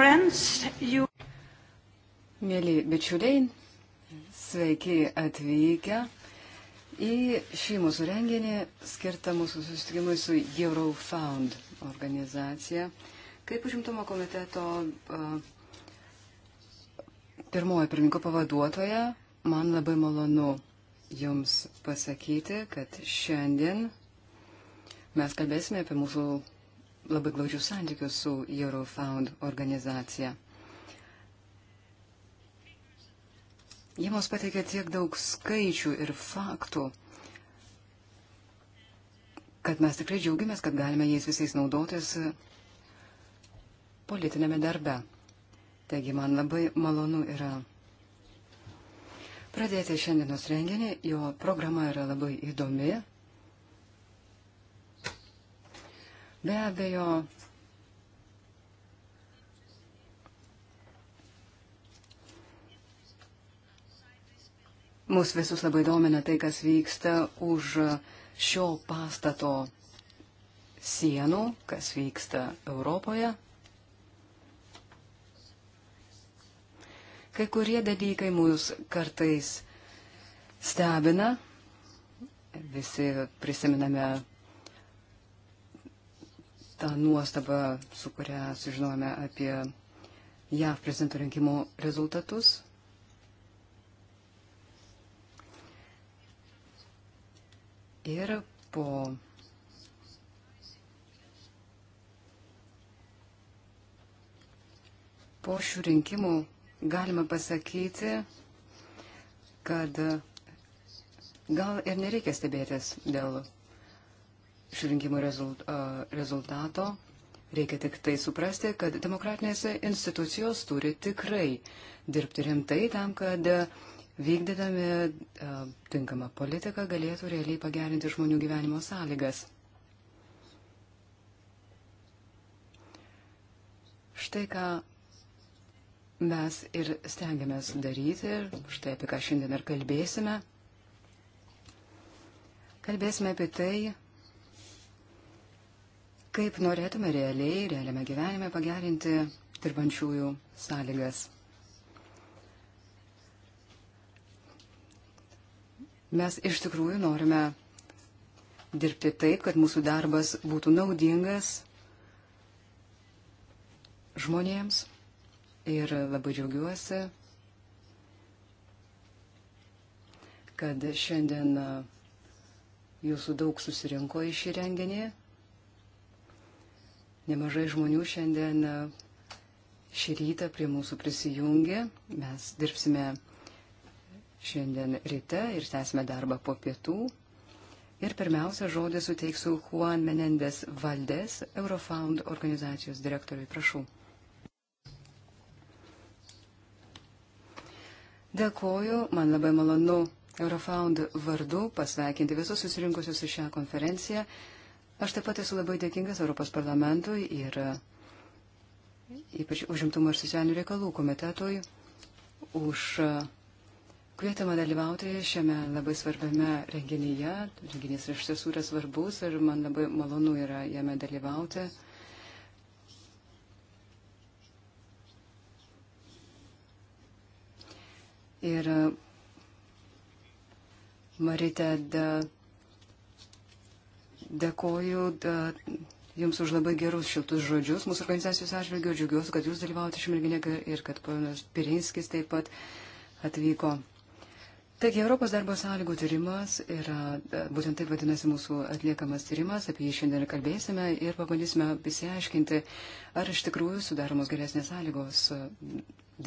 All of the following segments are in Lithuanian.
friends, you... Mėly bičiuliai, sveiki atvykę į šį mūsų renginį skirtą mūsų susitikimui su Eurofound organizacija. Kaip užimtumo komiteto pirmojo pirmininko pavaduotoja, man labai malonu Jums pasakyti, kad šiandien mes kalbėsime apie mūsų labai glaudžių santykių su Eurofound organizacija. Jie mums pateikė tiek daug skaičių ir faktų, kad mes tikrai džiaugiamės, kad galime jais visais naudotis politinėme darbe. Taigi man labai malonu yra pradėti šiandienos renginį, jo programa yra labai įdomi, Be abejo, Mūsų visus labai domina tai, kas vyksta už šio pastato sienų, kas vyksta Europoje. Kai kurie dalykai mus kartais stebina, visi prisiminame tą nuostabą, su kuria sužinojome apie JAV prezidento rinkimų rezultatus. Ir po po šių rinkimų galima pasakyti, kad gal ir nereikia stebėtis dėl šių rinkimų rezultato. Reikia tik tai suprasti, kad demokratinės institucijos turi tikrai dirbti rimtai tam, kad vykdydami tinkamą politiką galėtų realiai pagerinti žmonių gyvenimo sąlygas. Štai ką mes ir stengiamės daryti, štai apie ką šiandien ir kalbėsime. Kalbėsime apie tai, kaip norėtume realiai, realiame gyvenime pagerinti dirbančiųjų sąlygas. Mes iš tikrųjų norime dirbti taip, kad mūsų darbas būtų naudingas žmonėms ir labai džiaugiuosi, kad šiandien uh, jūsų daug susirinko į šį renginį. Nemažai žmonių šiandien e, šį rytą prie mūsų prisijungė. Mes dirbsime šiandien ryte ir tęsime darbą po pietų. Ir pirmiausia, žodį suteiksiu Juan Menendės Valdės, Eurofound organizacijos direktoriui. Prašau. Dėkoju, man labai malonu Eurofound vardu pasveikinti visus susirinkusius į šią konferenciją. Aš taip pat esu labai dėkingas Europos parlamentui ir ypač užimtumo ir socialinių reikalų komitetui už kvietimą dalyvauti šiame labai svarbiame renginyje. Renginys iš tiesų yra svarbus ir man labai malonu yra jame dalyvauti. Ir Marita da. De... Dėkoju da, Jums už labai gerus šiltus žodžius. Mūsų organizacijos atžvilgiu džiugiuosi, kad Jūs dalyvaujate šiame renginėje ir kad ponas Pirinskis taip pat atvyko. Taigi, Europos darbo sąlygų tyrimas yra, būtent taip vadinasi mūsų atliekamas tyrimas, apie jį šiandien kalbėsime ir pabandysime įsiaiškinti, ar iš tikrųjų sudaromos geresnės sąlygos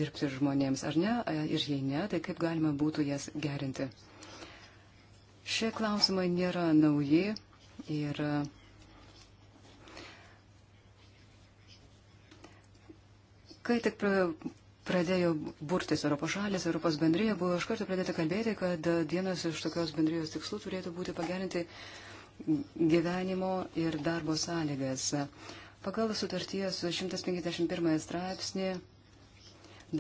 dirbti žmonėms ar ne, ir jei ne, tai kaip galima būtų jas gerinti. Šie klausimai nėra nauji, Ir kai tik pradėjo burtis Europos šalis, Europos bendryje, buvo iš karto pradėta kalbėti, kad vienas iš tokios bendrijos tikslų turėtų būti pagerinti gyvenimo ir darbo sąlygas. Pagal sutarties 151 straipsnį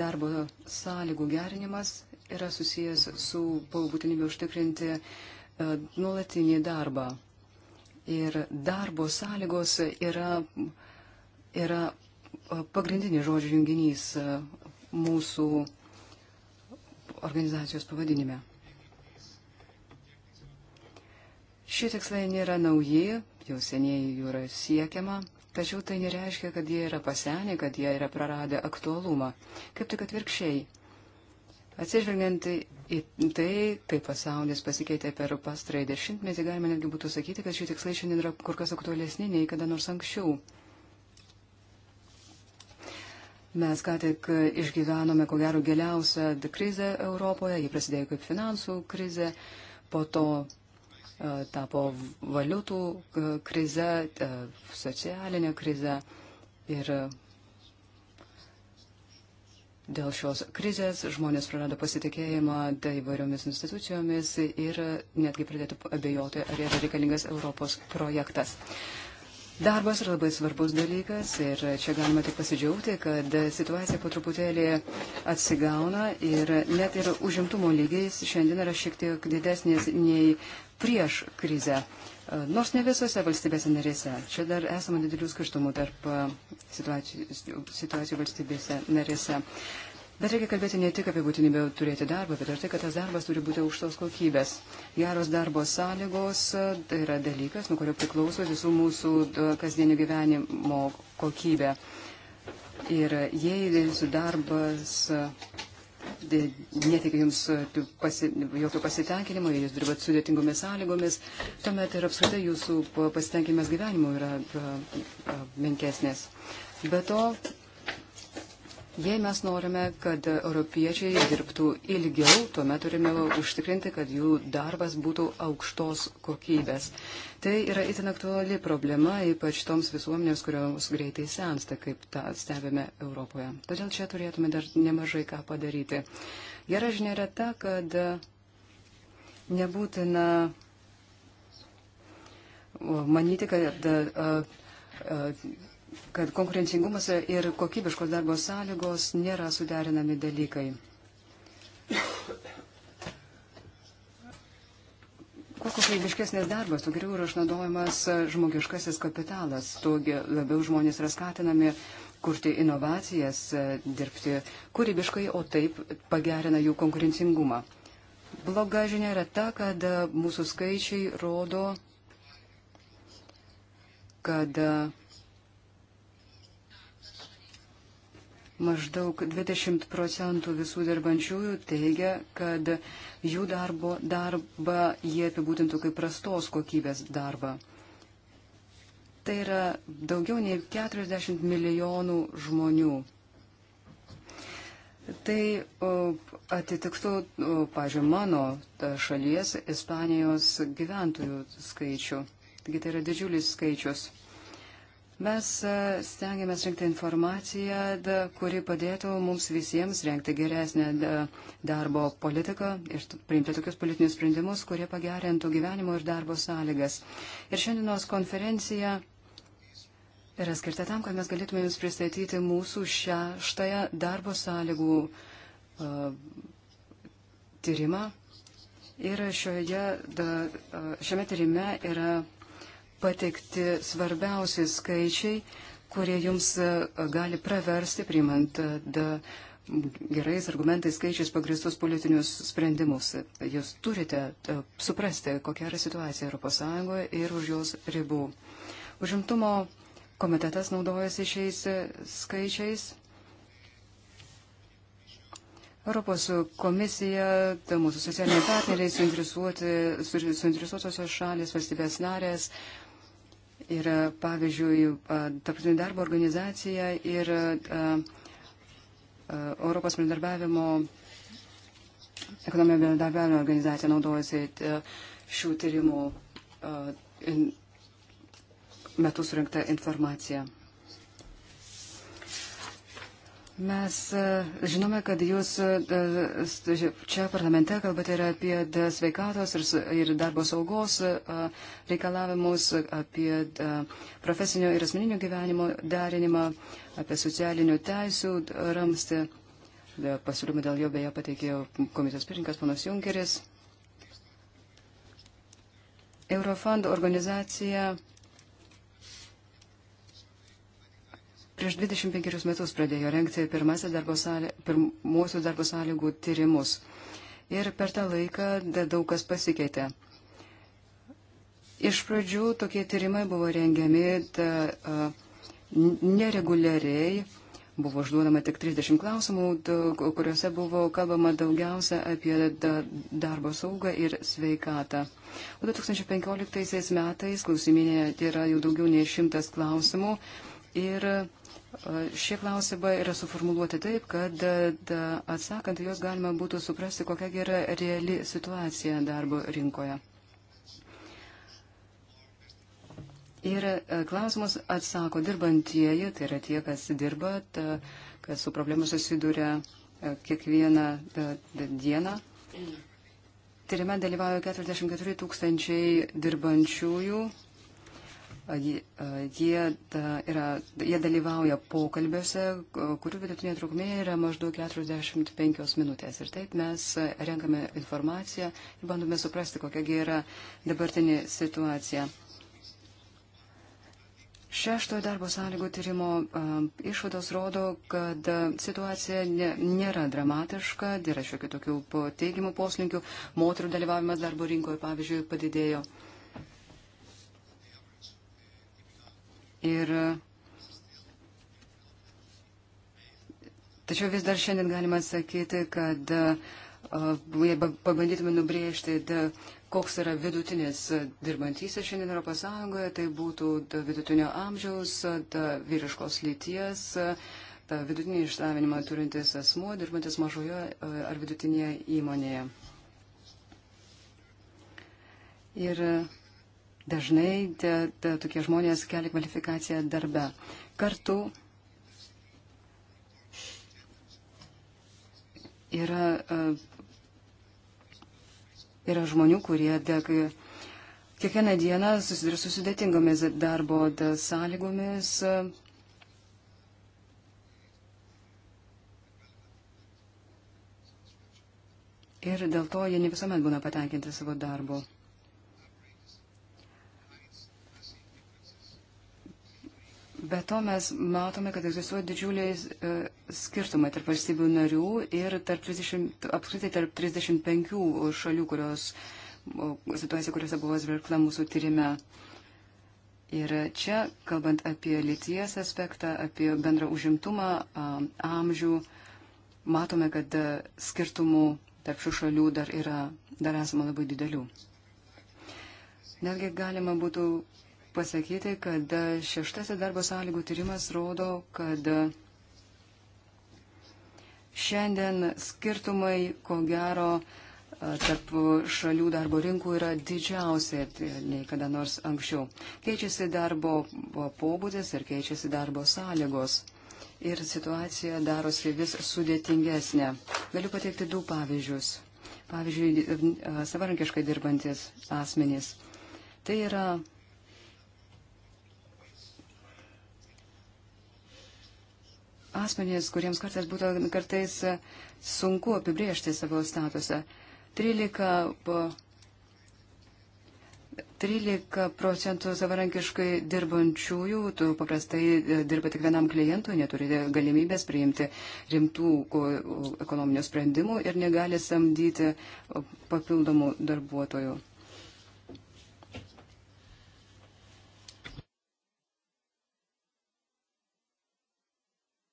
darbo sąlygų gerinimas yra susijęs su būtinybė užtikrinti e, nuolatinį darbą ir darbo sąlygos yra, yra e, pagrindinis žodžių junginys e, mūsų organizacijos pavadinime. Šie tikslai nėra nauji, jau seniai jų yra siekiama, tačiau tai nereiškia, kad jie yra pasenę, kad jie yra praradę aktualumą. Kaip tik atvirkščiai. Atsižvelgiant į tai, kaip pasaulis pasikeitė per pastarąjį dešimtmetį, galima netgi būtų sakyti, kad šie tikslai šiandien yra kur kas aktualesni nei kada nors anksčiau. Mes ką tik išgyvenome, ko gero, giliausią krizę Europoje, ji prasidėjo kaip finansų krizė, po to e, tapo valiutų e, krize, e, socialinė krize ir Dėl šios krizės žmonės prarado pasitikėjimą tai įvairiomis institucijomis ir netgi pradėtų abejoti, ar yra reikalingas Europos projektas. Darbas yra labai svarbus dalykas ir čia galima tik pasidžiaugti, kad situacija po truputėlį atsigauna ir net ir užimtumo lygiais šiandien yra šiek tiek didesnės nei prieš krizę. E, nors ne visose valstybėse narėse. Čia dar esama didelių skirtumų tarp e, situacijų, situacijų valstybėse narėse. Bet reikia kalbėti ne tik apie būtinybę turėti darbą, bet ir tai, kad tas darbas turi būti aukštos kokybės. Geros darbo sąlygos e, tai yra dalykas, nuo kurio priklauso visų mūsų kasdienio gyvenimo kokybė. Ir jei jūsų darbas neteikia jums e, pasi, jokio pasitenkinimo, jūs dirbat sudėtingomis sąlygomis, tuomet ir apskritai jūsų pasitenkinimas gyvenimu yra e, e, menkesnės. Be to, Jei mes norime, kad europiečiai dirbtų ilgiau, tuomet turime užtikrinti, kad jų darbas būtų aukštos kokybės. Tai yra itin aktuali problema, ypač toms visuomenėms, kurios greitai sensta, kaip tą stebime Europoje. Todėl čia turėtume dar nemažai ką padaryti. Gera žinia yra ta, kad nebūtina manyti, kad. Uh, uh, kad konkurencingumas ir kokybiškos darbo sąlygos nėra suderinami dalykai. Kuo kokybiškesnis darbas, tuo geriau yra išnaudojamas žmogiškasis kapitalas, tuo labiau žmonės yra skatinami kurti inovacijas, dirbti kūrybiškai, o taip pagerina jų konkurencingumą. Bloga žinia yra ta, kad mūsų skaičiai rodo, kad Maždaug 20 procentų visų dirbančiųjų teigia, kad jų darbo, darbą jie apibūdintų kaip prastos kokybės darbą. Tai yra daugiau nei 40 milijonų žmonių. Tai atitiktų, pažiūrėjau, mano šalies Ispanijos gyventojų skaičių. Taigi tai yra didžiulis skaičius. Mes e, stengiamės rinkti informaciją, da, kuri padėtų mums visiems rengti geresnę da, darbo politiką ir priimti tokius politinius sprendimus, kurie pagerintų gyvenimo ir darbo sąlygas. Ir šiandienos konferencija yra skirta tam, kad mes galėtume jums pristatyti mūsų šeštąją darbo sąlygų uh, tyrimą. Ir šioje, da, e, šiame tyrime yra pateikti svarbiausi skaičiai, kurie jums e, gali praversti, primant e, gerais argumentais skaičiais pagristus politinius sprendimus. Jūs turite e, suprasti, kokia yra situacija ES ir už jos ribų. Užimtumo komitetas naudojasi šiais skaičiais. Europos komisija, mūsų socialiniai partneriai, suinteresuotosios šalės, valstybės narės, uh, Ir pavyzdžiui, tarptautinė darbo organizacija ir Europos bendarbiavimo, ekonominio bendarbiavimo organizacija naudojasi šių tyrimų metų surinkta informacija. Mes e, žinome, kad jūs e, čia parlamente kalbate ir apie sveikatos ir darbo saugos e, reikalavimus, apie profesinio ir asmeninio gyvenimo derinimą, apie socialinių teisų ramstį. Pasiūlymą dėl jo beje pateikėjo komisijos pirinkas panas Junkeris. Eurofund organizacija Prieš 25 metus pradėjo renkti darbo sąly, pirmuosius darbo sąlygų tyrimus. Ir per tą laiką daug kas pasikeitė. Iš pradžių tokie tyrimai buvo rengiami ta, a, nereguliariai, buvo užduodama tik 30 klausimų, da, kuriuose buvo kalbama daugiausia apie da, darbo saugą ir sveikatą. O 2015 metais klausiminė yra jau daugiau nei šimtas klausimų ir Šie klausimai yra suformuluoti taip, kad e, atsakant juos galima būtų suprasti, kokia yra reali situacija darbo rinkoje. Ir e, klausimus atsako dirbantieji, tai yra tie, kas dirba, ta, kas su problemu susiduria e, kiekvieną ta, ta, dieną. Tyrime dalyvauja 44 tūkstančiai dirbančiųjų E, jie, yra, jie dalyvauja pokalbiuose, kurių vidutinė trukmė yra maždaug 45 minutės. Ir taip mes renkame informaciją ir bandome suprasti, kokiagi yra dabartinė situacija. Šeštojo darbo sąlygų tyrimo e, išvados rodo, kad situacija nėra dramatiška, yra šiokių tokių teigiamų poslinkių, moterų dalyvavimas darbo rinkoje, pavyzdžiui, padidėjo. Ir tačiau vis dar šiandien galima sakyti, kad jei pabandytume nubrėžti, koks yra vidutinis dirbantysis šiandien ES, tai būtų vidutinio amžiaus, vyriškos lyties tą vidutinį išsilavinimą turintis asmuo, dirbantis mažoje ar vidutinėje įmonėje. Ir Dažnai de, de, tokie žmonės kelia kvalifikaciją darbe. Kartu yra, e, yra žmonių, kurie de, kiekvieną dieną susiduria su sudėtingomis darbo de, sąlygomis. E, ir dėl to jie ne visuomet būna patenkinti savo darbu. Be to mes matome, kad egzistuoja didžiuliai e, skirtumai tarp valstybių narių ir tarp 30, apskritai tarp 35 šalių, kurios situacija, kuriuose buvo žvelgta mūsų tyrime. Ir čia, kalbant apie lyties aspektą, apie bendrą užimtumą, amžių, matome, kad e, skirtumų tarp šių šalių dar yra, dar esama labai didelių. Netgi galima būtų pasakyti, kad šeštasis darbo sąlygų tyrimas rodo, kad šiandien skirtumai, ko gero, tarp šalių darbo rinkų yra didžiausia nei kada nors anksčiau. Keičiasi darbo pobūdis ir keičiasi darbo sąlygos. Ir situacija darosi vis sudėtingesnė. Galiu pateikti du pavyzdžius. Pavyzdžiui, savarankiškai dirbantis asmenys. Tai yra asmenys, kuriems kartais būtų kartais e, sunku apibriežti savo statusą. 13 13 procentų savarankiškai dirbančiųjų, tu paprastai e, dirba tik vienam klientui, neturi galimybės priimti rimtų ekonominių sprendimų ir negali samdyti papildomų darbuotojų.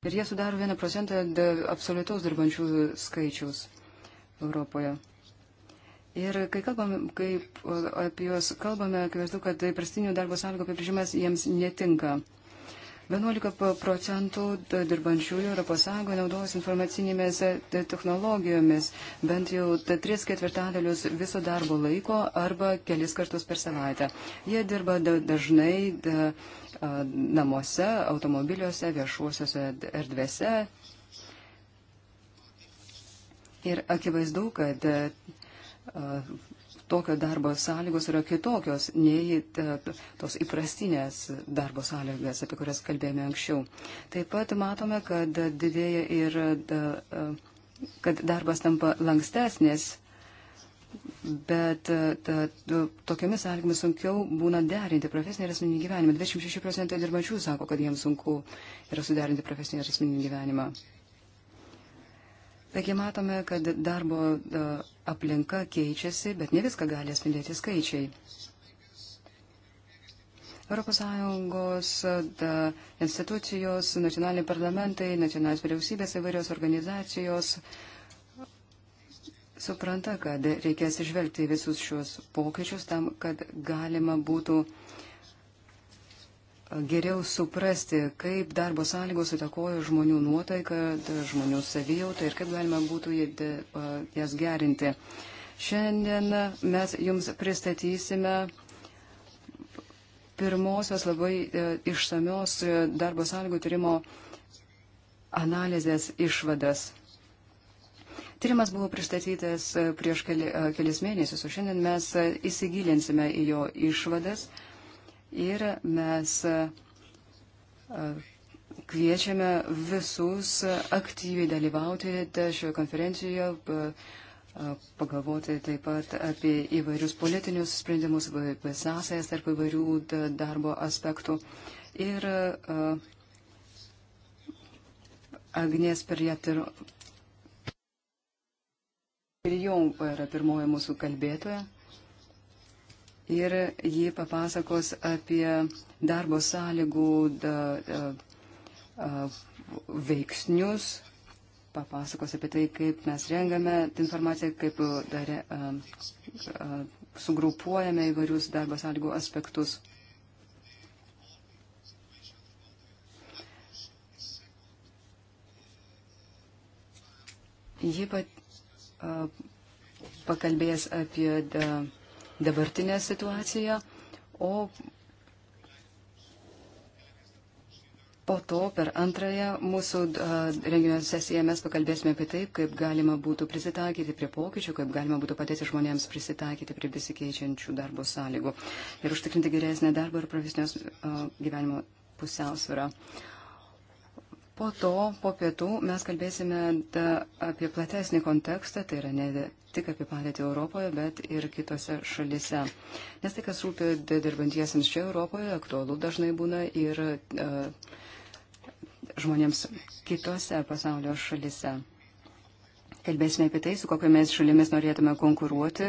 Ir jie sudaro 1 procentą absoliutaus dirbančių skaičiaus Europoje. Ir kai kalbame, kaip apie juos kalbame, akivaizdu, kad prastinių darbo sąlygų apibrėžimas jiems netinka. 11 procentų dirbančiųjų ES naudojas informacinėmis e, technologijomis, bent jau 3 ketvirtadalius viso darbo laiko arba kelis kartus per savaitę. Jie dirba dažnai namuose, automobiliuose, viešuosiuose erdvėse. Ir akivaizdu, kad e, tokio darbo sąlygos yra kitokios nei e, tos įprastinės darbo sąlygas, apie kurias kalbėjome anksčiau. Taip pat matome, kad didėja ir e, kad darbas tampa lankstesnis, bet e, ta, tokiamis sąlygomis sunkiau būna derinti profesinį ir asmeninį gyvenimą. 26 procentai dirbančių sako, kad jiems sunku yra suderinti profesinį ir asmeninį gyvenimą. Taigi matome, kad darbo e, aplinka keičiasi, bet ne viską gali atspindėti skaičiai. ES e, institucijos, nacionaliniai parlamentai, nacionalinės vyriausybės įvairios organizacijos supranta, kad reikės išvelgti visus šios pokyčius tam, kad galima būtų uh, geriau suprasti, kaip darbo sąlygos įtakoja žmonių nuotaiką, žmonių savijautą ir kaip galima būtų jas gerinti. Šiandien mes jums pristatysime pirmosios labai e, išsamios e, darbo sąlygų tyrimo analizės išvadas. Tyrimas buvo pristatytas e, prieš keli, kelis mėnesius, o šiandien mes įsigilinsime į jo išvadas. Uh, ir mes e, kviečiame visus aktyviai dalyvauti šioje konferencijoje, e, pagalvoti taip pat apie įvairius politinius sprendimus, sąsajas tarp įvairių darbo aspektų. Ir e, Agnės Perjetir Prijom yra pirmoji mūsų kalbėtoja ir ji papasakos apie darbo sąlygų da, da, veiksnius, papasakos apie tai, kaip mes rengame informaciją, kaip darė, sugrupuojame įvairius darbo sąlygų aspektus. Ji pat, a, pakalbės apie da, dabartinę situaciją, o po to per antrąją mūsų renginio sesiją mes pakalbėsime apie tai, kaip galima būtų prisitaikyti prie pokyčių, kaip galima būtų padėti žmonėms prisitaikyti prie besikeičiančių darbo sąlygų ir užtikrinti geresnę darbo ir profesinės gyvenimo pusiausvyrą. Uh, Po to, po pietų, mes kalbėsime da, apie platesnį kontekstą, tai yra ne tik apie padėtį Europoje, bet ir kitose šalise. Nes tai, kas rūpi dirbantiesiems čia Europoje, aktualu dažnai būna ir uh, žmonėms kitose pasaulio šalise. Kalbėsime apie tai, su kokiamis šalimis norėtume konkuruoti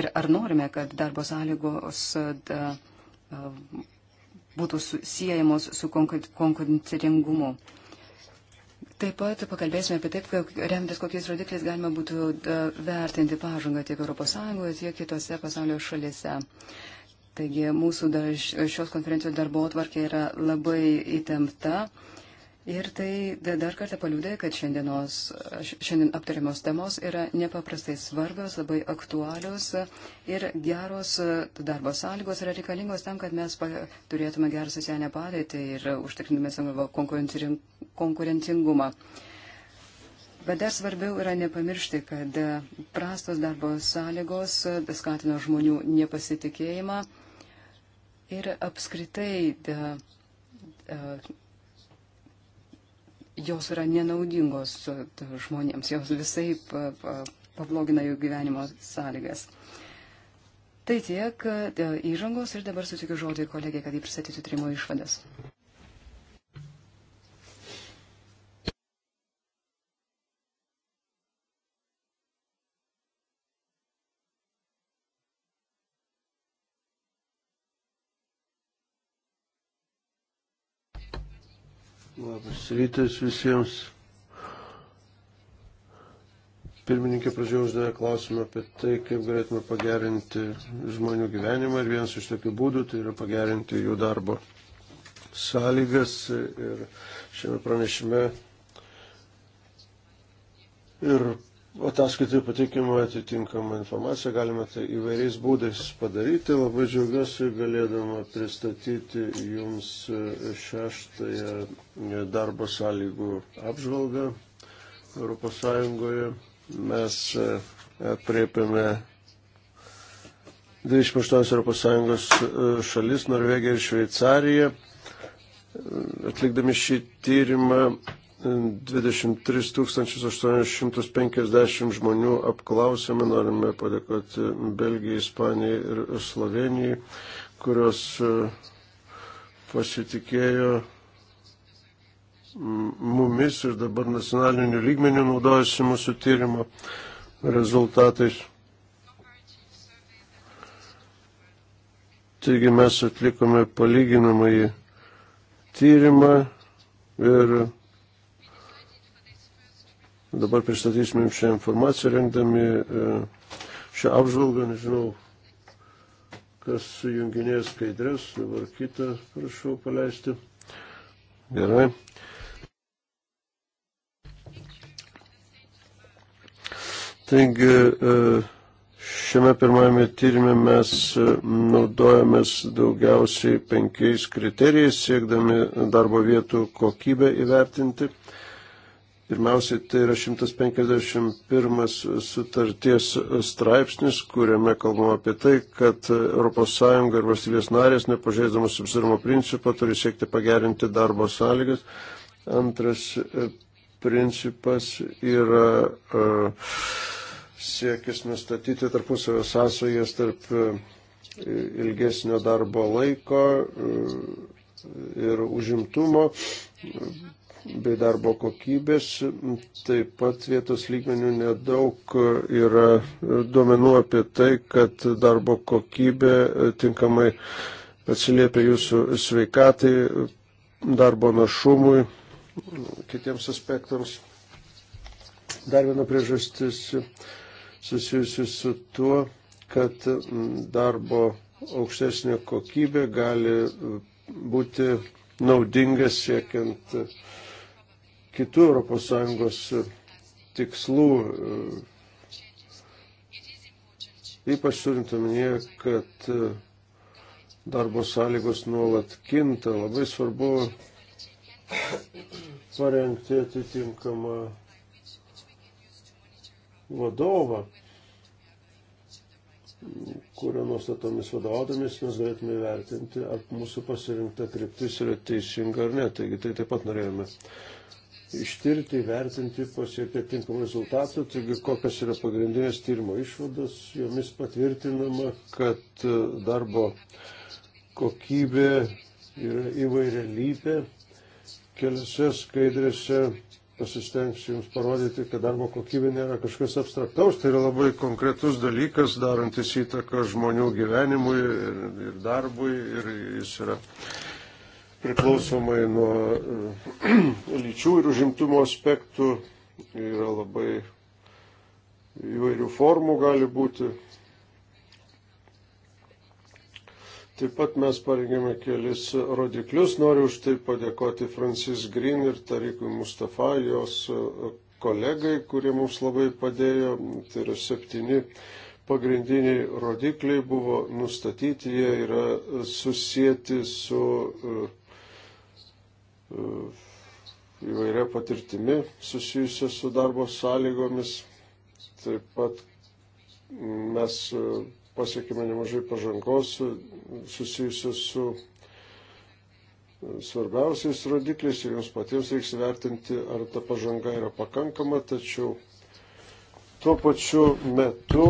ir ar norime, kad darbo sąlygos. Da, uh, būtų siejamos su konkurencingumu. Taip pat pakalbėsime apie taip, remtis kokiais rodikliais galima būtų vertinti pažangą tiek ES, tiek kitose pasaulio šalise. Taigi mūsų dar šios konferencijos darbo atvarkė yra labai įtempta. Ir tai dar kartą paliūdė, kad šiandienos, šiandien aptariamos temos yra nepaprastai svarbios, labai aktualios ir geros darbo sąlygos yra reikalingos tam, kad mes turėtume gerą socialinę padėtį ir užtikrintume savo konkurencingumą. Bet dar svarbiau yra nepamiršti, kad prastos darbo sąlygos skatino žmonių nepasitikėjimą ir apskritai. Da, da, jos yra nenaudingos žmonėms, jos visai pablogina jų gyvenimo sąlygas. Tai tiek e, įžangos ir dabar sutikiu žodį kolegiai, kad jį pristatytų trimo išvadas. Labas rytas visiems. Pirmininkė pradžioje uždavė klausimą apie tai, kaip galėtume pagerinti žmonių gyvenimą ir vienas iš tokių būdų tai yra pagerinti jų darbo sąlygas ir šiame pranešime ir Ataskaitai patikima atitinkama informacija, galime tai įvairiais būdais padaryti. Labai džiaugiuosi galėdama pristatyti Jums šeštąją darbo sąlygų apžvalgą ES. Mes priepėme 28 ES šalis, Norvegiją ir Šveicariją. E, atlikdami šį tyrimą 23 850 žmonių apklausėme, norime padėkoti Belgijai, Ispanijai ir Slovenijai, kurios e, pasitikėjo mumis ir dabar nacionaliniu lygmeniu naudojasi mūsų tyrimo rezultatais. Taigi mes atlikome palyginamąjį tyrimą ir Dabar pristatysime jums šią informaciją, rengdami e, šią apžvalgą, nežinau, kas sujunginės skaidrės, dabar kitą prašau paleisti. Gerai. Taigi, e, šiame pirmajame tyrimė mes e, naudojamės daugiausiai penkiais kriterijais, siekdami darbo vietų kokybę įvertinti. Pirmiausiai tai yra 151 sutarties straipsnis, kuriame kalbama apie tai, kad ES ir valstybės narės, nepažeidamas subsidirimo principą, turi siekti pagerinti darbo sąlygas. Antras e, principas yra e, siekis nustatyti tarpusavio sąsajas tarp e, ilgesnio darbo laiko ir užimtumo bei darbo kokybės. Taip pat vietos lygmenių nedaug yra duomenų apie tai, kad darbo kokybė tinkamai atsiliepia jūsų sveikatai, darbo našumui, kitiems aspektams. Dar viena priežastis susijusi su tuo, kad darbo aukštesnė kokybė gali būti naudingas siekiant uh, kitų ES tikslų, e, ypač turint omenyje, kad e, darbo sąlygos nuolat kinta, labai svarbu parengti atitinkamą vadovą, kurio nuostatomis vadovaudomis mes galėtume vertinti, ar mūsų pasirinkta kryptis yra teisinga ar ne. Taigi tai taip pat norėjome ištirti, vertinti, pasiekti tinkamų rezultatų. Taigi, kokios yra pagrindinės tyrimo išvados, jomis patvirtinama, kad e, darbo kokybė yra įvairia lypė. Keliose skaidrėse pasistengsiu Jums parodyti, kad darbo kokybė nėra kažkas abstraktaus, tai yra labai konkretus dalykas, darantis įtaką žmonių gyvenimui ir, ir darbui. Ir jis yra priklausomai nuo e, lyčių ir užimtumo aspektų yra labai įvairių formų gali būti. Taip pat mes parengėme kelis rodiklius. Noriu už tai padėkoti Francis Green ir Tarikui Mustafa, jos e, kolegai, kurie mums labai padėjo. Tai yra septyni pagrindiniai rodikliai buvo nustatyti, jie yra e, susijęti su uh, įvairia patirtimi susijusia su darbo sąlygomis. Taip pat mes e, pasiekime nemažai pažangos e, susijusios su e, svarbiausiais rodikliais ir jums patiems reiks vertinti, ar ta pažanga yra pakankama, tačiau tuo pačiu metu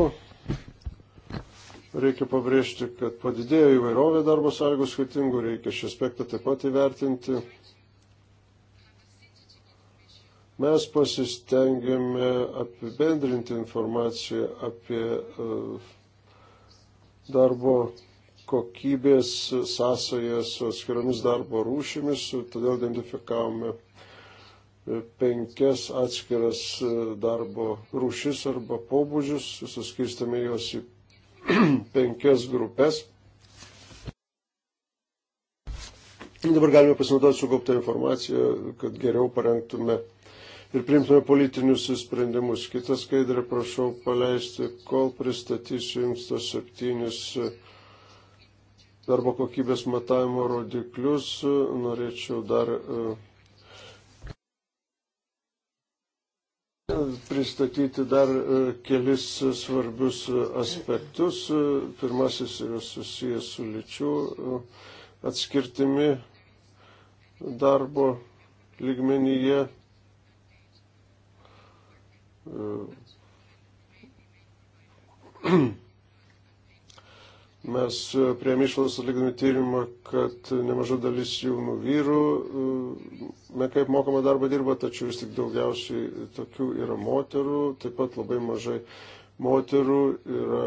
reikia pabrėžti, kad padidėjo įvairovė darbo sąlygų skirtingų, reikia šį aspektą taip pat įvertinti Mes pasistengėme apibendrinti informaciją apie e, darbo kokybės sąsąją su atskiromis darbo rūšimis, todėl identifikavome e, penkias atskiras e, darbo rūšis arba pobūdžius, suskirstame juos į penkias grupės. Dabar galime pasinaudoti sukauptą informaciją, kad geriau parengtume ir priimtume politinius sprendimus. Kitą skaidrę prašau paleisti, kol pristatysiu jums tos septynis darbo kokybės matavimo rodiklius. Norėčiau dar e, pristatyti dar e, kelis svarbius aspektus. Pirmasis yra susijęs su lyčių e, atskirtimi darbo lygmenyje Mes prie mišvalos atlikdami tyrimą, kad nemaža dalis jaunų vyrų, ne kaip mokama darba dirba, tačiau vis tik daugiausiai tokių yra moterų, taip pat labai mažai moterų yra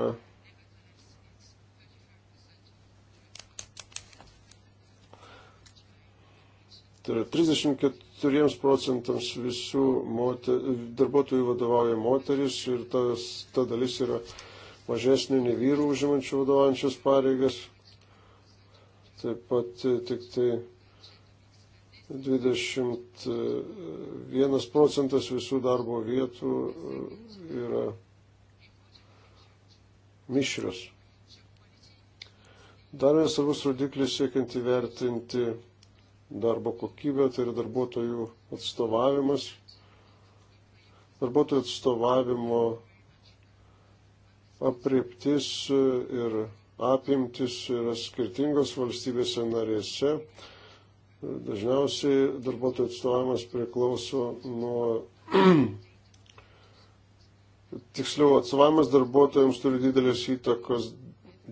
Tai yra 34 4 procentams visų moter, darbuotojų vadovauja moteris ir tas, ta dalis yra mažesnė nei vyrų užimančių vadovaujančias pareigas. Taip pat e, tik tai 21 procentas visų darbo vietų e, yra mišrios. Dar vienas svarbus rodiklis siekiant įvertinti darbo kokybė, tai yra darbuotojų atstovavimas. Darbuotojų atstovavimo apriptis ir apimtis yra skirtingos valstybėse narėse. Dažniausiai darbuotojų atstovavimas priklauso nuo tiksliau atstovavimas darbuotojams turi didelės įtakos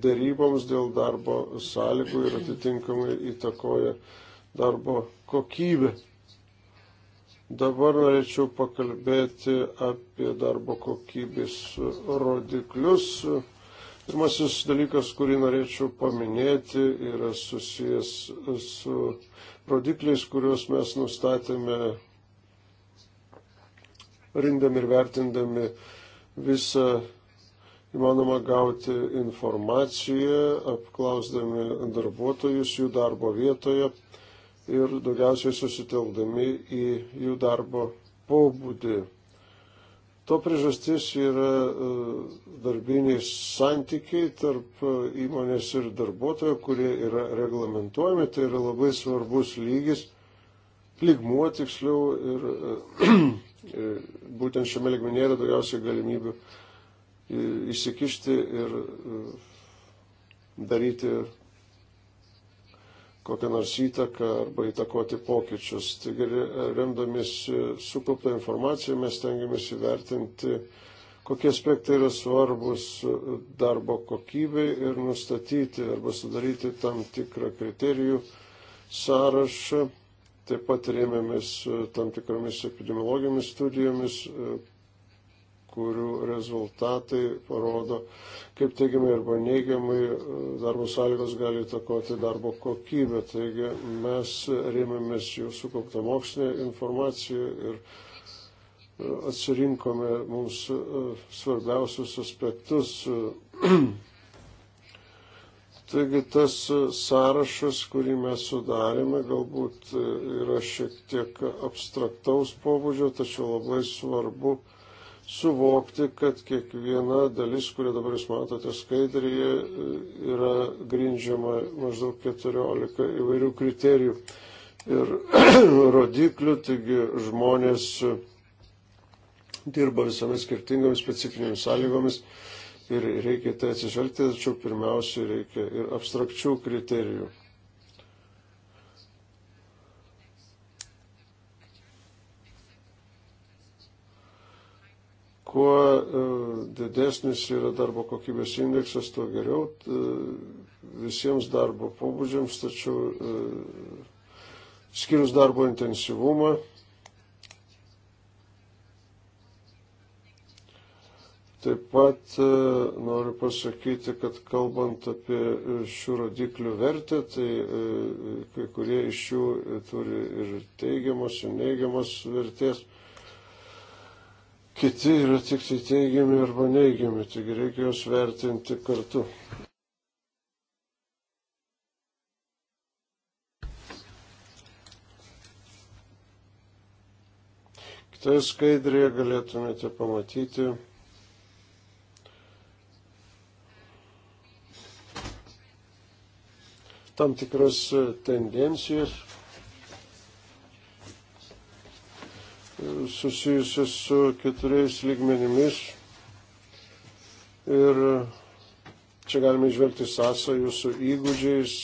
daryboms dėl darbo sąlygų ir atitinkamai įtakoja darbo kokybę. Dabar norėčiau pakalbėti apie darbo kokybės rodiklius. Pirmasis dalykas, kurį norėčiau paminėti, yra susijęs su rodikliais, kuriuos mes nustatėme rindami ir vertindami visą įmanoma gauti informaciją, apklausdami darbuotojus jų darbo vietoje, ir daugiausiai susitelkdami į jų darbo pobūdį. To priežastis yra e, darbiniai santykiai tarp e, įmonės ir darbuotojo, kurie yra reglamentuojami, tai yra labai svarbus lygis, lygmuo tiksliau ir, ir e, būtent šiame lygmenyje yra daugiausiai galimybių įsikišti ir daryti kokią nors įtaką arba įtakoti pokyčius. Taigi remdamiesi sukauptą informaciją mes tengiamės įvertinti, kokie aspektai yra svarbus darbo kokybei ir nustatyti arba sudaryti tam tikrą kriterijų sąrašą. Taip pat rėmėmės tam tikromis epidemiologijomis studijomis, kurių rezultatai parodo, kaip teigiamai arba neigiamai e, darbo sąlygos gali įtakoti darbo kokybę. Taigi mes rėmėmės jų sukauptą mokslinę informaciją ir e, atsirinkome mums e, svarbiausius aspektus. Taigi tas sąrašas, kurį mes sudarėme, galbūt yra šiek tiek abstraktaus pobūdžio, tačiau labai svarbu uh, suvokti, kad kiekviena dalis, kurią dabar jūs matote skaidrėje, yra grindžiama maždaug 14 įvairių kriterijų ir rodiklių, taigi žmonės dirba visomis skirtingomis specifinėmis sąlygomis ir reikia tai atsižvelgti, tačiau pirmiausia reikia ir abstrakčių kriterijų. Kuo e, didesnis yra darbo kokybės indeksas, tuo geriau visiems darbo pobūdžiams, tačiau e, skirius darbo intensyvumą. Taip pat e, noriu pasakyti, kad kalbant apie šių rodiklių vertę, tai kai kurie iš jų turi ir teigiamos, ir neigiamos vertės kiti yra tik tai teigiami arba neigiami, taigi reikia juos vertinti kartu. Kitoje skaidrėje galėtumėte pamatyti tam tikras tendencijas susijusios su keturiais lygmenimis. Ir čia galime išvelgti sąsajų su įgūdžiais,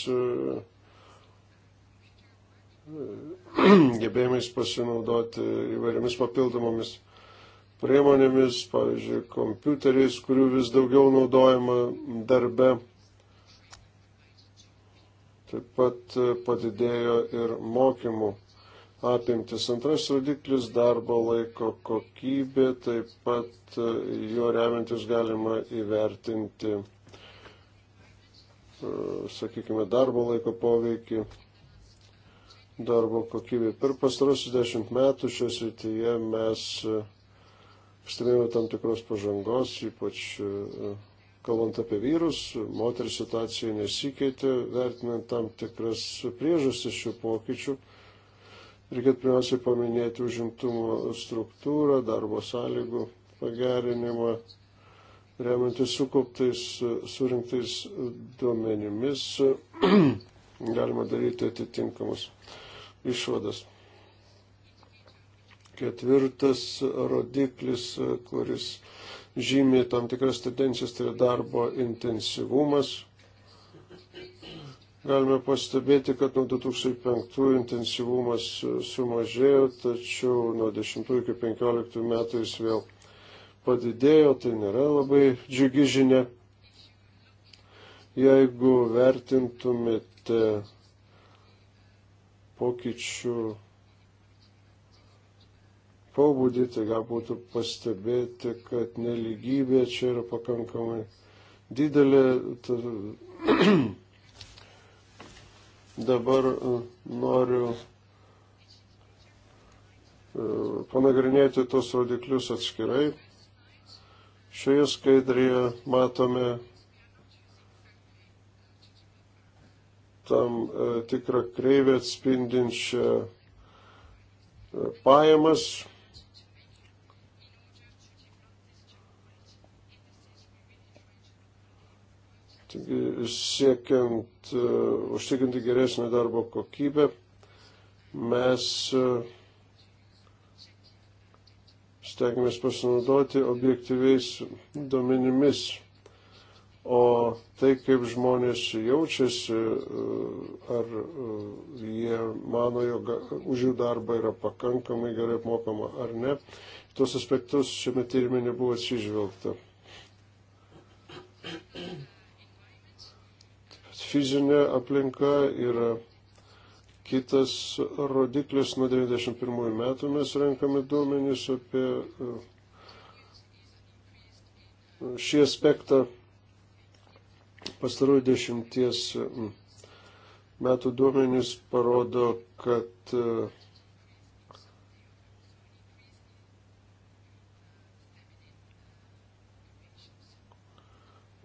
gebėjimais pasinaudoti įvairiomis papildomomis priemonėmis, pavyzdžiui, kompiuteriais, kurių vis daugiau naudojama darbe. Taip pat padidėjo ir mokymų apimtis. Antras rodiklis - darbo laiko kokybė, taip pat e, juo remiantis galima įvertinti, e, sakykime, darbo laiko poveikį, darbo kokybė. Per pastarosius dešimt metų šioje srityje mes e, stebėjome tam tikros pažangos, ypač kalbant apie vyrus, moterų situacija nesikeitė, vertinant tam tikras priežastis šių pokyčių Reikėtų pirmiausiai paminėti užimtumo struktūrą, darbo sąlygų pagerinimą, remiantis sukauptais, surinktais duomenimis, galima daryti atitinkamus išvadas. Ketvirtas rodiklis, kuris žymi tam tikras tendencijas, tai yra darbo intensyvumas, Galime pastebėti, kad nuo 2005 intensyvumas sumažėjo, tačiau nuo 10 iki 15 metų jis vėl padidėjo, tai nėra labai džiugi žinia. Jeigu vertintumėte pokyčių pobūdį, tai galbūt pastebėti, kad neligybė čia yra pakankamai didelė. Ta, Dabar e, noriu e, panagrinėti tos rodiklius atskirai. Šioje skaidrėje matome tam e, tikrą kreivę atspindinčią pajamas Taigi siekiant e, užtikrinti geresnį darbo kokybę, mes e, stengiamės pasinaudoti objektyviais duomenimis. O tai, kaip žmonės jaučiasi, e, ar jie mano, jog už jų darbą yra pakankamai gerai apmokama ar ne, tuos aspektus šiame tyrimė nebuvo atsižvelgta. fizinė aplinka yra kitas rodiklis. Nuo 91 metų mes renkame duomenys apie e, šį aspektą pastarųjų dešimties metų duomenys parodo, kad e,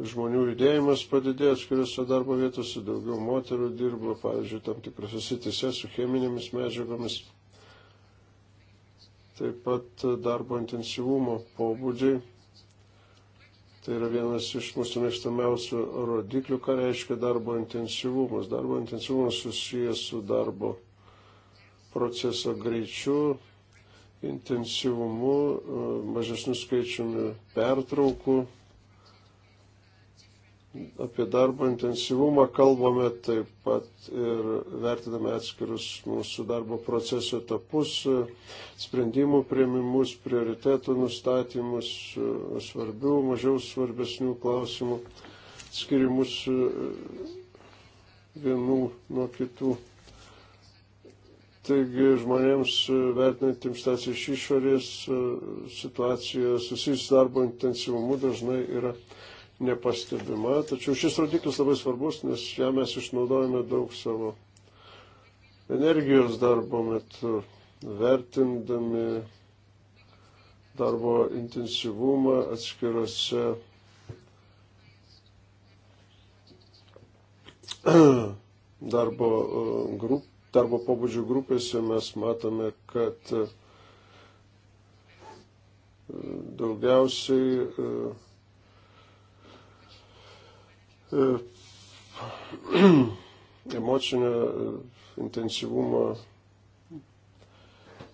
žmonių judėjimas padidėjęs, kuriuose darbo vietose daugiau moterų dirba, pavyzdžiui, tam tikrose sitise su cheminėmis medžiagomis. Taip pat darbo intensyvumo pobūdžiai. Tai yra vienas iš mūsų mėgstamiausių rodiklių, ką reiškia darbo intensyvumas. Darbo intensyvumas susijęs su darbo proceso greičiu, intensyvumu, mažesnių skaičiumi pertraukų apie darbo intensyvumą kalbame, taip pat ir vertiname atskirus mūsų darbo proceso etapus, sprendimų prieimimus, prioritetų nustatymus, svarbių, mažiau svarbesnių klausimų, skirimus vienų nuo kitų. Taigi žmonėms vertinantiems tas iš išorės situacija susijusi darbo intensyvumu dažnai yra nepastebima. Tačiau šis rodiklis labai svarbus, nes ją mes išnaudojame daug savo energijos darbo metu, vertindami darbo intensyvumą atskirose darbo, e, grup, darbo pobūdžių grupėse mes matome, kad e, daugiausiai e, E, emocinio e, intensyvumo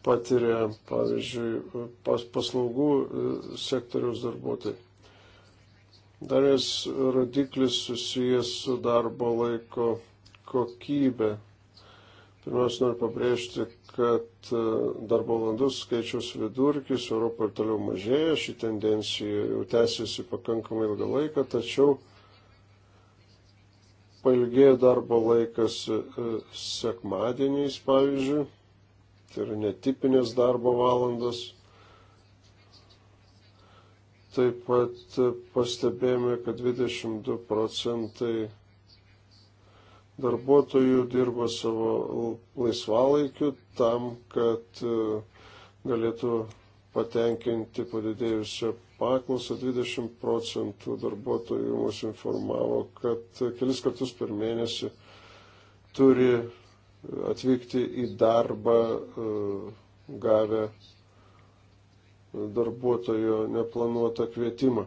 patiria, pavyzdžiui, pas, paslaugų e, sektoriaus darbuotojai. Dar vienas rodiklis susijęs su darbo laiko kokybė. Pirmiausia, noriu pabrėžti, kad darbo valandų skaičiaus vidurkis Europoje toliau mažėja, ši tendencija jau tęsiasi pakankamai ilgą laiką, tačiau Pailgėja darbo laikas e, sekmadieniais, pavyzdžiui, tai yra netipinės darbo valandas. Taip pat pastebėjome, kad 22 procentai darbuotojų dirba savo laisvalaikiu tam, kad e, galėtų patenkinti padidėjusią paklausą. 20 procentų darbuotojų mus informavo, kad kelis kartus per mėnesį turi atvykti į darbą e, gavę darbuotojo neplanuotą kvietimą.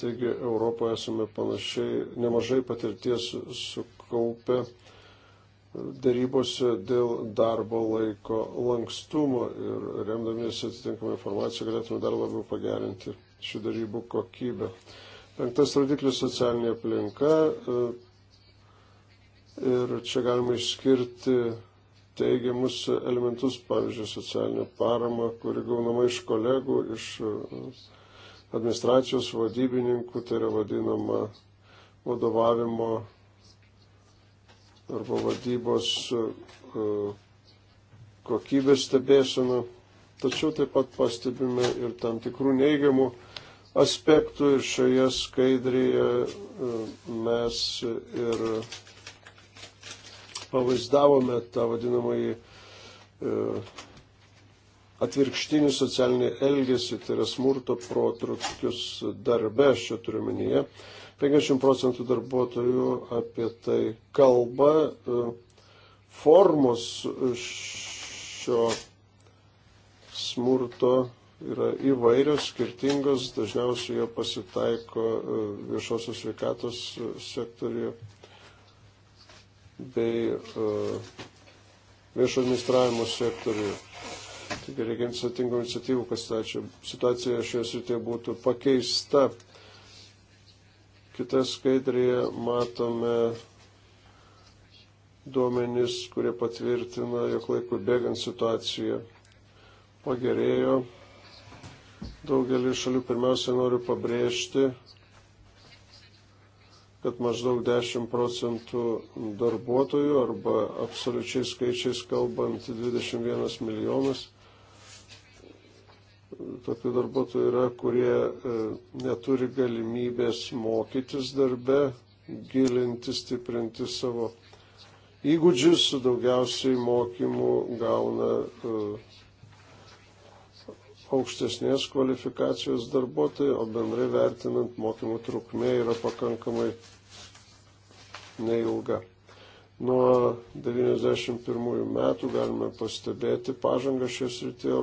Taigi Europoje esame panašiai nemažai patirties sukaupę darybose dėl darbo laiko lankstumo ir remdamiesi atitinkamą informaciją galėtume dar labiau pagerinti šių darybų kokybę. Penktas rodiklis - socialinė aplinka. Ir čia galima išskirti teigiamus elementus, pavyzdžiui, socialinę paramą, kuri gaunama iš kolegų, iš administracijos vadybininkų, tai yra vadinama vadovavimo arba vadybos e, kokybės stebėseną. Tačiau taip pat pastebime ir tam tikrų neigiamų aspektų ir šioje skaidrėje e, mes ir pavaizdavome tą vadinamąjį e, atvirkštinį socialinį elgesį, tai yra smurto protrukius darbe, aš čia turiu menyje. 50 procentų darbuotojų apie tai kalba. E, formos šio smurto yra įvairios, skirtingos, dažniausiai jie pasitaiko e, viešosios sveikatos sektoriuje bei e, viešo administravimo sektoriuje. Taigi reikia atsatingų iniciatyvų, kad situacija šioje srityje būtų pakeista. Kita skaidrėje matome duomenys, kurie patvirtina, jog laikui bėgant situacija pagerėjo. Daugelį šalių pirmiausia noriu pabrėžti, kad maždaug 10 procentų darbuotojų arba absoliučiai skaičiais kalbant 21 milijonas tokių darbuotojų yra, kurie e, neturi galimybės mokytis darbe, gilinti, stiprinti savo įgūdžius, daugiausiai mokymų gauna e, aukštesnės kvalifikacijos darbuotojai, o bendrai vertinant mokymų trukmė yra pakankamai neilga. Nuo 1991 metų galime pastebėti pažangą šioje srityje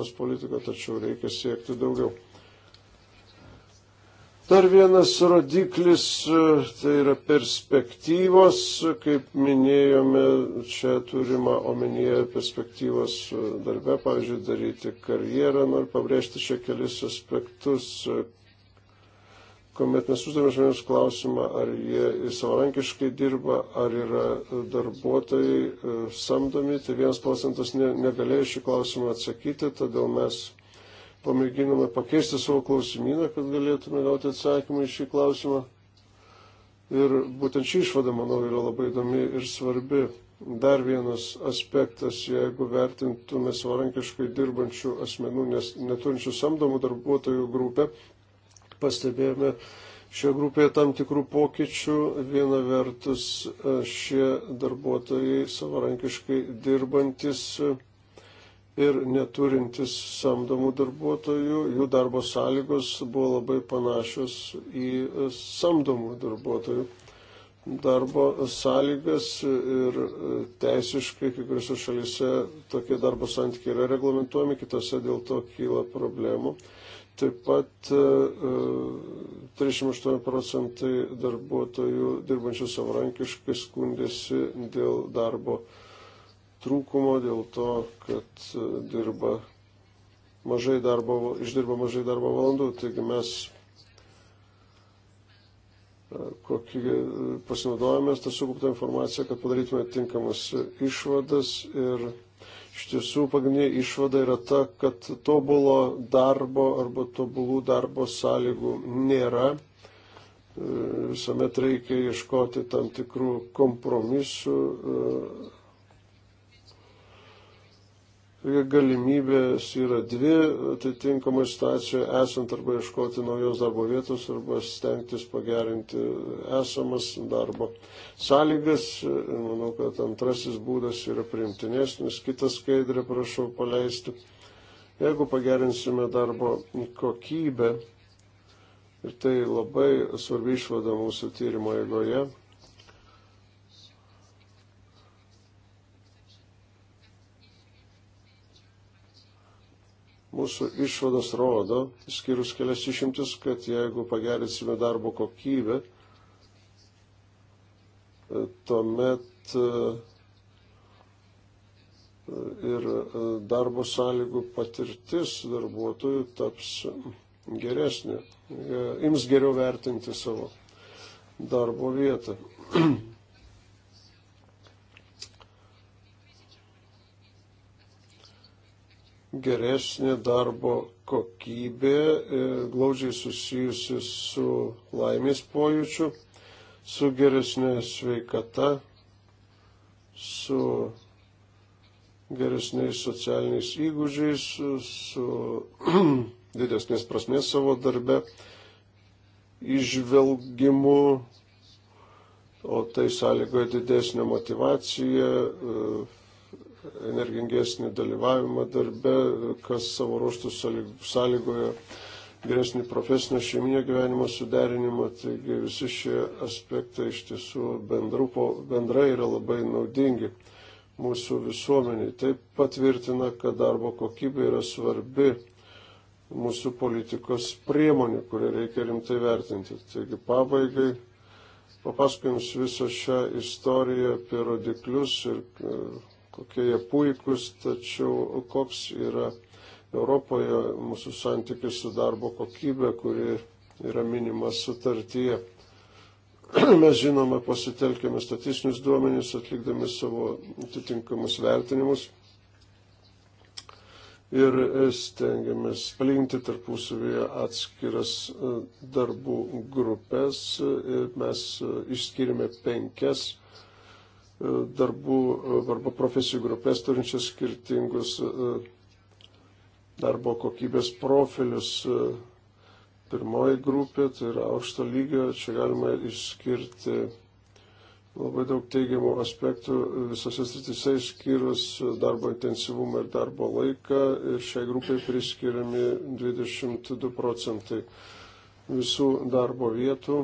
ES politikoje, tačiau reikia siekti daugiau. Dar vienas rodiklis tai yra perspektyvos, kaip minėjome, čia turima omenyje perspektyvos darbe, pavyzdžiui, daryti karjerą, noriu pabrėžti čia kelis aspektus, kuomet mes uždavėme žmonėms klausimą, ar jie savarankiškai dirba, ar yra darbuotojai e, samdomi, tai vienas procentas negalėjo šį klausimą atsakyti, todėl mes pamėginome pakeisti savo klausimyną, kad galėtume gauti atsakymą į šį klausimą. Ir būtent ši išvada, manau, yra labai įdomi ir svarbi. Dar vienas aspektas, jeigu vertintume savarankiškai dirbančių asmenų, nes neturinčių samdomų darbuotojų grupę, pastebėjome šioje grupėje tam tikrų pokyčių. Viena vertus šie darbuotojai savarankiškai dirbantis ir neturintis samdomų darbuotojų, jų darbo sąlygos buvo labai panašios į samdomų darbuotojų darbo sąlygas ir teisiškai kai kuriuose šalise tokie darbo santykiai yra reglamentuojami, kitose dėl to kyla problemų. Taip pat 38 e, e, procentai darbuotojų dirbančių savarankiškai skundėsi dėl darbo trūkumo, dėl to, kad e, dirba mažai darbo, išdirba mažai darbo valandų. Taigi mes kokį pasinaudojame tą sukauptą informaciją, kad padarytume tinkamas išvadas ir Iš tiesų pagrindinė išvada yra ta, kad tobulo darbo arba tobulų darbo sąlygų nėra. E, visuomet reikia ieškoti tam tikrų kompromisų e, galimybės yra dvi, atitinkamai situacijoje esant arba ieškoti naujos darbo vietos, arba stengtis pagerinti esamas darbo sąlygas. Manau, kad antrasis būdas yra priimtinesnis, kitą skaidrę prašau paleisti. Jeigu pagerinsime darbo kokybę, ir tai labai svarbi išvada mūsų tyrimo eigoje, Mūsų išvados rodo, skirus kelias išimtis, kad jeigu pagerinsime darbo kokybę, tuomet e, ir e, darbo sąlygų patirtis darbuotojų taps geresnė, e, ims geriau vertinti savo darbo vietą. geresnė darbo kokybė, e, glaudžiai susijusi su laimės pojūčiu, su geresnė sveikata, su geresniais socialiniais įgūdžiais, su didesnės prasmės savo darbe, išvelgimu, o tai sąlygoja didesnę motivaciją, e, energingesnį dalyvavimą darbe, kas savo ruoštų sąlygoja geresnį profesinio šeiminio gyvenimo suderinimą. Taigi visi šie aspektai iš tiesų bendrupo, bendrai yra labai naudingi mūsų visuomeniai. Tai patvirtina, kad darbo kokybė yra svarbi mūsų politikos priemonė, kurią reikia rimtai vertinti. Taigi pabaigai papasakojams visą šią istoriją apie rodiklius ir kokie jie puikūs, tačiau koks yra Europoje mūsų santykis su darbo kokybė, kuri yra minima sutartyje. Mes žinoma pasitelkėme statistinius duomenys, atlikdami savo atitinkamus vertinimus ir stengiamės palinti tarpusavyje atskiras e, darbų grupės. E, mes e, išskirime penkias E, darbų e, arba profesijų grupės turinčias skirtingus e, darbo kokybės profilius. Pirmoji grupė tai yra aukšto lygio, čia galima išskirti labai daug teigiamų aspektų visose sritise išskyrus darbo intensyvumą ir darbo laiką ir šiai grupiai priskiriami 22 procentai visų darbo vietų.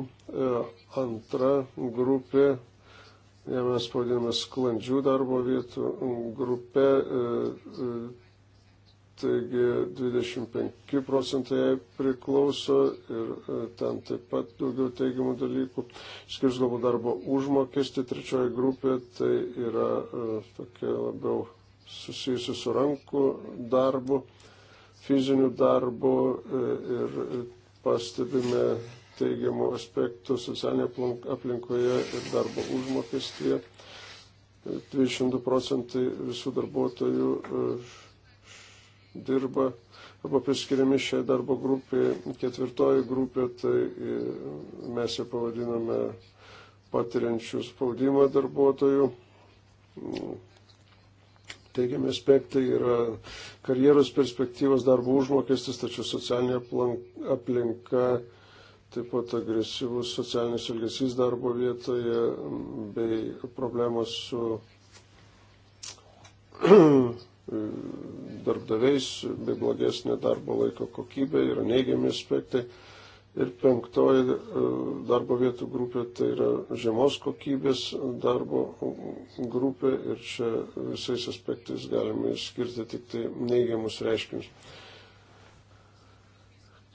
Antra grupė mes pavadiname sklandžių darbo vietų grupę. E, e, taigi 25 procentai priklauso ir e, ten taip pat daugiau teigiamų dalykų. Skirs galbūt darbo užmokestį trečioji grupė, tai yra tokia labiau susijusi su rankų darbu, fiziniu darbu ir pastebime teigiamų aspektų socialinėje aplinkoje ir darbo užmokestyje. 22 tai procentai visų darbuotojų e, dirba arba priskiriami šiai darbo grupiai. Ketvirtoji grupė, tai e, mes ją pavadiname patiriančių spaudimą darbuotojų. Teigiami aspektai yra karjeros perspektyvos, darbo užmokestis, tačiau socialinė aplinka Taip pat agresyvus socialinis elgesys darbo vietoje bei problemos su darbdaviais bei blogesnė darbo laiko kokybė yra neigiami aspektai. Ir penktoji e, darbo vietų grupė tai yra žemos kokybės darbo grupė ir čia visais aspektais galima išskirti tik tai neigiamus reiškinius.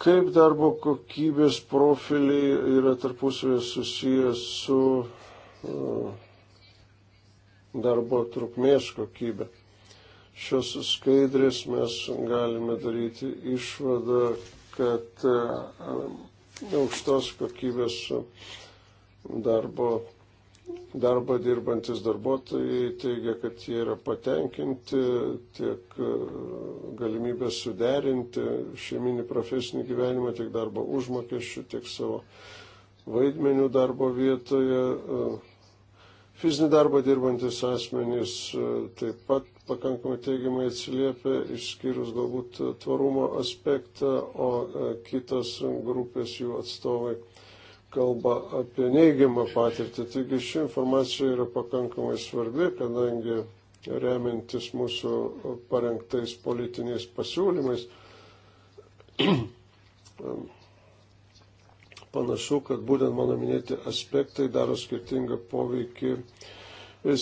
Kaip darbo kokybės profiliai yra tarpusavėje susijęs su uh, darbo trukmės kokybė. Šios skaidrės mes galime daryti išvadą, kad uh, aukštos kokybės darbo darbą dirbantis darbuotojai teigia, kad jie yra patenkinti tiek e, galimybę suderinti šeiminį profesinį gyvenimą, tiek darbo užmokesčių, tiek savo vaidmenių darbo vietoje. E, Fizinį darbą dirbantis asmenys e, taip pat pakankamai teigiamai atsiliepia, išskyrus galbūt tvarumo aspektą, o kitos grupės jų atstovai kalba apie neigiamą patirtį. Taigi ši informacija yra pakankamai svarbi, kadangi remintis mūsų parengtais politiniais pasiūlymais, panašu, kad būtent mano minėti aspektai daro skirtingą poveikį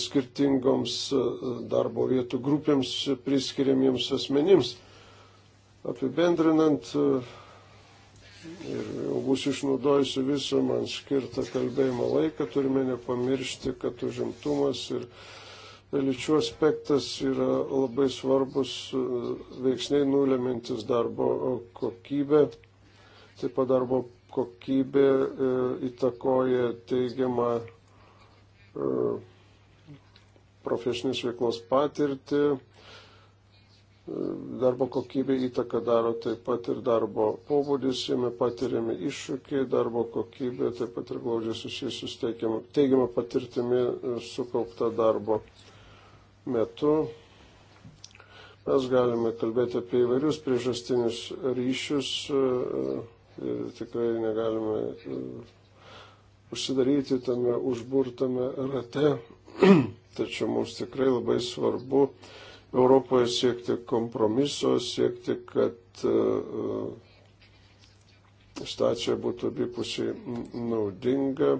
skirtingoms darbo vietų grupėms priskiriamiems asmenims. Apibendrinant, ir jau būsiu išnaudojusi visą man skirtą kalbėjimo laiką, turime nepamiršti, kad užimtumas ir lyčių aspektas yra labai svarbus e, veiksniai nulemintis darbo e, kokybę. Taip pat darbo kokybė e, įtakoja teigiamą profesinės veiklos patirtį, Darbo kokybė įtaką daro taip pat ir darbo pobūdis, jame patiriami iššūkiai, darbo kokybė taip pat ir glaudžiai susijusi su teigiama patirtimi e, sukaupta darbo metu. Mes galime kalbėti apie įvairius priežastinius ryšius e, e, ir tikrai negalime užsidaryti tame užburtame rate, tačiau mums tikrai labai svarbu Europoje siekti kompromiso, siekti, kad e, e, stacija būtų abipusiai naudinga, e,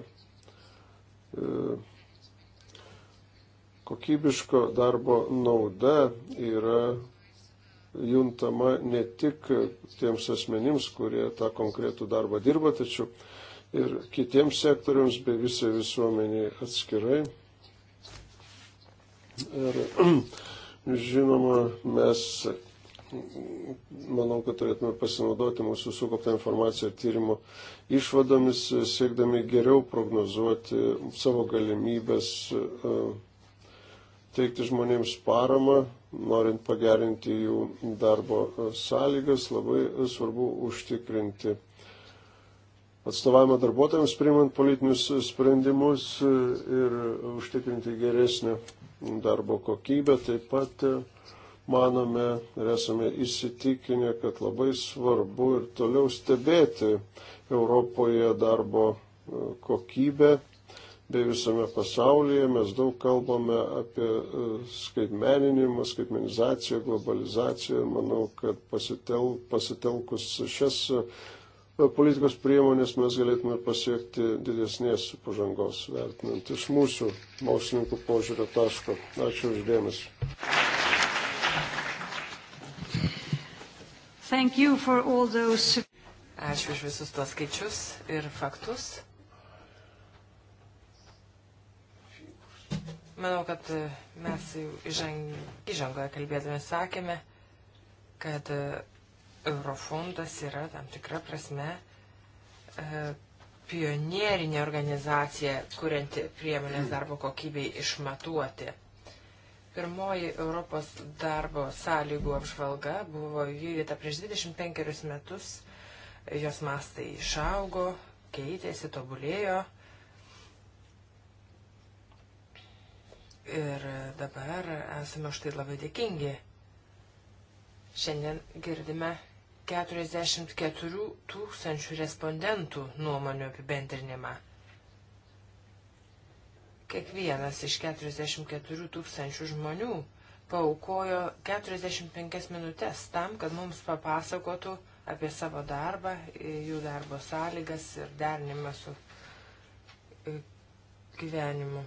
kokybiško darbo nauda yra juntama ne tik tiems asmenims, kurie tą konkretų darbą dirba, tačiau ir kitiems sektoriams bei visai visuomeniai atskirai. Ir Žinoma, mes, manau, kad turėtume pasinaudoti mūsų sukauptą informaciją ir tyrimo išvadomis, siekdami geriau prognozuoti savo galimybės e, teikti žmonėms paramą, norint pagerinti jų darbo e, sąlygas, labai svarbu užtikrinti atstovavimą darbuotojams, priimant politinius sprendimus e, ir užtikrinti geresnę darbo kokybę. Taip pat e, manome ir esame įsitikinę, kad labai svarbu ir toliau stebėti Europoje darbo e, kokybę bei visame pasaulyje. Mes daug kalbame apie e, skaitmeninimą, skaitmenizaciją, globalizaciją. Manau, kad pasitel, pasitelkus šias politikos priemonės mes galėtume pasiekti didesnės pažangos, vertinant iš mūsų mokslininkų požiūrio taško. Ačiū uždėmesi. Those... Ačiū už visus tuos skaičius ir faktus. Manau, kad e, mes jau įžangoje kalbėdami sakėme, kad e, Eurofondas yra tam tikra prasme e, pionierinė organizacija, kurianti priemonės darbo kokybei išmatuoti. Pirmoji Europos darbo sąlygų apžvalga buvo įvykdyta prieš 25 metus, jos mastai išaugo, keitėsi, tobulėjo. Ir dabar esame už tai labai dėkingi. Šiandien girdime 44 tūkstančių respondentų nuomonių apibendrinimą. Kiekvienas iš 44 tūkstančių žmonių paukojo 45 minutės tam, kad mums papasakotų apie savo darbą, jų darbo sąlygas ir derinimą su e, gyvenimu.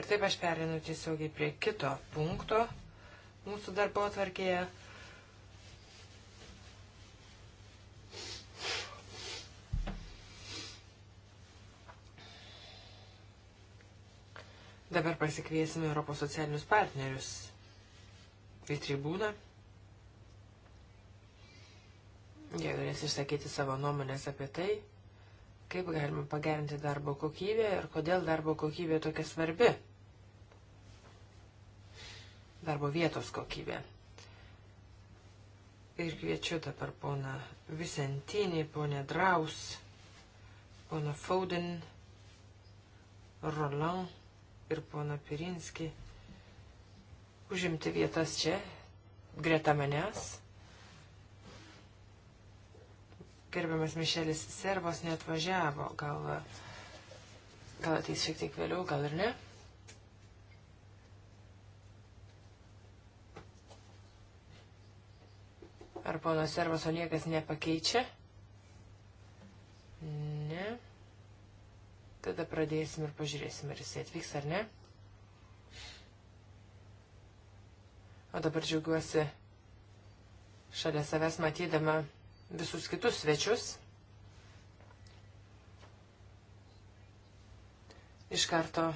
Ir taip aš perinu tiesiogiai prie kito punkto mūsų darbo atvarkėje Dabar pasikviesime Europos socialinius partnerius į tribūną. Jie galės išsakyti savo nuomonės apie tai, kaip galima pagerinti darbo kokybę ir kodėl darbo kokybė tokia svarbi. Darbo vietos kokybė. Ir kviečiu dabar poną Visentinį, ponę Draus, poną Fauden, Roland ir pono Pirinski užimti vietas čia, greta manęs. Gerbiamas Mišelis Servos neatvažiavo, gal, gal ateis šiek tiek vėliau, gal ir ne. Ar pono Servoso niekas nepakeičia? Tada pradėsim ir pažiūrėsim, ar jisai atvyks ar ne. O dabar džiaugiuosi šalia savęs matydama visus kitus svečius. Iš karto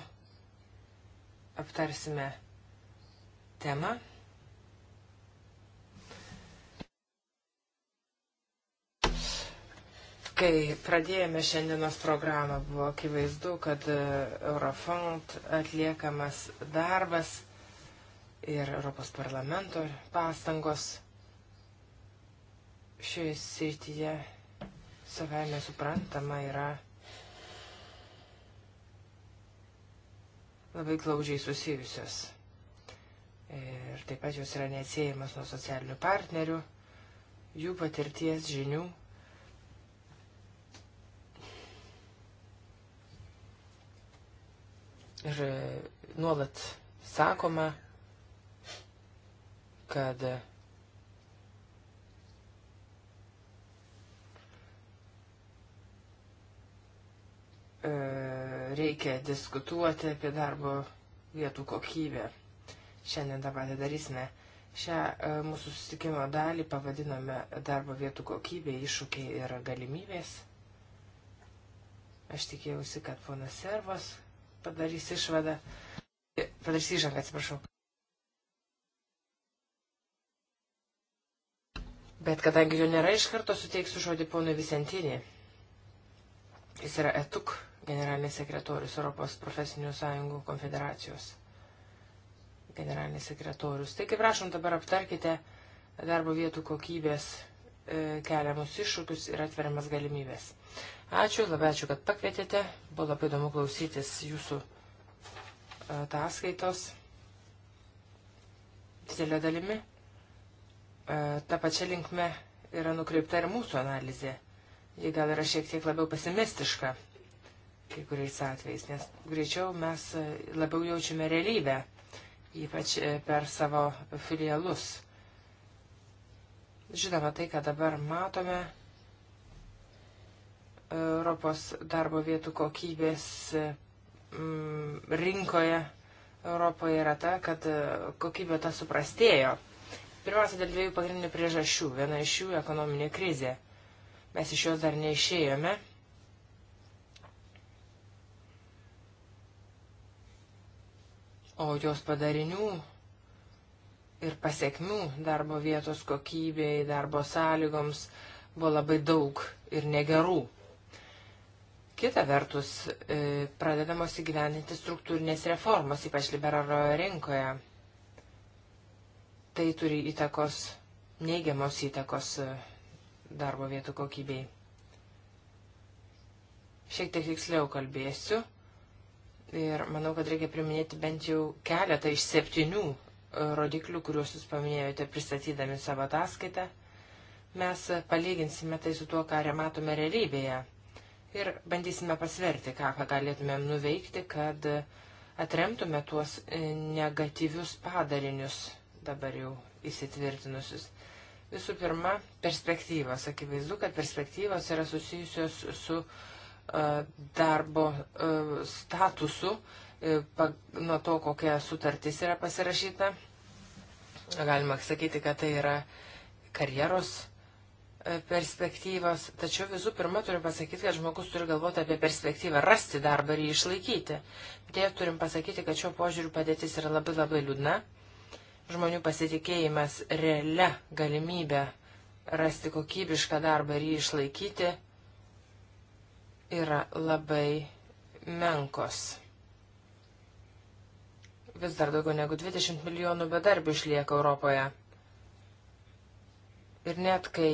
aptarsime temą. Kai pradėjome šiandienos programą, buvo akivaizdu, kad e, Eurofond atliekamas darbas ir Europos parlamento pastangos šioje srityje savai nesuprantama yra labai glaužiai susijusios. Ir taip pat jos yra neatsiejamas nuo socialinių partnerių, jų patirties žinių Ir e, nuolat sakoma, kad e, reikia diskutuoti apie darbo vietų kokybę. Šiandien tą patį darysime. Šią e, mūsų susitikimo dalį pavadinome darbo vietų kokybė, iššūkiai ir galimybės. Aš tikėjausi, kad ponas Servas padarys išvadą. Padarys įžangą, atsiprašau. Bet kadangi jo nėra, iš karto suteiksiu žodį ponui Visentinį. Jis yra ETUK generalinis sekretorius Europos profesinių sąjungų konfederacijos generalinis sekretorius. Tai kaip prašom dabar aptarkite darbo vietų kokybės e, keliamus iššūkius ir atveriamas galimybės. Ačiū, labai ačiū, kad pakvietėte. Buvo labai įdomu klausytis jūsų ataskaitos didelė dalimi. E, ta pačia linkme yra nukreipta ir mūsų analizė. Ji gal yra šiek tiek labiau pesimistiška kai kuriais atvejais, nes greičiau mes e, labiau jaučiame realybę, ypač e, per savo filialus. Žinoma, tai, ką dabar matome, Europos darbo vietų kokybės mm, rinkoje Europoje yra ta, kad e, kokybė ta suprastėjo. Pirmiausia, dėl dviejų pagrindinių priežasčių. Viena iš jų - ekonominė krizė. Mes iš jos dar neišėjome. O jos padarinių ir pasiekmių darbo vietos kokybei, darbo sąlygoms buvo labai daug ir negerų. Kita vertus, e, pradedamos įgyvendinti struktūrinės reformos, ypač liberalioje rinkoje. Tai turi įtakos, neigiamos įtakos e, darbo vietų kokybei. Šiek tiek tiksliau kalbėsiu ir manau, kad reikia priminėti bent jau keletą iš septynių e, rodiklių, kuriuos jūs paminėjote pristatydami savo ataskaitą. Mes palyginsime tai su tuo, ką matome realybėje ir bandysime pasverti, ką, ką galėtumėm nuveikti, kad atremtume tuos negatyvius padarinius dabar jau įsitvirtinusius. Visų pirma, perspektyvos. Akivaizdu, kad perspektyvos yra susijusios su uh, darbo uh, statusu, uh, nuo to, kokia sutartis yra pasirašyta. Galima sakyti, kad tai yra karjeros perspektyvos, tačiau visų pirma turim pasakyti, kad žmogus turi galvoti apie perspektyvą rasti darbą ir jį išlaikyti. Tie turim pasakyti, kad šio požiūrių padėtis yra labai labai liūdna. Žmonių pasitikėjimas realia galimybė rasti kokybišką darbą ir jį išlaikyti yra labai menkos. Vis dar daugiau negu 20 milijonų bedarbių išlieka Europoje. Ir net kai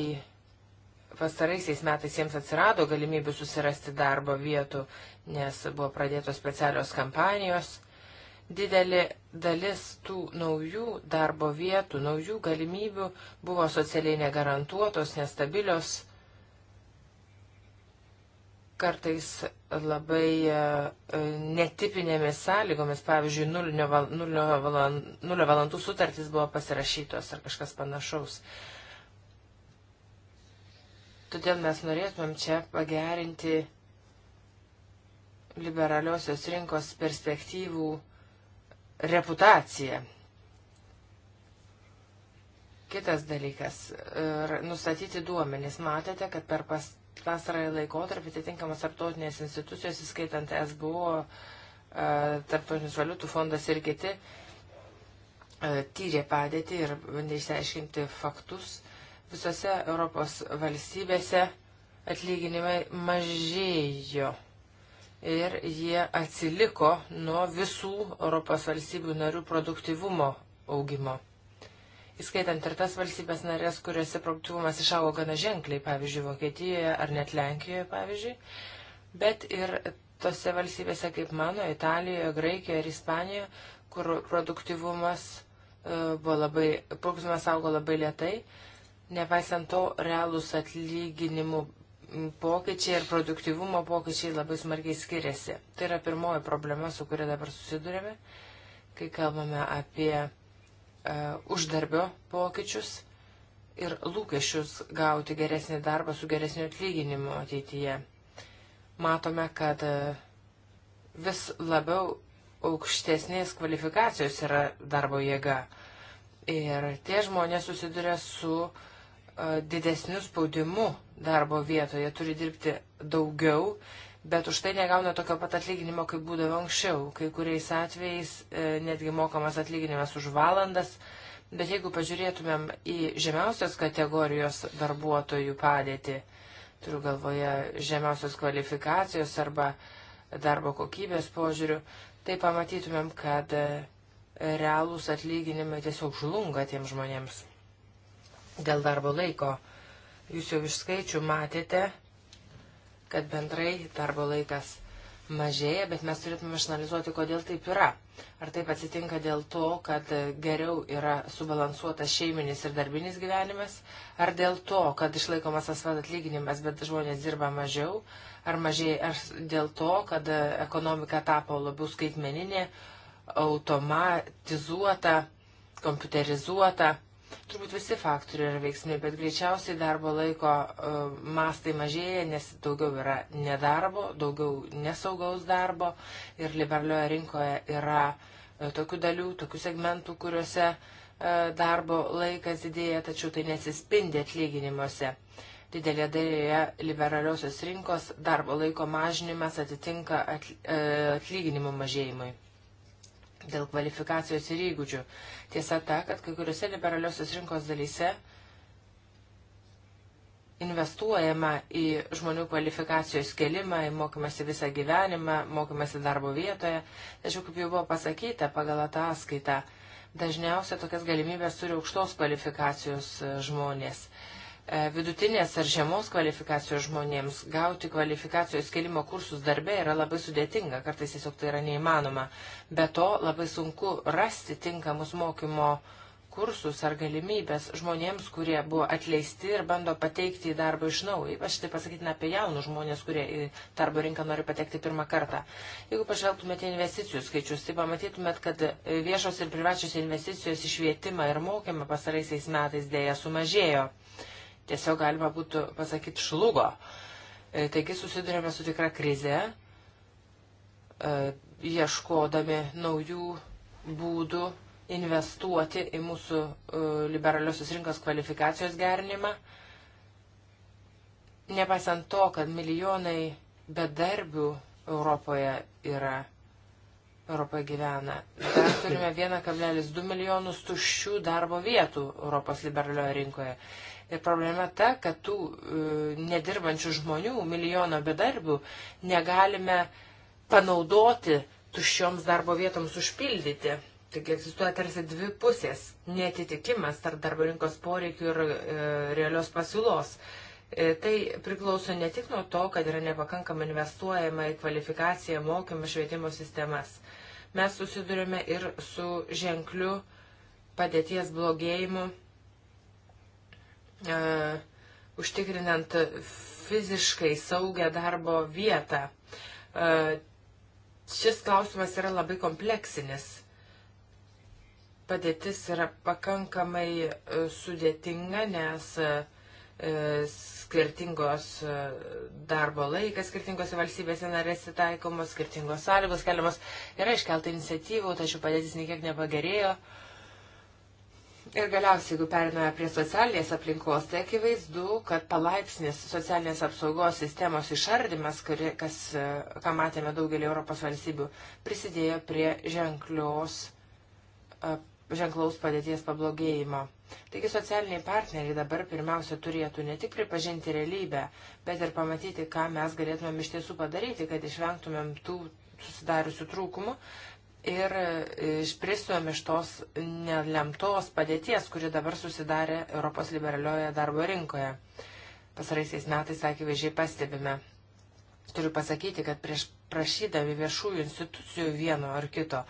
pastaraisiais metais jiems atsirado galimybių susirasti darbo vietų, nes buvo pradėtos specialios kampanijos. Didelė dalis tų naujų darbo vietų, naujų galimybių buvo socialiai negarantuotos, nestabilios, kartais labai e, netipinėmis sąlygomis, pavyzdžiui, nulio, val, nulio, valan, nulio valandų sutartys buvo pasirašytos ar kažkas panašaus. Uh, Todėl mes norėtumėm čia pagerinti liberaliosios rinkos perspektyvų reputaciją. Kitas dalykas - nustatyti duomenys. Matėte, kad per pastarąjį laikotarpį atitinkamas tarptautinės institucijos, įskaitant SBO, Tarptautinis valiutų fondas ir kiti, tyrė padėtį ir bandė išsiaiškinti faktus Visose Europos valstybėse atlyginimai mažėjo ir jie atsiliko nuo visų Europos valstybių narių produktivumo augimo. Įskaitant ir tas valstybės narės, kuriuose produktivumas išaugo gana ženkliai, pavyzdžiui, Vokietijoje ar net Lenkijoje, pavyzdžiui, bet ir tose valstybėse kaip mano, Italijoje, Graikijoje ir Ispanijoje, kur produktivumas e, buvo labai, produktivumas augo labai lietai Nepaisant to, realūs atlyginimų pokyčiai ir produktivumo pokyčiai labai smarkiai skiriasi. Tai yra pirmoji problema, su kuria dabar susidurėme, kai kalbame apie e, uždarbio pokyčius ir lūkesčius gauti geresnį darbą su geresniu atlyginimu ateityje. Matome, kad e, vis labiau aukštesnės kvalifikacijos yra darbo jėga. Ir tie žmonės susiduria su uh, didesniu spaudimu darbo vietoje, turi dirbti daugiau, bet už tai negauna tokio pat atlyginimo, kaip būdavo anksčiau. Kai kuriais atvejais e, netgi mokamas atlyginimas už valandas, bet jeigu pažiūrėtumėm į žemiausios kategorijos darbuotojų padėtį, turiu galvoje žemiausios kvalifikacijos arba darbo kokybės požiūrių, tai pamatytumėm, kad e, realūs atlyginimai tiesiog žlunga tiems žmonėms. Dėl darbo laiko. Jūs jau iš skaičių matėte, kad bendrai darbo laikas mažėja, bet mes turėtume išanalizuoti, kodėl taip yra. Ar taip atsitinka dėl to, kad geriau yra subalansuotas šeiminis ir darbinis gyvenimas, ar dėl to, kad išlaikomas asvat atlyginimas, bet žmonės dirba mažiau, ar, mažiai, ar dėl to, kad ekonomika tapo labiau skaitmeninė, automatizuota, kompiuterizuota. Turbūt visi faktoriai yra veiksniai, bet greičiausiai darbo laiko uh, mastai mažėja, nes daugiau yra nedarbo, daugiau nesaugaus darbo ir liberalioje rinkoje yra uh, tokių dalių, tokių segmentų, kuriuose uh, darbo laikas didėja, tačiau tai nesispindi atlyginimuose. Didelė dalyje liberaliosios rinkos darbo laiko mažinimas atitinka atlyginimų mažėjimui dėl kvalifikacijos ir įgūdžių. Tiesa ta, kad kai kuriuose liberaliosios rinkos dalyse investuojama į žmonių kvalifikacijos kelimą, į mokymasi visą gyvenimą, mokymasi darbo vietoje. Tačiau, kaip jau buvo pasakyta, pagal ataskaitą, dažniausiai tokias galimybės turi aukštos kvalifikacijos e, žmonės. E, vidutinės ar žemos kvalifikacijos žmonėms gauti kvalifikacijos kelimo kursus darbe yra labai sudėtinga, kartais tiesiog tai yra neįmanoma. Be to labai sunku rasti tinkamus mokymo kursus ar galimybės žmonėms, kurie buvo atleisti ir bando pateikti į darbą iš naujo. Ypač tai pasakytina apie jaunus žmonės, kurie į darbo rinką nori patekti pirmą kartą. Jeigu pažvelgtumėte investicijų skaičius, tai pamatytumėt, kad viešos ir privačios investicijos į švietimą ir mokymą pasaraisiais metais dėja sumažėjo tiesiog galima būtų pasakyti šlugo. E, taigi susidurėme su tikra krize, e, ieškodami naujų būdų investuoti į mūsų e, liberaliosios rinkos kvalifikacijos gerinimą. Nepaisant to, kad milijonai bedarbių Europoje yra, Europoje gyvena, dar turime 1,2 milijonus tuščių darbo vietų Europos liberalioje rinkoje. Ir problema ta, kad tų e, nedirbančių žmonių, milijono bedarbių negalime panaudoti tuščioms darbo vietoms užpildyti. Taigi egzistuoja tarsi dvi pusės - netitikimas tarp darbo rinkos poreikių ir e, realios pasiūlos. E, tai priklauso ne tik nuo to, kad yra nepakankamai investuojama į kvalifikaciją, mokymą, švietimo sistemas. Mes susidurime ir su ženkliu padėties blogėjimu e, užtikrinant fiziškai saugę darbo vietą. E, šis klausimas yra labai kompleksinis. Padėtis yra pakankamai e, sudėtinga, nes e, e, skirtingos darbo laikas, skirtingose valstybėse narėse taikomos, skirtingos sąlygos keliamos. Yra iškelta iniciatyvų, tačiau padėtis niekiek nepagerėjo. Uh, Ir galiausiai, jeigu periname prie socialinės aplinkos, tai akivaizdu, kad palaipsnis socialinės apsaugos sistemos išardimas, kuri, kas, ką matėme daugelį Europos valstybių, prisidėjo prie ženklios, ženklaus padėties pablogėjimo. Taigi socialiniai partneriai dabar pirmiausia turėtų ne tik pripažinti realybę, bet ir pamatyti, ką mes galėtumėm iš tiesų padaryti, kad išvengtumėm tų susidariusių trūkumų ir e, išprisuom iš tos nelemtos padėties, kuri dabar susidarė Europos liberalioje darbo rinkoje. Pasaraisiais metais akivaizdžiai pastebime. Turiu pasakyti, kad prieš prašydami viešųjų institucijų vieno ar kito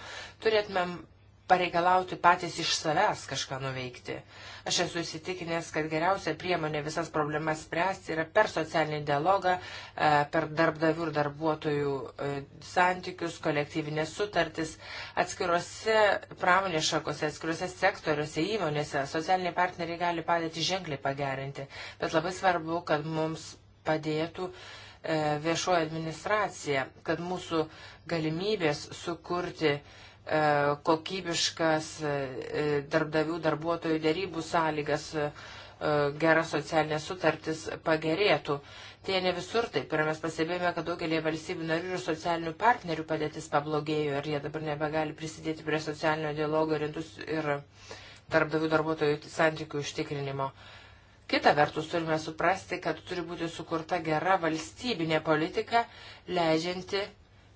turėtumėm pareikalauti patys iš savęs kažką nuveikti. Aš esu įsitikinęs, kad geriausia priemonė visas problemas spręsti yra per socialinį dialogą, e, per darbdavių ir darbuotojų e, santykius, kolektyvinės sutartis. Atskiruose pramonės šakose, atskiruose sektoriuose, įmonėse socialiniai partneriai gali padėti ženkliai pagerinti, bet labai svarbu, kad mums padėtų e, viešoji administracija, kad mūsų galimybės sukurti uh, E, kokybiškas e, e, darbdavių darbuotojų dėrybų sąlygas, geras socialinės sutartis pagerėtų. Tai ne visur taip. Ir mes pastebėjome, kad daugelį valstybių narių ir socialinių partnerių padėtis pablogėjo ir jie dabar nebegali prisidėti prie socialinio dialogo ir, ir darbdavių darbuotojų santykių užtikrinimo. Kita vertus turime suprasti, kad turi būti sukurta gera valstybinė politika, leidžianti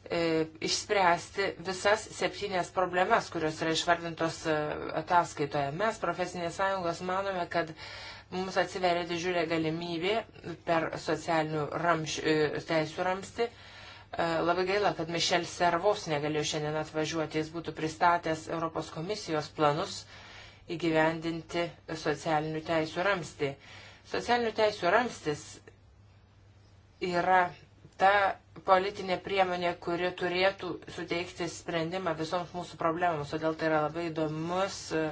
E, išspręsti visas septynės problemas, kurios yra išvardintos e, ataskaitoje. Mes, profesinės sąjungos, manome, kad mums atsiveria didžiulė galimybė per socialinių ramš, e, teisų ramsti. Labai gaila, kad Mišel Servos negalėjo šiandien atvažiuoti, jis būtų pristatęs Europos komisijos planus įgyvendinti socialinių teisų ramstį. Socialinių teisų ramstis yra ta politinė priemonė, kuri turėtų suteikti sprendimą visoms mūsų problemams. Todėl tai yra labai įdomus, e,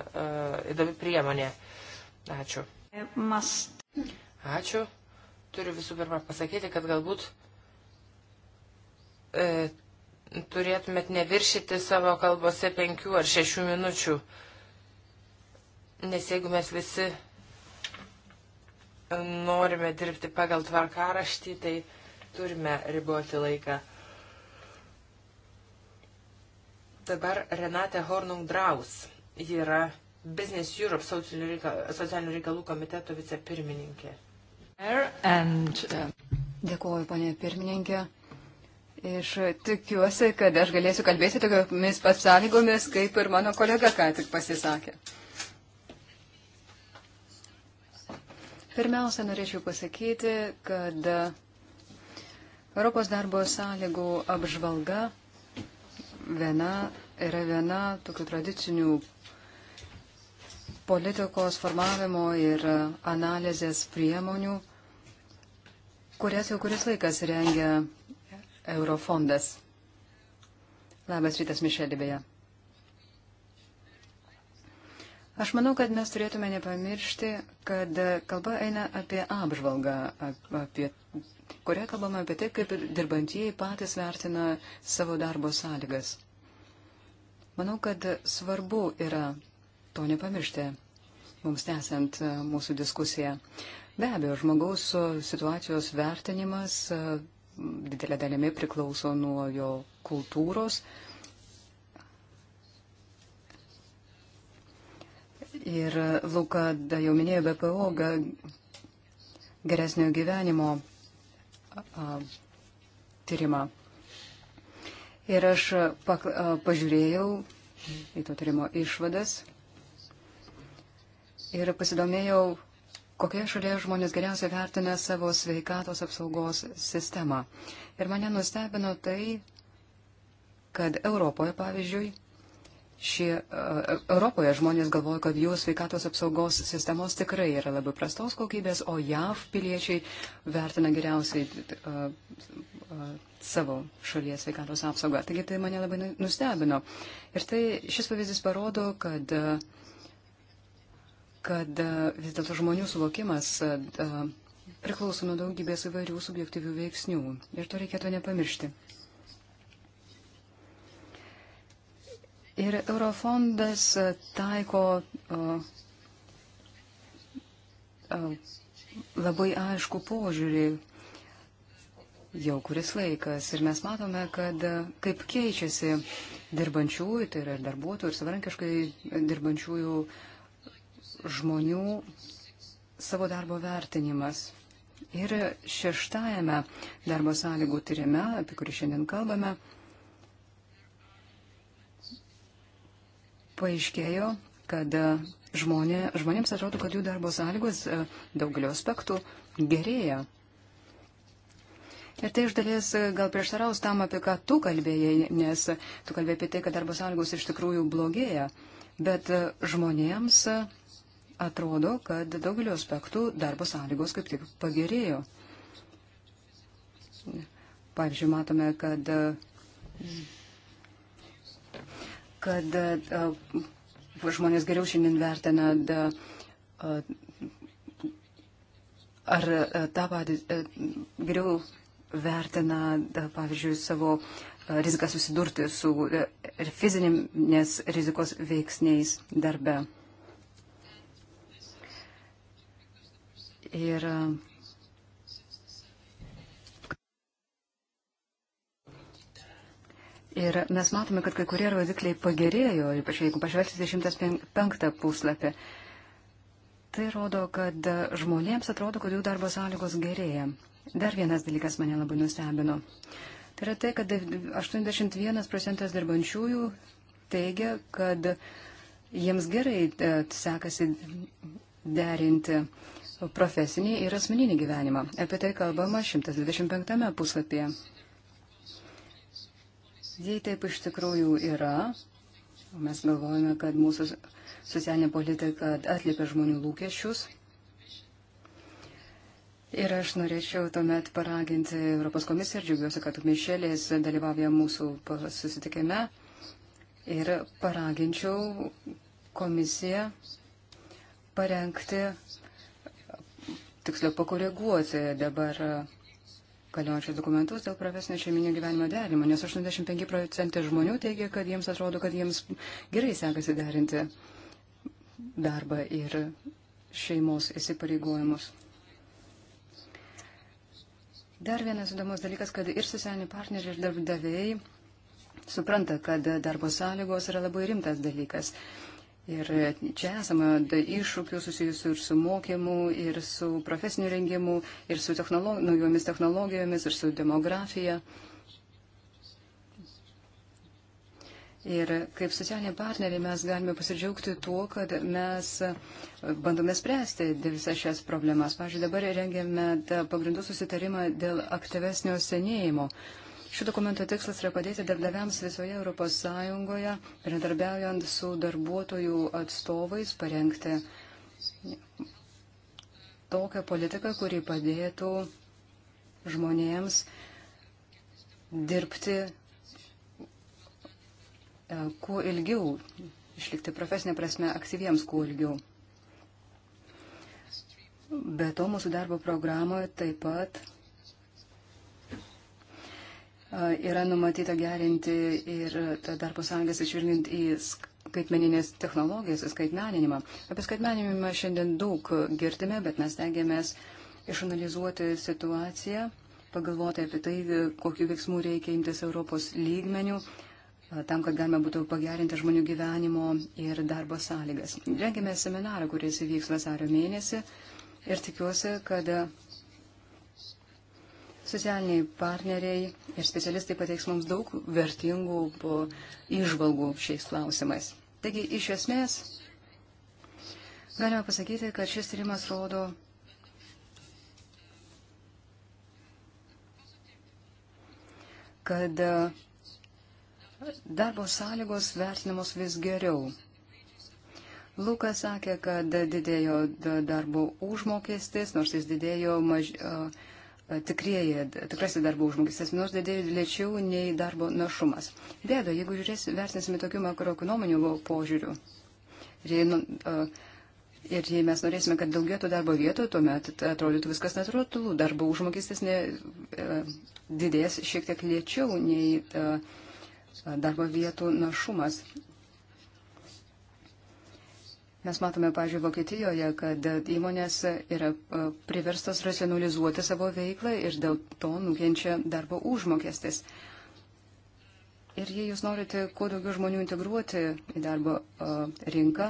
įdomi priemonė. Ačiū. E, must. Ačiū. Turiu visų pirma pasakyti, kad galbūt e, turėtumėt neviršyti savo kalbose penkių ar šešių minučių. Nes jeigu mes visi norime dirbti pagal tvarkaraštį, tai turime riboti laiką. Dabar Renate Hornung-Draus. Ji yra Business Europe socialinių reikalų komiteto vicepirmininkė. And, uh... Dėkuoju, ponė pirmininkė. Iš tikiuosi, kad aš galėsiu kalbėti tokiamis pats sąlygomis, kaip ir mano kolega ką tik pasisakė. Pirmiausia, norėčiau pasakyti, kad Europos darbo sąlygų apžvalga viena, yra viena tokių tradicinių politikos formavimo ir analizės priemonių, kurias jau kuris laikas rengia Eurofondas. Labas rytas, Mišelė, beje. Aš manau, kad mes turėtume nepamiršti, kad kalba eina apie apžvalgą, apie, kurią kalbame apie tai, kaip dirbantieji patys vertina savo darbo sąlygas. Manau, kad svarbu yra to nepamiršti, mums tęsiant e, mūsų diskusiją. Be abejo, žmogaus situacijos vertinimas e, didelė dalimi priklauso nuo jo kultūros, Ir Luka jau minėjo BPO geresnio gyvenimo tyrimą. Ir aš pak, a, pažiūrėjau į to tyrimo išvadas ir pasidomėjau, kokioje šalyje žmonės geriausiai vertina savo sveikatos apsaugos sistemą. Ir mane nustebino tai, kad Europoje, pavyzdžiui, šie, Europoje žmonės galvoja, kad jų sveikatos apsaugos sistemos tikrai yra labai prastos kokybės, o JAV piliečiai vertina geriausiai uh, uh, savo šalies sveikatos apsaugą. Taigi tai mane labai nu, nustebino. Ir tai šis pavyzdys parodo, kad, kad vis dėlto žmonių suvokimas uh, priklauso nuo daugybės įvairių subjektyvių veiksnių. Ir to reikėtų nepamiršti. Ir Eurofondas e, taiko e, e, labai aišku požiūrį jau kuris laikas. Ir mes matome, kad kaip keičiasi dirbančiųjų, tai yra ir darbuotojų, ir savarankiškai dirbančiųjų žmonių savo darbo vertinimas. Ir šeštajame darbo sąlygų tyrime, apie kurį šiandien kalbame, paaiškėjo, kad e, žmonė, žmonėms atrodo, kad jų darbo sąlygos e, daugelio aspektų gerėja. Ir tai iš dalies e, gal prieštaraus tam, apie ką tu kalbėjai, nes tu kalbėjai apie tai, kad darbo sąlygos iš tikrųjų blogėja. Bet žmonėms atrodo, kad daugelio aspektų darbo sąlygos kaip tik pagerėjo. Pavyzdžiui, matome, kad kad e, e, žmonės geriau šiandien vertina, e, ar tą patį geriau vertina, pavyzdžiui, savo riziką susidurti su fizinės rizikos veiksniais darbe. Ir uh, Ir mes matome, kad kai kurie rodikliai pagerėjo, ypač jeigu pažvelgsite 105 puslapį. Tai rodo, kad žmonėms atrodo, kad jų darbo sąlygos gerėja. Dar vienas dalykas mane labai nustebino. Tai yra tai, kad 81 procentas dirbančiųjų teigia, kad jiems gerai e, sekasi derinti profesinį ir asmeninį gyvenimą. Apie tai kalbama 125 puslapyje. Jei taip iš tikrųjų yra, o mes galvojame, kad mūsų socialinė politika atliepia žmonių lūkesčius, Ir aš norėčiau tuomet paraginti Europos komisiją ir džiugiuosi, kad Mišelės dalyvauja mūsų susitikime. Ir paraginčiau komisiją parengti, tiksliau pakoreguoti dabar galiojančius dokumentus dėl profesinio šeiminio gyvenimo derinimo, nes 85 procentai žmonių teigia, kad jiems atrodo, kad jiems gerai sekasi derinti darbą ir šeimos įsipareigojimus. Dar vienas įdomus dalykas, kad ir socialiniai partneriai, ir darbdaviai supranta, kad darbo sąlygos yra labai rimtas dalykas. Ir čia esame iššūkių susijusių ir su mokymu, ir su profesiniu rengimu, ir su technolo naujomis technologijomis, ir su demografija. Ir kaip socialiniai partneriai mes galime pasidžiaugti tuo, kad mes bandome spręsti visas šias problemas. Pavyzdžiui, dabar rengiame pagrindų susitarimą dėl aktyvesnio senėjimo. Uh, Šio dokumento tikslas yra padėti darbdaviams visoje Europos Sąjungoje, bendradarbiaujant su darbuotojų atstovais, parengti tokią politiką, kuri padėtų žmonėms dirbti e, kuo ilgiau, išlikti profesinė prasme aktyviems kuo ilgiau. Be to mūsų darbo programoje taip pat yra numatyta gerinti ir darbo sąlygas išvilgiant į skaitmeninės technologijas, į skaitmeninimą. Apie skaitmeninimą šiandien daug girdime, bet mes tengiamės išanalizuoti situaciją, pagalvoti apie tai, kokiu veiksmu reikia imtis Europos lygmenių tam, kad galima būtų pagerinti žmonių gyvenimo ir darbo sąlygas. Rengėme seminarą, kuris įvyks vasario mėnesį ir tikiuosi, kad Socialiniai partneriai ir specialistai pateiks mums daug vertingų išvalgų šiais klausimais. Taigi, iš esmės, galime pasakyti, kad šis tyrimas rodo kad darbo sąlygos vertinamos vis geriau. Lukas sakė, kad didėjo darbo užmokestis, nors jis didėjo maž, uh, tikrieji, tikrasis darbo užmokestis nors didėja lėčiau nei darbo našumas. Be abejo, jeigu žiūrės, vertinsime tokiu makroekonominiu požiūriu ir jei, uh, ir jei mes norėsime, kad daugėtų darbo vietų, tuomet atrodytų viskas natūralu, darbo užmokestis ne, uh, didės šiek tiek lėčiau nei uh, darbo vietų našumas. Mes matome, pažiūrėjau, Vokietijoje, kad įmonės yra e, priverstos racionalizuoti savo veiklą ir dėl to nukenčia darbo užmokestis. Ir jei jūs norite kuo daugiau žmonių integruoti į darbo e, rinką,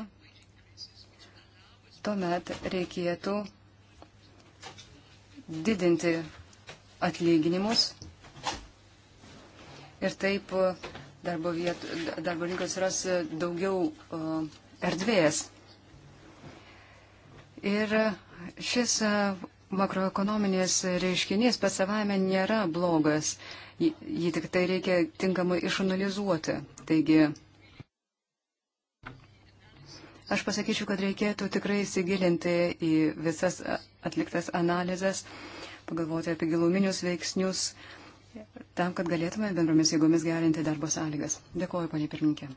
tuomet reikėtų didinti atlyginimus ir taip e, darbo, vietų, darbo rinkos ras daugiau erdvės Ir šis makroekonominės reiškinys pats savaime nėra blogas, jį tik tai reikia tinkamai išanalizuoti. Taigi, Aš pasakyčiau, kad reikėtų tikrai įsigilinti į visas atliktas analizas, pagalvoti apie giluminius veiksnius, tam, kad galėtume bendromis jėgomis gerinti darbo sąlygas. Dėkuoju, ponė pirminkė.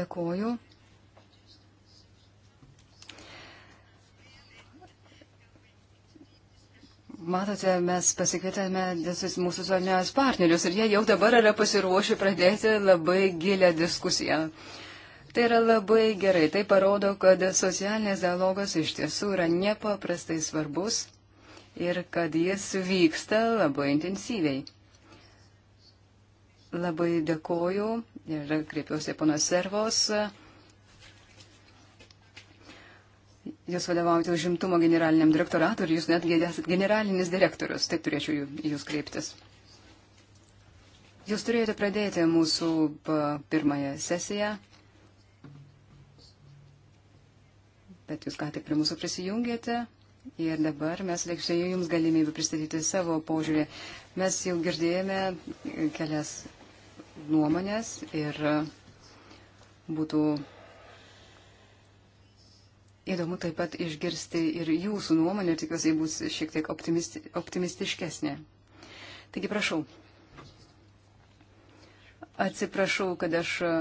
Dėkuoju. Matote, mes pasikvietėme mūsų zonės partnerius ir jie jau dabar yra pasiruošę pradėti labai gilę diskusiją. Tai yra labai gerai, tai parodo, kad socialinės dialogas iš tiesų yra nepaprastai svarbus ir kad jis vyksta labai intensyviai. Labai dėkoju ir kreipiuosi pono servos. Jūs vadovaujate užimtumo generaliniam direktoratui ir jūs netgi esate generalinis direktorius, taip turėčiau jūs kreiptis. Jūs turėjote pradėti mūsų pirmąją sesiją, bet jūs ką tik prie mūsų prisijungėte ir dabar mes leikščiai jums galimybę pristatyti savo požiūrį. Mes jau girdėjome kelias nuomonės ir būtų Įdomu taip pat išgirsti ir jūsų nuomonę, tikiuosi, jie bus šiek tiek optimisti, optimistiškesnė. Taigi prašau. Atsiprašau, kad aš e,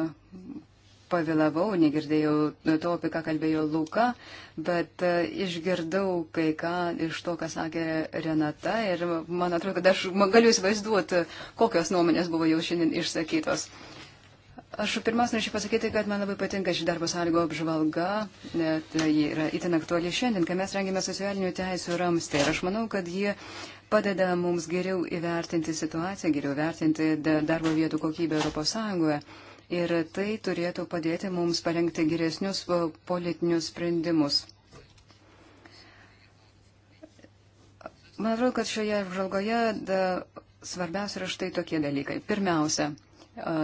pavėlavau, negirdėjau to, apie ką kalbėjo Luka, bet e, išgirdau kai ką iš to, ką sakė Renata ir man atrodo, kad aš galiu įsivaizduoti, kokios nuomonės buvo jau šiandien išsakytos. Uh, Aš pirmiausia norėčiau pasakyti, kad man labai patinka ši darbo sąlygo apžvalga, net ji yra itin aktuali šiandien, kai mes rengėme socialinių teisų ramstį. Ir aš manau, kad ji padeda mums geriau įvertinti situaciją, geriau vertinti darbo vietų kokybę Europos Sąjungoje. Ir tai turėtų padėti mums parengti geresnius politinius sprendimus. Man atrodo, kad šioje apžalgoje svarbiausia yra štai tokie dalykai. Pirmiausia,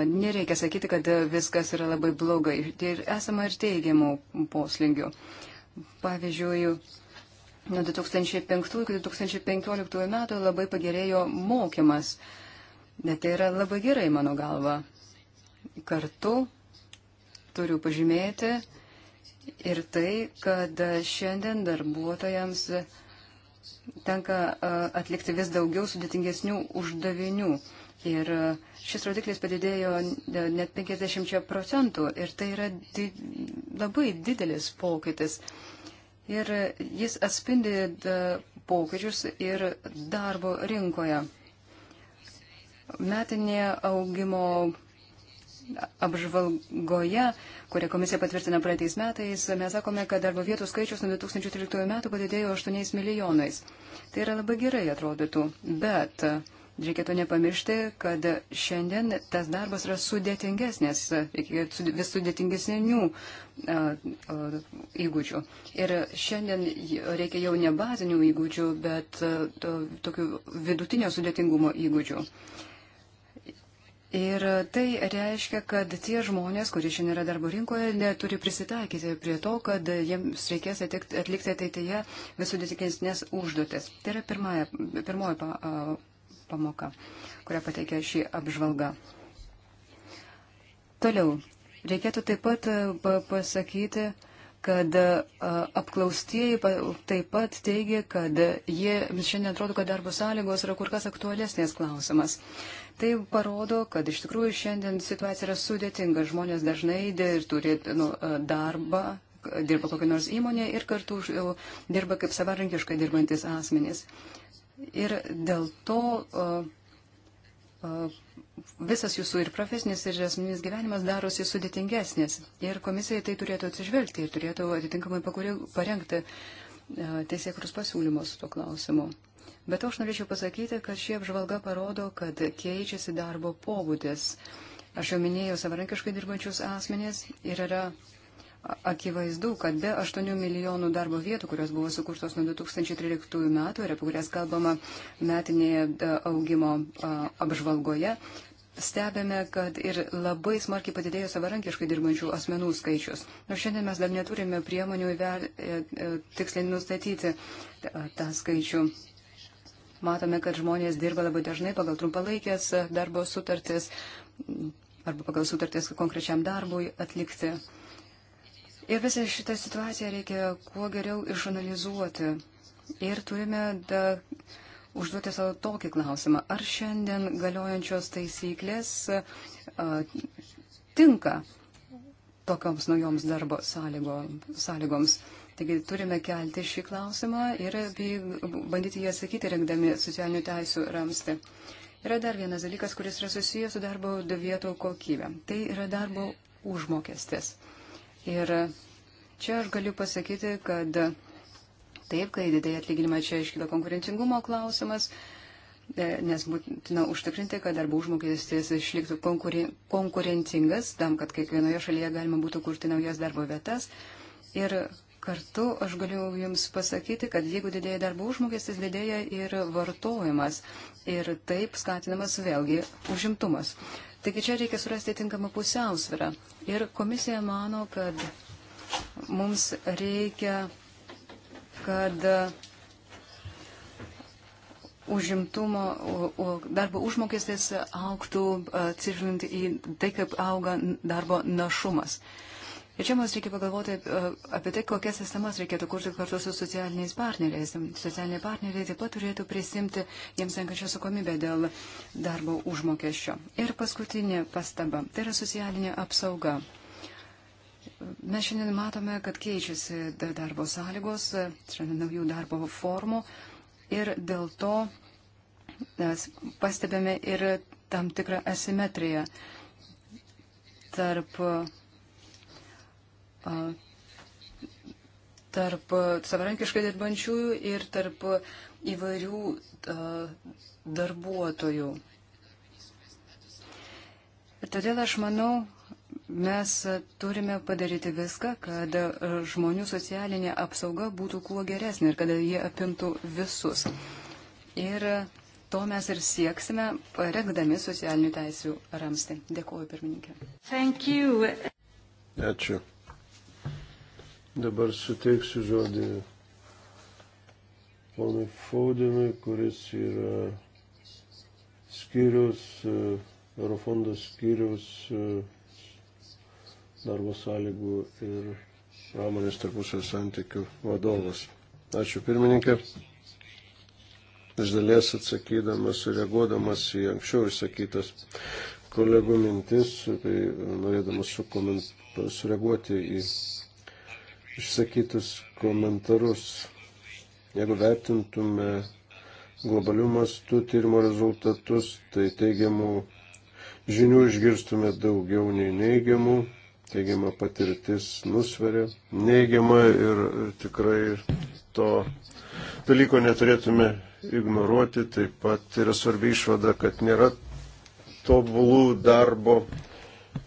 Nereikia sakyti, kad viskas yra labai blogai. Tai ir esama ir teigiamų poslingių. Pavyzdžiui, nuo 2005 iki 2015 metų labai pagerėjo mokymas. Bet tai yra labai gerai, mano galva. Kartu turiu pažymėti ir tai, kad šiandien darbuotojams tenka atlikti vis daugiau sudėtingesnių uždavinių. Ir šis rodiklis padidėjo net 50 procentų ir tai yra di labai didelis pokytis. Ir jis atspindi pokyčius ir darbo rinkoje. Metinė augimo apžvalgoje, kurią komisija patvirtina praeitais metais, mes sakome, kad darbo vietų skaičius nuo 2013 metų padidėjo 8 milijonais. Tai yra labai gerai atrodytų, bet uh, Reikėtų nepamiršti, kad šiandien tas darbas yra sudėtingesnės, vis sudėtingesnių įgūdžių. Ir šiandien reikia jau ne bazinių įgūdžių, bet tokių vidutinio sudėtingumo įgūdžių. Ir tai reiškia, kad tie žmonės, kurie šiandien yra darbo rinkoje, neturi prisitaikyti prie to, kad jiems reikės atlikti ateityje visų didikesnės užduotis. Tai yra pirmoji pamoka, kurią pateikia šį apžvalgą. Toliau, reikėtų taip pat e, pasakyti, kad e, apklaustieji taip pat teigia, kad jie šiandien atrodo, kad darbo sąlygos yra kur kas aktualesnės klausimas. Tai parodo, kad iš tikrųjų šiandien situacija yra sudėtinga. Žmonės dažnai ir turi nu, e, darbą, dirba kokią nors įmonę ir kartu dirba kaip savarankiškai dirbantis asmenys ir dėl to visas jūsų ir profesinis, ir asmeninis gyvenimas darosi sudėtingesnis. Ir komisija tai turėtų atsižvelgti ir turėtų atitinkamai parengti teisėkrus pasiūlymus tuo klausimu. Bet aš norėčiau pasakyti, kad ši apžvalga parodo, kad keičiasi darbo pobūdis. Aš jau minėjau savarankiškai dirbančius asmenės ir yra akivaizdu, kad be 8 milijonų darbo vietų, kurios buvo sukurtos nuo 2013 metų ir apie kurias kalbama metinėje e, augimo e, apžvalgoje, stebime, kad ir labai smarkiai padidėjo savarankiškai dirbančių asmenų skaičius. Nors šiandien mes dar neturime priemonių įver, e, tiksliai nustatyti tą skaičių. Matome, kad žmonės dirba labai dažnai pagal trumpalaikės darbo sutartis arba pagal sutartis konkrečiam darbui atlikti. Ir visą šitą situaciją reikia kuo geriau išanalizuoti. Ir turime da, užduoti savo tokį klausimą. Ar šiandien galiojančios taisyklės a, tinka tokioms naujoms darbo sąlygo, sąlygoms? Taigi turime kelti šį klausimą ir bandyti jį atsakyti, rengdami socialinių teisų ramstį. Yra dar vienas dalykas, kuris yra susijęs su darbo vietų kokybė. Tai yra darbo užmokestis. Ir čia aš galiu pasakyti, kad taip, kai didėja atlyginimai, čia iškyla konkurencingumo klausimas, e, nes būtina užtikrinti, kad darbų užmokestis išliktų konkuren, konkurencingas, tam, kad kiekvienoje šalyje galima būtų kurti naujas darbo vietas. Ir kartu aš galiu Jums pasakyti, kad jeigu didėja darbų užmokestis, didėja ir vartojimas. Ir taip skatinamas vėlgi užimtumas. Taigi čia reikia surasti tinkamą pusiausvyrą. Ir komisija mano, kad mums reikia, kad užimtumo, darbo užmokestis auktų atsižvelgiant į tai, kaip auga darbo našumas. Uh, Ir čia mums reikia pagalvoti e, apie tai, kokias sistemas reikėtų kurti kartu su socialiniais partneriais. Socialiniai partneriai taip pat turėtų prisimti jiems tenkančią atsakomybę dėl darbo užmokesčio. Ir paskutinė pastaba - tai yra socialinė apsauga. Mes šiandien matome, kad keičiasi darbo sąlygos, šiandien e, naujų darbo formų ir dėl to e, pastebėme ir tam tikrą asimetriją tarp tarp savarankiškai dirbančiųjų ir tarp įvairių darbuotojų. Ir todėl aš manau, mes turime padaryti viską, kad žmonių socialinė apsauga būtų kuo geresnė ir kad jie apimtų visus. Ir to mes ir sieksime, regdami socialinių teisių ramstį. Dėkuoju, pirmininkė. Ačiū. Dabar suteiksiu žodį ponui Faudinui, kuris yra skyrius, e, Eurofondo skyrius e, darbo sąlygų ir pramonės tarpusio santykių vadovas. Ačiū pirmininkė. Iš dalies atsakydamas ir reaguodamas į anksčiau išsakytas kolegų mintis, tai norėdamas sureaguoti į išsakytus komentarus. Jeigu vertintume globalių mastų tyrimo rezultatus, tai teigiamų žinių išgirstume daugiau nei neigiamų. Teigiama patirtis nusveria, neigiama ir tikrai to dalyko neturėtume ignoruoti. Taip pat yra svarbi išvada, kad nėra tobulų darbo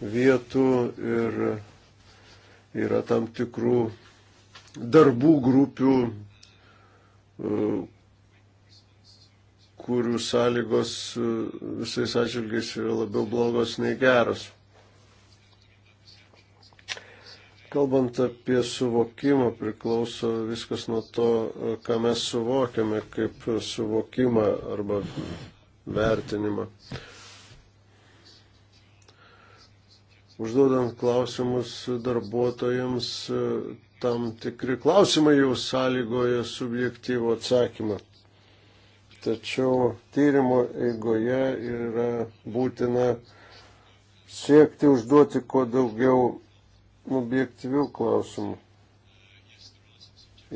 vietų ir yra tam tikrų darbų grupių, e, kurių sąlygos e, visais atžvilgiais yra labiau blogos nei geros. Kalbant apie suvokimą, priklauso viskas nuo to, e, ką mes suvokiame kaip suvokimą arba vertinimą. Uh, užduodant klausimus darbuotojams, e, tam tikri klausimai jau sąlygoja subjektyvų atsakymą. Tačiau tyrimo eigoje yra būtina siekti užduoti kuo daugiau objektyvių klausimų.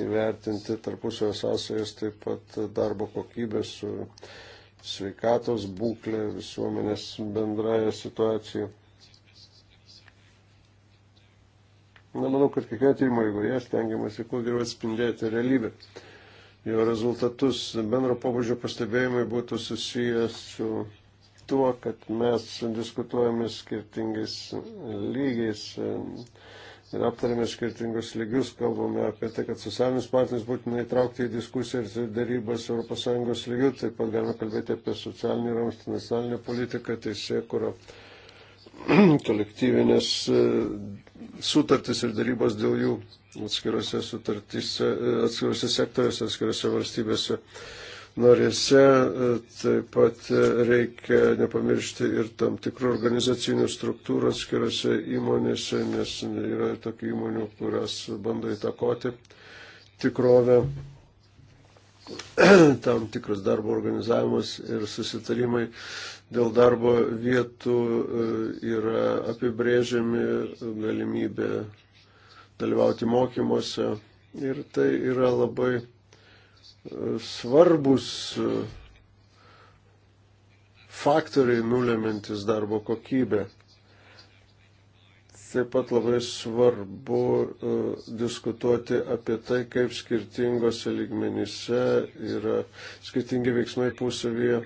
Įvertinti tarpusio sąsajas taip pat darbo kokybę su sveikatos būklė, visuomenės bendraja situacija. Na, manau, kad kiekvieno tyrimo eigoje stengiamasi kuo geriau atspindėti realybę. Jo rezultatus bendro pobūdžio pastebėjimai būtų susijęs su tuo, kad mes diskutuojame skirtingais lygiais e, ir aptarėme skirtingus lygius, kalbame apie tai, kad socialinius partnerius būtina įtraukti į diskusiją ir darybas ES lygių, taip pat galime kalbėti apie socialinį ramstį, nacionalinę politiką, teisėkurą, kolektyvinės e, sutartis ir dalybos dėl jų atskirose sutartise, atskirose sektoriuose, atskirose valstybėse norėse. E, taip pat e, reikia nepamiršti ir tam tikrų organizacinių struktūrų atskirose įmonėse, nes yra tokių įmonių, kurios bando įtakoti tikrovę tam tikras darbo organizavimas ir susitarimai dėl darbo vietų e, yra apibrėžiami galimybė dalyvauti mokymuose. Ir tai yra labai e, svarbus e, faktoriai nulemantis darbo kokybę. Taip pat labai svarbu uh, diskutuoti apie tai, kaip skirtingose lygmenyse yra skirtingi veiksmai pusavyje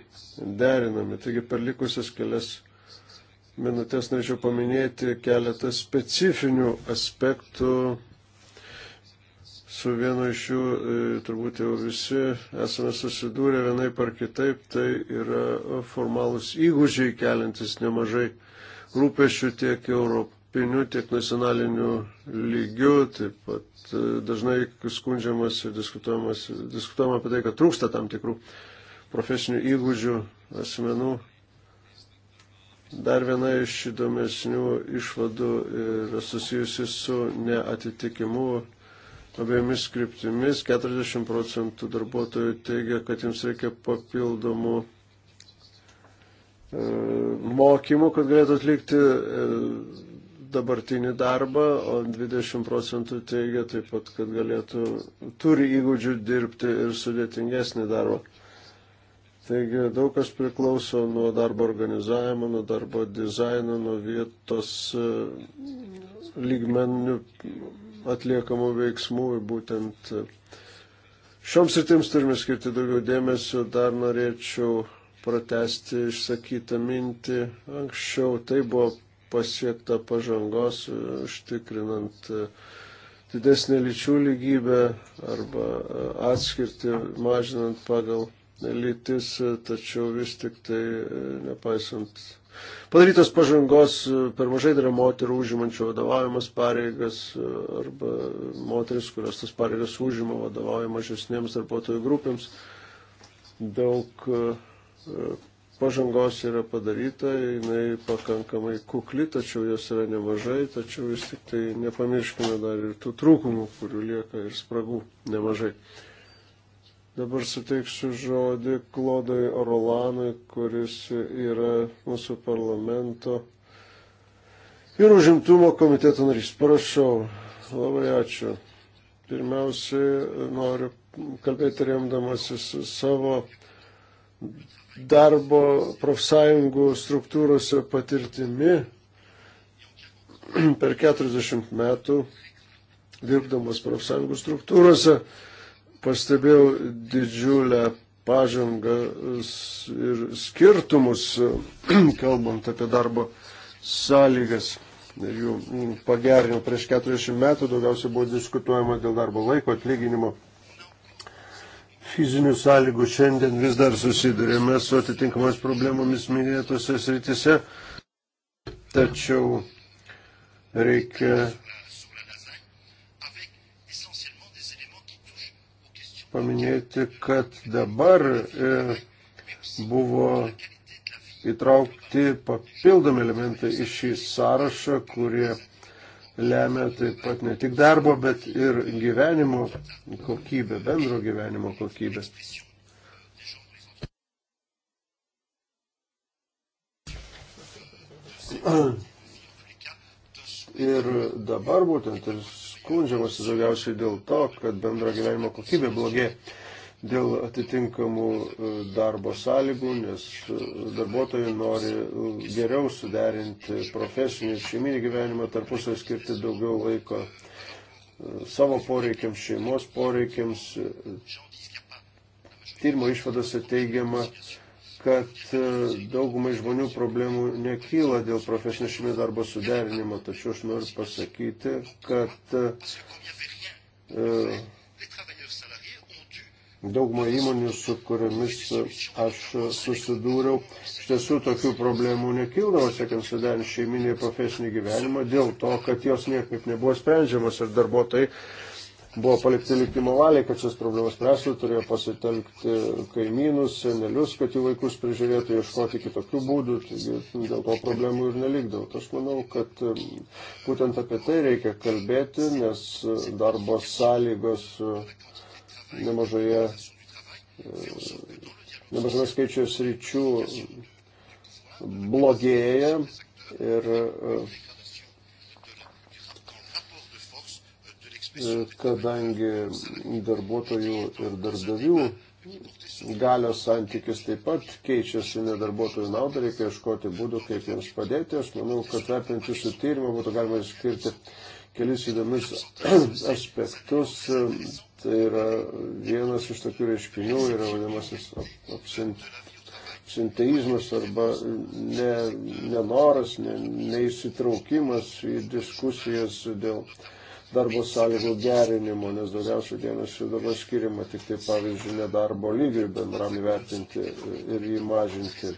derinami. Taigi per likusias kelias minutės norėčiau paminėti keletą specifinių aspektų. Su vienu iš jų e, turbūt jau visi esame susidūrę vienai par kitaip, tai yra formalus įgūdžiai keliantis nemažai rūpešių tiek Europą europiniu, tiek nacionaliniu lygiu. Taip pat e, dažnai skundžiamas ir diskutuojama apie tai, kad trūksta tam tikrų profesinių įgūdžių asmenų. Dar viena iš įdomesnių išvadų yra susijusi su neatitikimu abiejomis kryptimis. 40 procentų darbuotojų teigia, kad jums reikia papildomų e, mokymų, kad galėtų atlikti e, dabartinį darbą, o 20 procentų teigia taip pat, kad galėtų, turi įgūdžių dirbti ir sudėtingesnį darbą. Taigi daug kas priklauso nuo darbo organizavimo, nuo darbo dizaino, nuo vietos e, lygmenių atliekamų veiksmų ir būtent e, šioms sritims turime skirti daugiau dėmesio. Dar norėčiau pratesti išsakytą mintį. Anksčiau tai buvo pasiekta pažangos, užtikrinant e, didesnį lyčių lygybę arba e, atskirti, mažinant pagal lytis, e, tačiau vis tik tai nepaisant. Padarytos pažangos per mažai yra moterų užimančių vadovaujamas pareigas arba moteris, kurios tas pareigas užima vadovauja mažesniems darbuotojų grupėms. Daug pažangos yra padaryta, jinai pakankamai kukli, tačiau jos yra nemažai, tačiau vis tik tai nepamirškime dar ir tų trūkumų, kurių lieka ir spragų nemažai. Dabar suteiksiu žodį Klodui Rolanui, kuris yra mūsų parlamento ir užimtumo komiteto narys. Prašau, labai ačiū. Pirmiausiai noriu kalbėti remdamasis savo darbo profsąjungų struktūrose patirtimi per 40 metų dirbdamas profsąjungų struktūrose pastebėjau didžiulę pažangą ir skirtumus, kalbant apie darbo sąlygas ir jų pagerinimą. Prieš 40 metų daugiausiai buvo diskutuojama dėl darbo laiko atlyginimo fizinių sąlygų šiandien vis dar susidurėme su atitinkamas problemomis minėtose sritise, tačiau reikia paminėti, kad dabar e, buvo įtraukti papildomi elementai iš šį sąrašą, kurie lemia taip pat ne tik darbo, bet ir gyvenimo kokybė, bendro gyvenimo kokybė. Ir dabar būtent ir skundžiamasi daugiausiai dėl to, kad bendro gyvenimo kokybė blogėja dėl atitinkamų e, darbo sąlygų, nes e, darbuotojai nori e, geriau suderinti profesinį ir šeiminį gyvenimą, tarpusai skirti daugiau laiko savo poreikiams, šeimos poreikiams. Tyrimo išvadose teigiama, kad daugumai žmonių problemų nekyla dėl profesinio šeiminio darbo suderinimo, tačiau aš noriu pasakyti, kad e, daugumą įmonių, su kuriomis aš susidūriau, iš tiesų tokių problemų nekildavo, siekiant suderinti šeiminį ir profesinį gyvenimą, dėl to, kad jos niekaip nebuvo sprendžiamas ir darbuotojai buvo palikti likimo valiai, kad šias problemas spręstų, turėjo pasitelkti kaimynus, senelius, kad jų vaikus prižiūrėtų, ieškoti kitokių būdų, taigi dėl to problemų ir nelikdavo. Aš manau, kad um, būtent apie tai reikia kalbėti, nes uh, darbo sąlygos uh, nemažoje, e, nemažame skaičiuje sričių blogėja ir e, e, kadangi darbuotojų ir darbdavių galios santykis taip pat keičiasi ne darbuotojų naudai, reikia ieškoti būdų, kaip jiems padėti. Aš manau, kad vertinant jūsų tyrimą būtų galima išskirti kelis įdomius aspektus. Tai yra vienas iš tokių reiškinių, yra vadinamasis absenteizmas arba ne, nenoras, ne, neįsitraukimas į diskusijas dėl darbo sąlygų gerinimo, nes daugiausia dėmesio dabar skiriama tik tai, pavyzdžiui, nedarbo lygiui bendram įvertinti ir jį mažinti.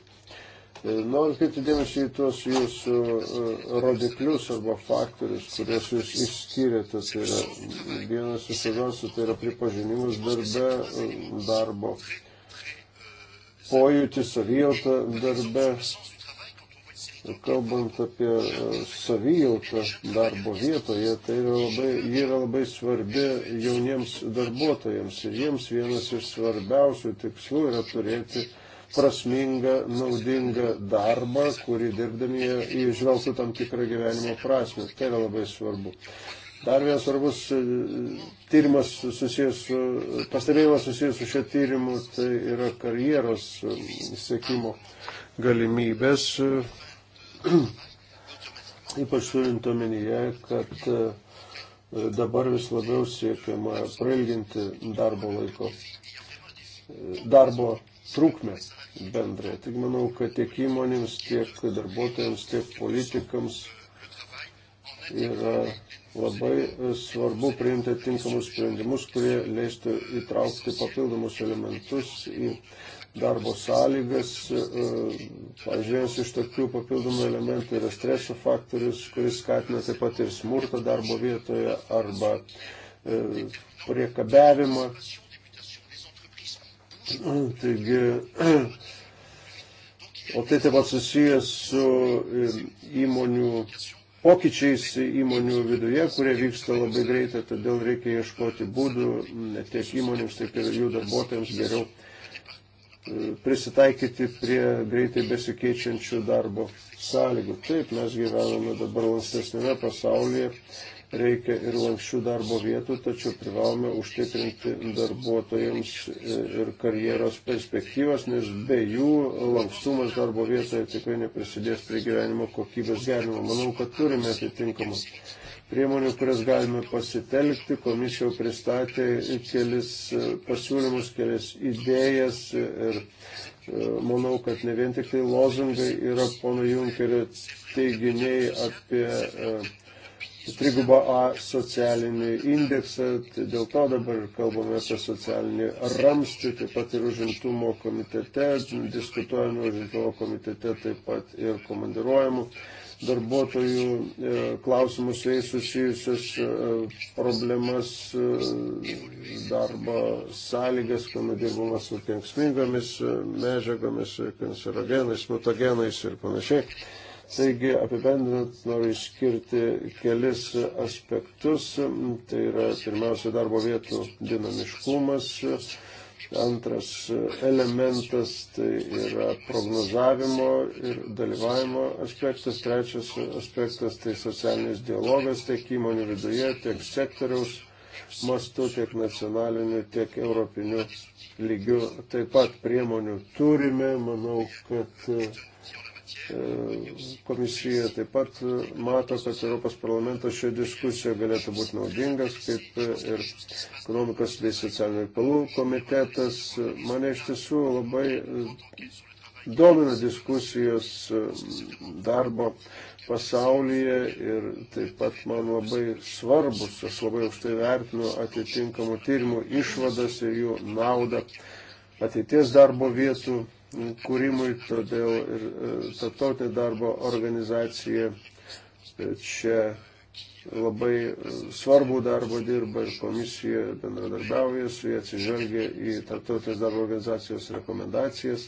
Noriu kreipti dėmesį į tuos jūsų e, rodiklius arba faktorius, kuriuos jūs išskyrėte. Tai yra vienas iš svarbiausių, tai yra pripažinimas darbe, e, darbo pojūtis, savijautą darbe. Kalbant apie e, savijautą darbo vietoje, tai yra labai, yra labai svarbi jauniems darbuotojams ir jiems vienas iš svarbiausių tikslų yra turėti prasmingą, naudingą darbą, kurį dirbdami jie išvelgtų tam tikrą gyvenimo prasme. Tai yra labai svarbu. Dar vienas svarbus e, tyrimas susijęs su, pastebėjimas susijęs su šio tyrimu, tai yra karjeros e, sėkimo galimybės, e, ypač turint omenyje, kad dabar vis labiau siekiama prailginti darbo laiko, darbo trukmės bendrąją. Tik manau, kad tiek įmonėms, tiek darbuotojams, tiek politikams yra labai svarbu priimti tinkamus sprendimus, kurie leistų įtraukti papildomus elementus į darbo sąlygas. Pažiūrėjus iš tokių papildomų elementų yra streso faktorius, kuris skatina taip pat ir smurtą darbo vietoje arba priekabiavimą Taigi, o tai taip pat susijęs su įmonių pokyčiais įmonių viduje, kurie vyksta labai greitai, todėl reikia ieškoti būdų ne tiek įmonėms, tiek ir jų darbuotojams geriau e, prisitaikyti prie greitai besikeičiančių darbo sąlygų. Taip, mes gyvename dabar lankstesnėme pasaulyje reikia ir lankščių darbo vietų, tačiau privalome užtikrinti darbuotojams e, ir karjeros perspektyvas, nes be jų lankstumas darbo vietoje tikrai neprisidės prie gyvenimo kokybės gerinimo. Manau, kad turime atitinkamus priemonių, kurias galime pasitelkti. Komisija jau pristatė kelis e, pasiūlymus, kelias idėjas ir e, manau, kad ne vien tik tai lozungai yra pono Junkerio teiginiai apie trigubą A socialinį indeksą, tai dėl to dabar kalbame apie socialinį ramstį, taip pat ir užimtumo komitete, diskutuojame užimtumo komitete taip pat ir komandiruojamų darbuotojų e, klausimus, su jais susijusius e, problemas, e, darbo sąlygas, kuomet dirbama su kenksmingomis medžiagomis, kancerogenais, mutagenais ir panašiai. Taigi apibendrinant noriu išskirti kelis aspektus. Tai yra pirmiausia darbo vietų dinamiškumas. Antras elementas tai yra prognozavimo ir dalyvavimo aspektas. Trečias aspektas tai socialinis dialogas tiek įmonių viduje, tiek sektoriaus mastu, tiek nacionaliniu, tiek europiniu lygiu. Taip pat priemonių turime. Manau, kad E, komisija taip pat mato, kad Europos parlamentas šioje diskusijoje galėtų būti naudingas, kaip ir ekonomikos bei socialinių reikalų komitetas. Mane iš tiesų labai domina diskusijos darbo pasaulyje ir taip pat man labai svarbus, aš labai aukštai vertinu atitinkamų tyrimų išvadas ir jų naudą ateities darbo vietų kūrimui, todėl ir e, tarptautinė darbo organizacija e, čia labai e, svarbų darbą dirba ir komisija bendradarbiauja su jie, atsižvelgia į tarptautinės darbo organizacijos rekomendacijas.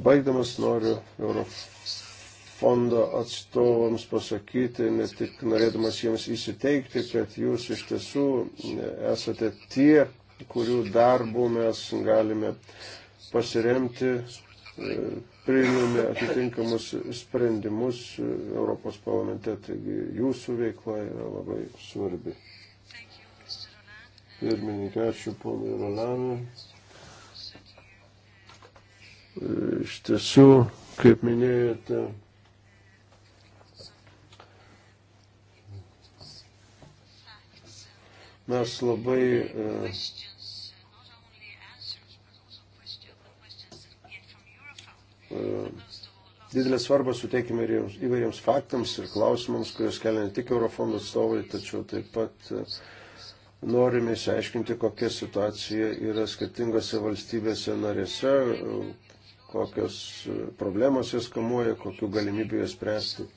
Baigdamas noriu Eurofondo atstovams pasakyti, ne tik norėdamas jiems įsiteikti, kad jūs iš tiesų esate tie, kurių darbų mes galime pasiremti, e, priimame atitinkamus sprendimus e, Europos parlamente, taigi jūsų veikla yra labai svarbi. Pirmininkai, ačiū ponui Rolanui. E, iš tiesų, kaip minėjote, mes labai uh, E, didelę svarbą suteikime ir jiems, įvairiems faktams ir klausimams, kuriuos kelia ne tik Eurofondo atstovai, tačiau taip pat e, norime išsiaiškinti, kokia situacija yra skirtingose valstybėse narėse, e, kokios problemos jas kamuoja, kokiu galimybių jas spręsti.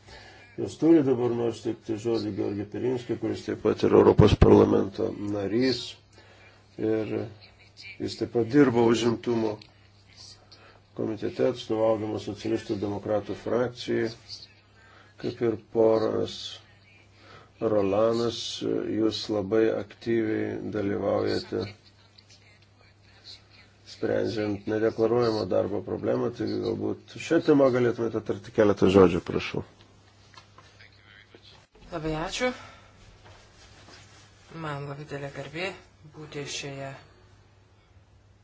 Jos turi dabar nors tik tai žodį Georgi Pirinskį, kuris taip pat yra Europos parlamento narys ir jis taip pat dirba užimtumo komitete atstovaudamas socialistų demokratų frakcijai, kaip ir poras Rolanas, jūs labai aktyviai dalyvaujate sprendžiant nedeklaruojamo darbo problemą, tai galbūt šią temą galėtumėte tarti keletą žodžių, prašau. Labai ačiū. Man labai dėlė garbė būti šioje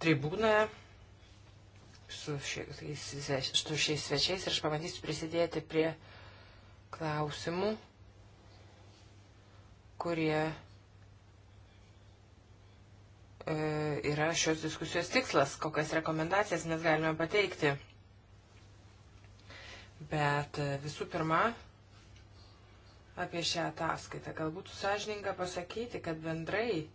tribūnoje su šiais, su šiais svečiais ir aš pabandysiu prisidėti prie klausimų, kurie e, yra šios diskusijos tikslas, kokias rekomendacijas mes galime pateikti. Bet e, visų pirma, apie šią ataskaitą. Galbūt sąžininga pasakyti, kad bendrai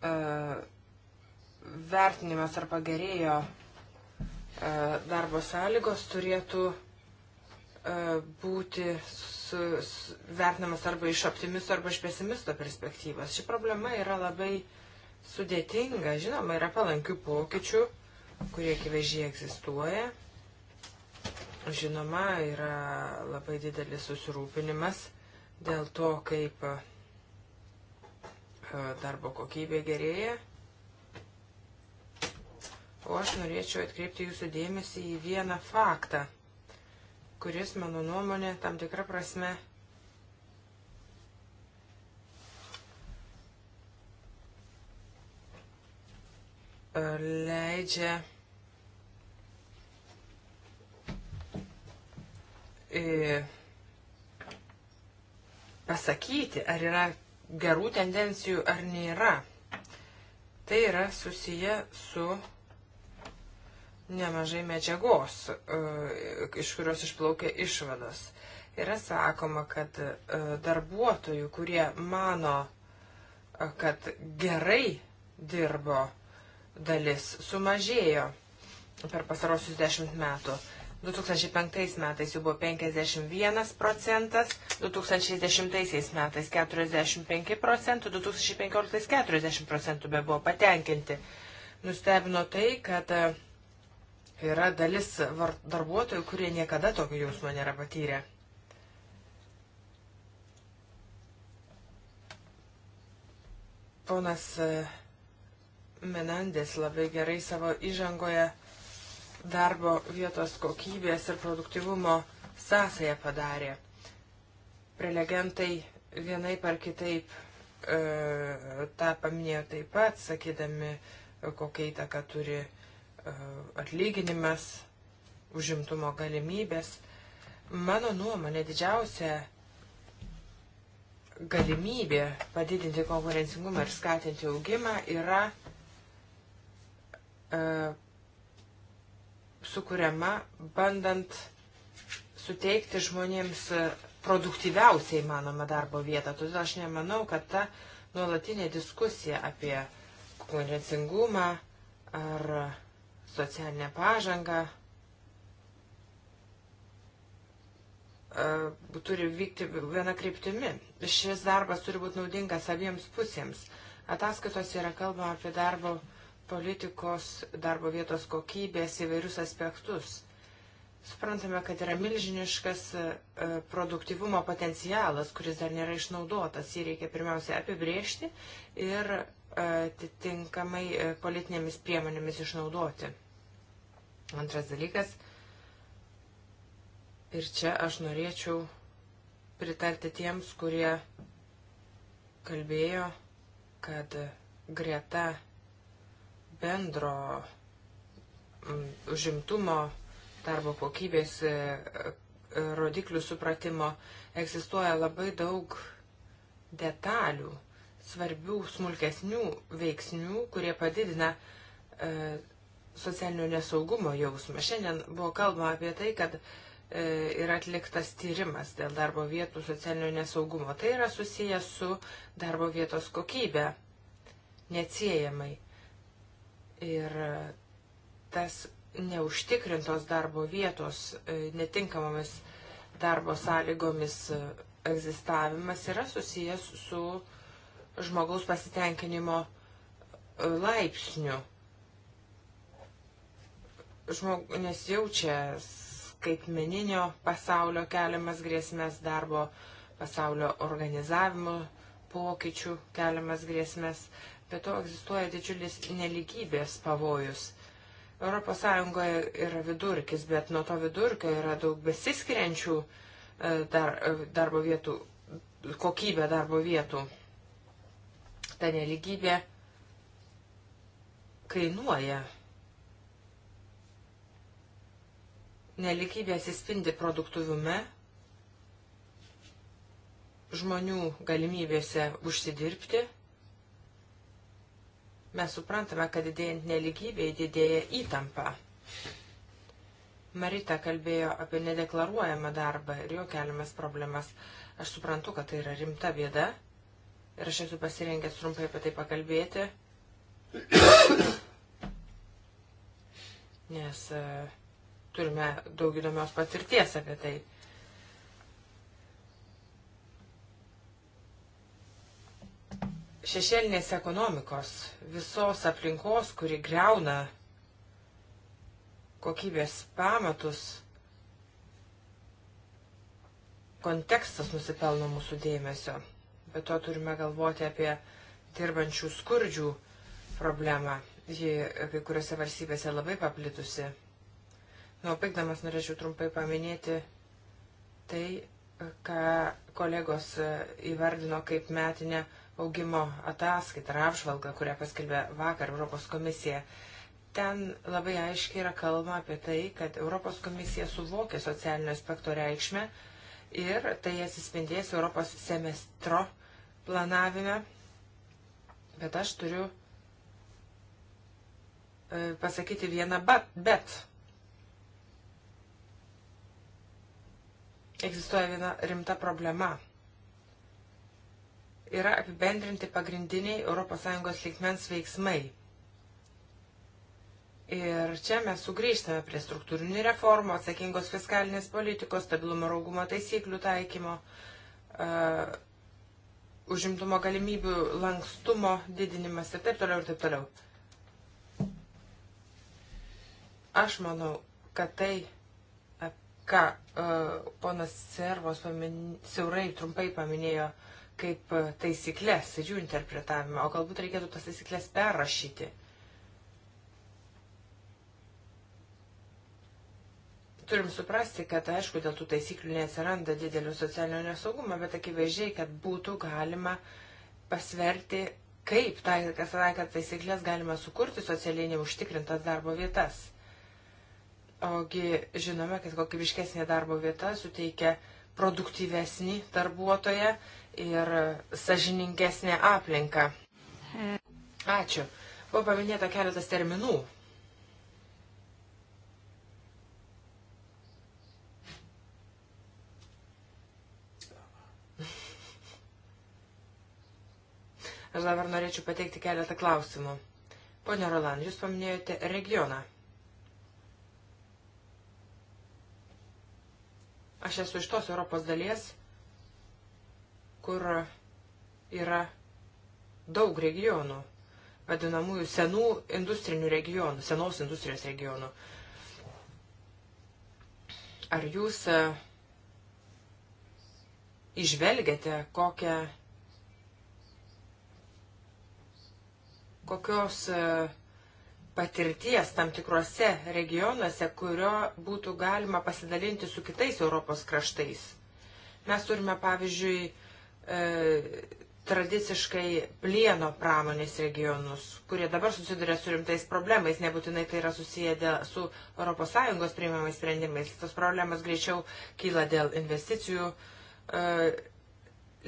E, vertinimas ar pagerėjo e, darbo sąlygos turėtų e, būti su, su, vertinamas arba iš optimisto arba iš pesimisto perspektyvos. Ši problema yra labai sudėtinga, žinoma, yra palankių pokyčių, kurie akivaizdžiai egzistuoja. Žinoma, yra labai didelis susirūpinimas dėl to, kaip E, darbo kokybė gerėja. O aš norėčiau atkreipti jūsų dėmesį į vieną faktą, kuris, mano nuomonė, tam tikrą prasme e, leidžia e, pasakyti, ar yra gerų tendencijų ar nėra. Tai yra susiję su nemažai medžiagos, e, iš kurios išplaukia išvados. Yra sakoma, kad e, darbuotojų, kurie mano, e, kad gerai dirbo, dalis sumažėjo per pasarosius dešimt metų. 2005 metais jų buvo 51 procentas, 2010 metais 45 procentų, 2015 40 procentų be buvo patenkinti. Nustebino tai, kad e, yra dalis darbuotojų, kurie niekada tokio jausmo nėra patyrę. Ponas e, Menandės labai gerai savo įžangoje darbo vietos kokybės ir produktivumo sąsąją padarė. Prelegentai vienai par kitaip e, tą paminėjo taip pat, sakydami, e, kokia įtaka turi e, atlyginimas, užimtumo galimybės. Mano nuomonė didžiausia galimybė padidinti konkurencingumą ir skatinti augimą yra e, sukuriama bandant suteikti žmonėms produktyviausiai manoma darbo vietą. Todėl aš nemanau, kad ta nuolatinė diskusija apie konkurencingumą ar socialinę pažangą e, turi vykti viena kryptimi. Šis darbas turi būti naudingas abiems pusėms. Ataskaitos yra kalbama apie darbo politikos, darbo vietos kokybės įvairius aspektus. Suprantame, kad yra milžiniškas e, produktivumo potencialas, kuris dar nėra išnaudotas. Jį reikia pirmiausia apibriežti ir e, atitinkamai e, politinėmis priemonėmis išnaudoti. Antras dalykas. Ir čia aš norėčiau pritarti tiems, kurie kalbėjo, kad greta bendro mm, užimtumo darbo kokybės e, e, rodiklių supratimo egzistuoja labai daug detalių, svarbių smulkesnių veiksnių, kurie padidina e, socialinio nesaugumo jausmą. Šiandien buvo kalbama apie tai, kad e, yra atliktas tyrimas dėl darbo vietų socialinio nesaugumo. Tai yra susijęs su darbo vietos kokybė, neatsiejamai. Ir tas neužtikrintos darbo vietos e, netinkamomis darbo sąlygomis e, egzistavimas yra susijęs su žmogaus pasitenkinimo e, laipsniu. Žmog, nes jaučia skaitmeninio pasaulio keliamas grėsmės darbo pasaulio organizavimo pokyčių keliamas grėsmės. Be to egzistuoja didžiulis neligybės pavojus. ES yra vidurkis, bet nuo to vidurkio yra daug besiskiriančių e, dar, e, darbo vietų, kokybė darbo vietų. Ta neligybė kainuoja. Nelikybė atsispindi produktuvume, žmonių galimybėse užsidirbti Mes suprantame, kad didėjant neligybei didėja įtampa. Marita kalbėjo apie nedeklaruojamą darbą ir jo keliamas problemas. Aš suprantu, kad tai yra rimta bėda ir aš esu pasirengęs trumpai apie tai pakalbėti, nes uh, turime daug įdomios patirties apie tai. Uh, šešėlinės ekonomikos, visos aplinkos, kuri greuna kokybės pamatus, kontekstas nusipelno mūsų dėmesio. Bet to turime galvoti apie dirbančių skurdžių problemą. Ji kai kuriuose valstybėse labai paplitusi. Nu, baigdamas norėčiau trumpai paminėti tai, ką kolegos įvardino kaip metinę augimo ataskaitą ar apžvalgą, kurią paskelbė vakar Europos komisija. Ten labai aiškiai yra kalba apie tai, kad Europos komisija suvokė socialinio aspekto reikšmę ir tai atsispindės Europos semestro planavime. Bet aš turiu e, pasakyti vieną bet. Egzistuoja viena rimta problema – yra apibendrinti pagrindiniai ES lygmens veiksmai. Ir čia mes sugrįžtame prie struktūrinių reformų, atsakingos fiskalinės politikos, stabilumo raugumo taisyklių taikymo, uh, užimtumo galimybių lankstumo didinimas ir taip toliau ir taip toliau. Aš manau, kad tai, ką uh, ponas Servos pamin... siaurai trumpai paminėjo uh, kaip taisyklės ir jų interpretavimą, o galbūt reikėtų tas taisyklės perrašyti. Turim suprasti, kad aišku, dėl tų taisyklių neatsiranda didelio socialinio nesaugumo, bet akivaizdžiai, kad būtų galima pasverti, kaip taikas taikas taisyklės galima sukurti socialiai neužtikrintas darbo vietas. Ogi žinome, kad kokybiškesnė darbo vieta suteikia produktyvesnį darbuotoją, ir sažiningesnę aplinką. Ačiū. Buvo paminėta keletas terminų. Aš dabar norėčiau pateikti keletą klausimų. Pone Roland, jūs paminėjote regioną. Aš esu iš tos Europos dalies, kur yra daug regionų, vadinamųjų senų industrinių regionų, senos industrijos regionų. Ar jūs e, išvelgiate kokią, kokios e, patirties tam tikrose regionuose, kurio būtų galima pasidalinti su kitais Europos kraštais? Mes turime, pavyzdžiui, E, tradiciškai plieno pramonės regionus, kurie dabar susiduria su rimtais problemais, nebūtinai tai yra susiję dėl, su ES priimamais sprendimais. Tos problemas greičiau kyla dėl investicijų e,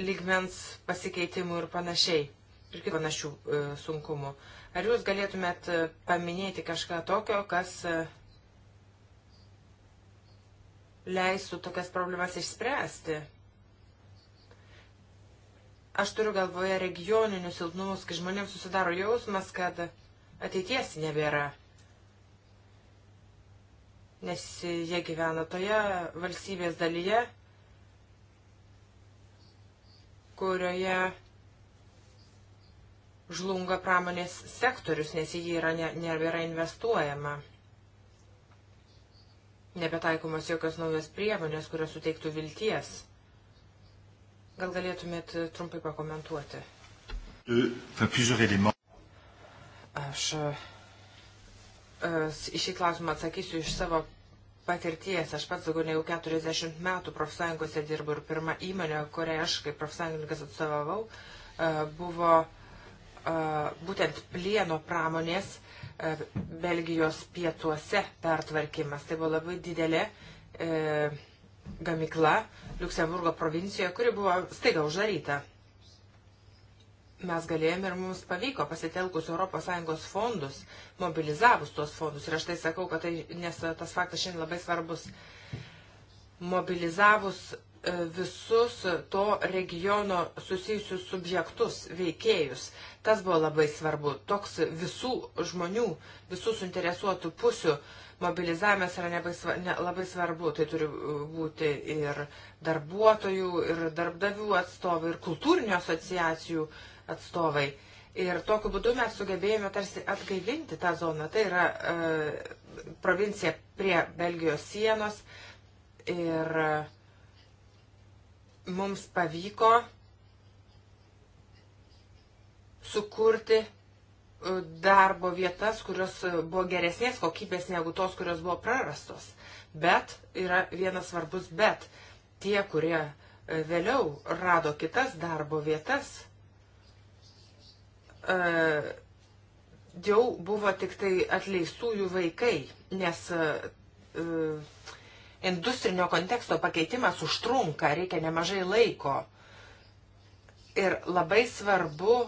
lygmens pasikeitimų ir panašiai, ir kitų panašių e, sunkumų. Ar jūs galėtumėt e, paminėti kažką tokio, kas e, leistų tokias problemas išspręsti? Aš turiu galvoje regioninius silpnumus, kai žmonėms susidaro jausmas, kad ateities nebėra. Nes jie gyvena toje valstybės dalyje, kurioje žlunga pramonės sektorius, nes jį yra, ne, nebėra investuojama. Nebetaikomos jokios naujos priemonės, kurios suteiktų vilties. Gal galėtumėt e, trumpai pakomentuoti? Euh, aš e, e, į šį klausimą atsakysiu iš savo patirties. Aš pats daugiau negu 40 metų profsąjungose dirbu ir pirma įmonė, kurią aš kaip profsąjungininkas atstovavau, buvo būtent plieno pramonės Belgijos pietuose pertvarkymas. Tai buvo labai didelė gamikla, Luksemburgo provincijoje, kuri buvo staiga uždaryta. Mes galėjome ir mums pavyko pasitelkus ES fondus, mobilizavus tuos fondus. Ir aš tai sakau, kad tai, nes tas faktas šiandien labai svarbus. Mobilizavus e, visus to regiono susijusius subjektus, veikėjus. Tas buvo labai svarbu. Toks visų žmonių, visų suinteresuotų pusių mobilizavimas yra nebaiva, ne, labai svarbu, tai turi būti ir darbuotojų, ir darbdavių atstovai, ir kultūrinių asociacijų atstovai. Ir tokiu būdu mes sugebėjome tarsi atgaivinti tą zoną. Tai yra e, provincija prie Belgijos sienos ir e, mums pavyko sukurti darbo vietas, kurios buvo geresnės kokybės negu tos, kurios buvo prarastos. Bet yra vienas svarbus bet. Tie, kurie e, vėliau rado kitas darbo vietas, e, jau buvo tik tai atleistųjų vaikai, nes e, industrinio konteksto pakeitimas užtrunka, reikia nemažai laiko. Ir labai svarbu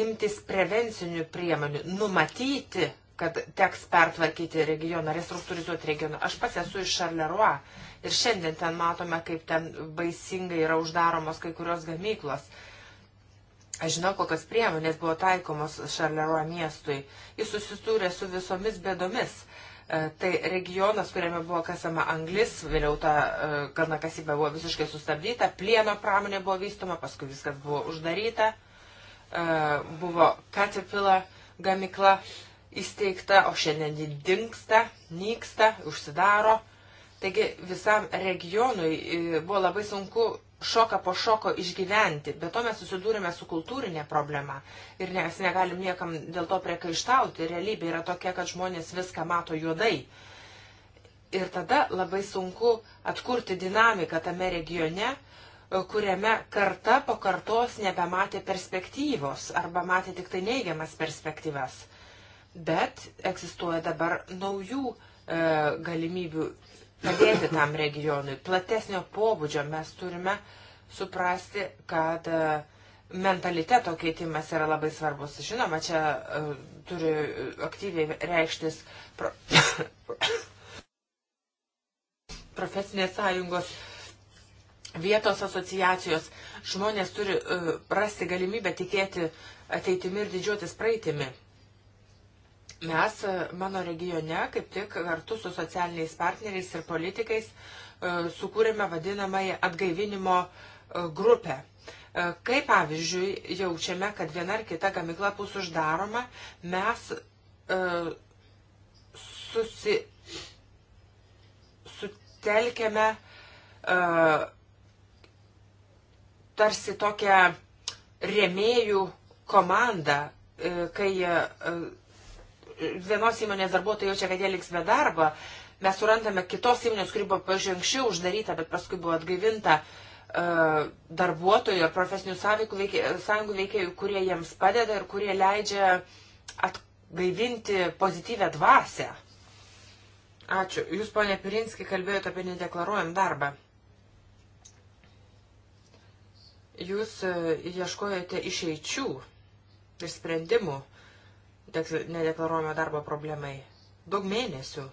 imtis prevencinių priemonių, numatyti, kad teks pertvarkyti regioną, restruktūrizuoti regioną. Aš pats esu iš Šarleroi ir šiandien ten matome, kaip ten baisingai yra uždaromos kai kurios gamyklos. Aš žinau, kokios priemonės buvo taikomos Šarleroi miestui. Jis susitūrė su visomis bėdomis e, tai regionas, kuriame buvo kasama anglis, vėliau ta kalnakasybė e, buvo visiškai sustabdyta, plieno pramonė buvo vystoma, paskui viskas buvo uždaryta. E, buvo Caterpillar gamikla įsteigta, o šiandien ji dinksta, nyksta, užsidaro. Taigi visam regionui e, buvo labai sunku šoką po šoko išgyventi, bet to mes susidūrėme su kultūrinė problema ir mes negalim niekam dėl to priekaištauti. Realybė yra tokia, kad žmonės viską mato juodai. Ir tada labai sunku atkurti dinamiką tame regione, kuriame karta po kartos nebematė perspektyvos arba matė tik tai neigiamas perspektyvas. Bet egzistuoja dabar naujų e, galimybių padėti tam regionui, platesnio pobūdžio. Mes turime suprasti, kad e, mentaliteto keitimas yra labai svarbus. Žinoma, čia e, turi aktyviai reikštis pro... profesinės sąjungos vietos asociacijos. Žmonės turi e, rasti galimybę tikėti ateitimi ir didžiuotis praeitimi. Mes e, mano regione, kaip tik kartu su socialiniais partneriais ir politikais, e, sukūrėme vadinamąją atgaivinimo grupę. Kai pavyzdžiui jaučiame, kad viena ar kita gamikla bus uždaroma, mes susi, sutelkėme tarsi tokią remėjų komandą, e, kai e, e, vienos įmonės darbuotojai jaučia, kad jie liks be darbo, mes surandame kitos įmonės, kuri buvo pažiūrėjau uždaryta, bet paskui buvo atgaivinta darbuotojų ar profesinių sąjungų veikėjų, kurie jiems padeda ir kurie leidžia atgaivinti pozityvę dvasę. Ačiū. Jūs, ponė Pirinski, kalbėjote apie nedeklaruojam darbą. Jūs e, ieškojate išeičių ir sprendimų nedeklaruojamo darbo problemai daug mėnesių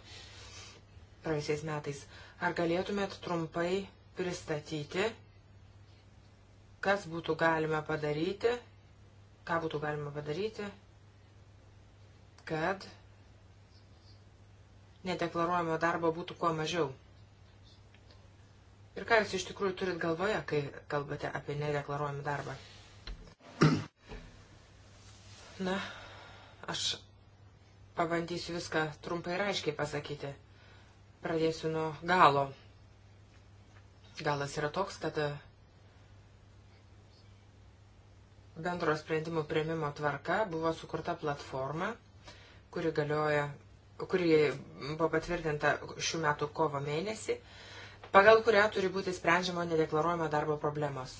praėjusiais metais. Ar galėtumėt trumpai pristatyti, kas būtų galima padaryti, ką būtų galima padaryti, kad nedeklaruojamo darbo būtų kuo mažiau? Ir ką jūs iš tikrųjų turit galvoje, kai kalbate apie nedeklaruojamą darbą? Na, aš pabandysiu viską trumpai ir aiškiai pasakyti. Pradėsiu nuo galo. Galas yra toks, kad e, bendro sprendimų prieimimo tvarka buvo sukurta platforma, kuri galioja, kuri buvo patvirtinta šių metų kovo mėnesį pagal kurią turi būti sprendžiama nedeklaruojama darbo problemos.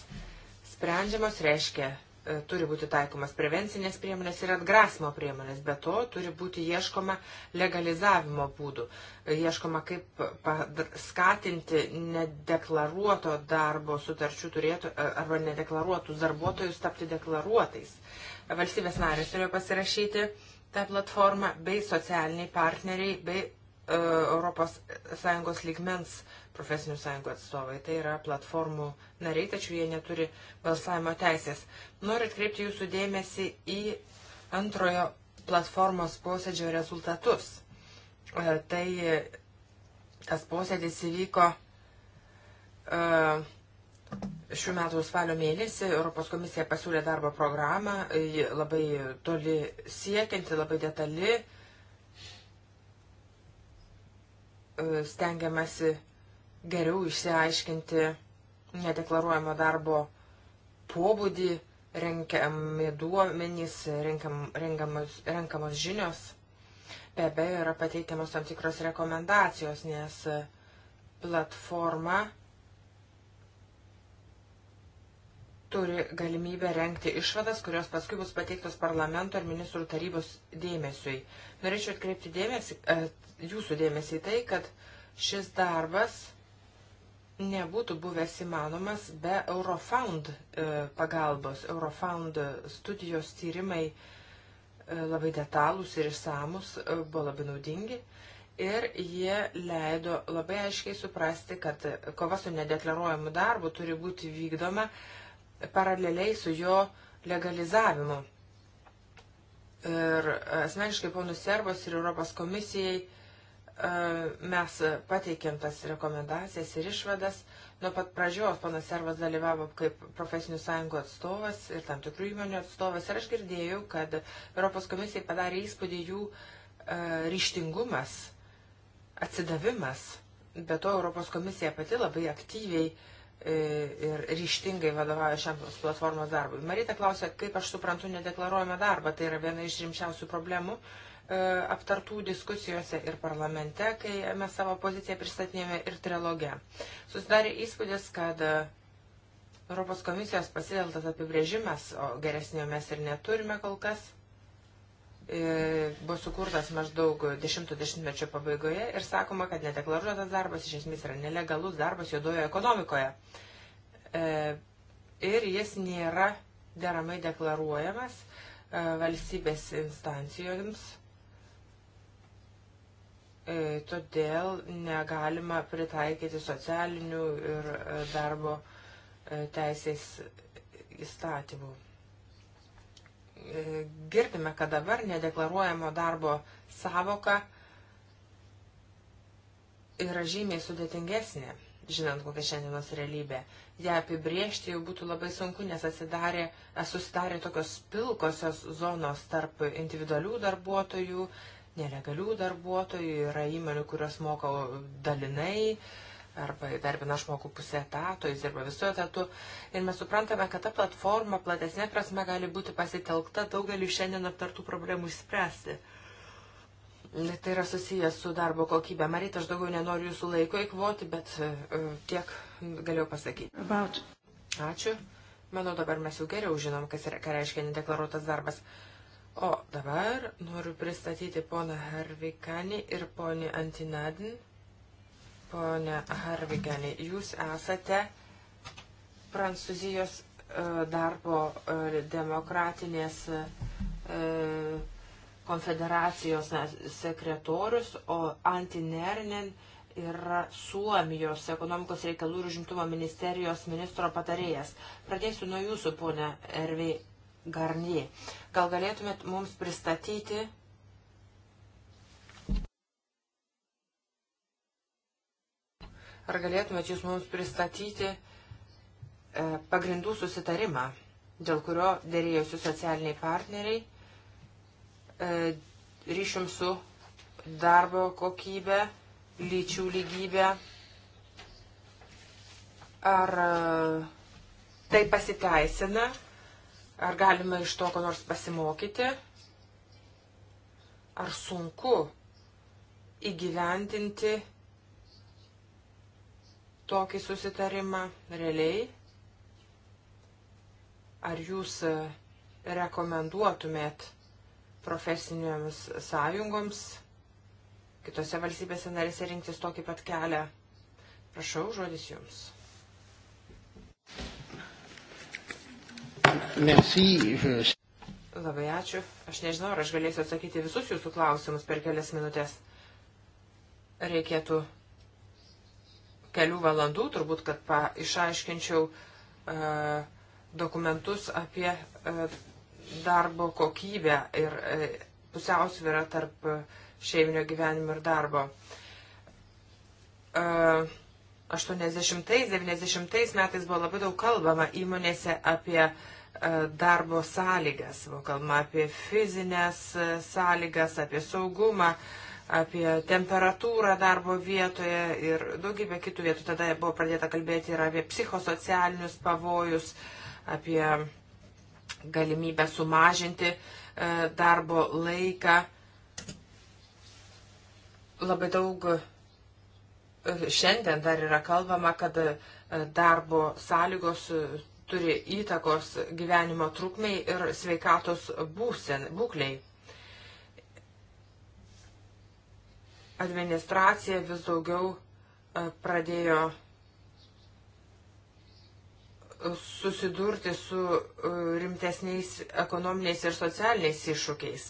Sprendžiamos reiškia, e, turi būti taikomas prevencinės priemonės ir atgrasimo priemonės, bet to turi būti ieškoma legalizavimo būdų, e, ieškoma kaip skatinti nedeklaruoto darbo sutarčių turėtų e, arba nedeklaruotus darbuotojus tapti deklaruotais. Valstybės narės turėjo pasirašyti tą platformą bei socialiniai partneriai bei uh, ES lygmens uh, profesinių sąjungų atstovai. Tai yra platformų nariai, tačiau jie neturi balsavimo teisės. Noriu atkreipti jūsų dėmesį į antrojo platformos posėdžio rezultatus. E, tai e, tas posėdis įvyko e, šių metų spalio mėnesį Europos komisija pasiūlė darbo programą, ji labai toli siekianti, labai detali, stengiamasi geriau išsiaiškinti nedeklaruojamo darbo pobūdį, renkiami duomenys, renkiam, renkamos, renkamos žinios. Be abejo, yra pateikiamos tam tikros rekomendacijos, nes platforma turi galimybę renkti išvadas, kurios paskui bus pateiktos parlamento ir ministrų tarybos dėmesiui. Norėčiau atkreipti dėmesį, e, jūsų dėmesį į tai, kad šis darbas nebūtų buvęs įmanomas be Eurofound e, pagalbos. Eurofound studijos tyrimai e, labai detalūs ir išsamus e, buvo labai naudingi ir jie leido labai aiškiai suprasti, kad kova su nedeklaruojamu darbu turi būti vykdoma paraleliai su jo legalizavimu. Ir asmeniškai ponus Serbos ir Europos komisijai mes pateikėm tas rekomendacijas ir išvadas. Nuo pat pradžios panas Servas dalyvavo kaip profesinių sąjungų atstovas ir tam tikrų įmonių atstovas. Ir aš girdėjau, kad Europos komisijai padarė įspūdį jų ryštingumas, atsidavimas. Be to, Europos komisija pati labai aktyviai e, ir ryštingai vadovauja šiam platformos darbui. Marita klausė, kaip aš suprantu nedeklaruojame darbą, tai yra viena iš rimčiausių problemų. Uh, E, aptartų diskusijose ir parlamente, kai mes savo poziciją pristatinėme ir triloge. Susidarė įspūdis, kad e, Europos komisijos pasideltas apibrėžimas, o geresnio mes ir neturime kol kas, e, buvo sukurtas maždaug 10-mečio pabaigoje ir sakoma, kad nedeklaruotas darbas iš esmės yra nelegalus darbas juodojo ekonomikoje. Ir jis nėra deramai deklaruojamas valstybės instancijoms E, todėl negalima pritaikyti socialinių ir e, darbo e, teisės įstatymų. Girdime, kad dabar nedeklaruojamo darbo savoka yra žymiai sudėtingesnė, žinant kokią šiandienos realybę. Ja apibriežti jau būtų labai sunku, nes atsidarė, susidarė tokios pilkosios zonos tarp individualių darbuotojų nelegalių darbuotojų, yra įmonių, kurios moka dalinai arba darbina žmogų pusę etato, jis dirba visų etatų. Ir mes suprantame, kad ta platforma platesnė prasme gali būti pasitelkta daugelį šiandien aptartų problemų išspręsti. Tai yra susijęs su darbo kokybė. Maryt, aš daugiau nenoriu jūsų laiko įkvoti, bet uh, tiek galėjau pasakyti. About. Ačiū. Manau, dabar mes jau geriau žinom, kas yra, ką reiškia nedeklaruotas darbas. Uh, O dabar noriu pristatyti poną Harvikanį ir ponį Antinadin. Pone Harvikanį, jūs esate Prancūzijos e, darbo e, demokratinės e, konfederacijos sekretorius, o Antinernin yra Suomijos ekonomikos reikalų ir užimtumo ministerijos ministro patarėjas. Pradėsiu nuo jūsų, ponė Ervi Garnie. Gal galėtumėt mums pristatyti Ar galėtumėt jūs mums pristatyti e, pagrindų susitarimą, dėl kurio dėrėjosi socialiniai partneriai e, ryšium su darbo kokybė, lyčių lygybė? Ar e, tai pasiteisina? Ar galima iš to ko nors pasimokyti? Ar sunku įgyvendinti tokį susitarimą realiai? Ar jūs rekomenduotumėt profesinėms sąjungoms kitose valstybėse narėse rinktis tokį pat kelią? Prašau, žodis jums. Merci. Je... Labai ačiū. Aš nežinau, ar aš galėsiu atsakyti visus jūsų klausimus per kelias minutės. Reikėtų kelių valandų, turbūt, kad pa, išaiškinčiau e, dokumentus apie e, darbo kokybę ir e, pusiausvyrą tarp e, šeiminio gyvenimo ir darbo. E, 80-90 metais buvo labai daug kalbama įmonėse apie e, E, darbo sąlygas, buvo kalbama apie fizinės e, sąlygas, apie saugumą, apie temperatūrą darbo vietoje ir daugybę kitų vietų. Tada buvo pradėta kalbėti ir apie psichosocialinius pavojus, apie galimybę sumažinti e, darbo laiką. Labai daug šiandien dar yra kalbama, kad darbo sąlygos turi įtakos gyvenimo trukmei ir sveikatos būsen, būklei. Administracija vis daugiau e, pradėjo susidurti su e, rimtesniais ekonominiais ir socialiniais iššūkiais.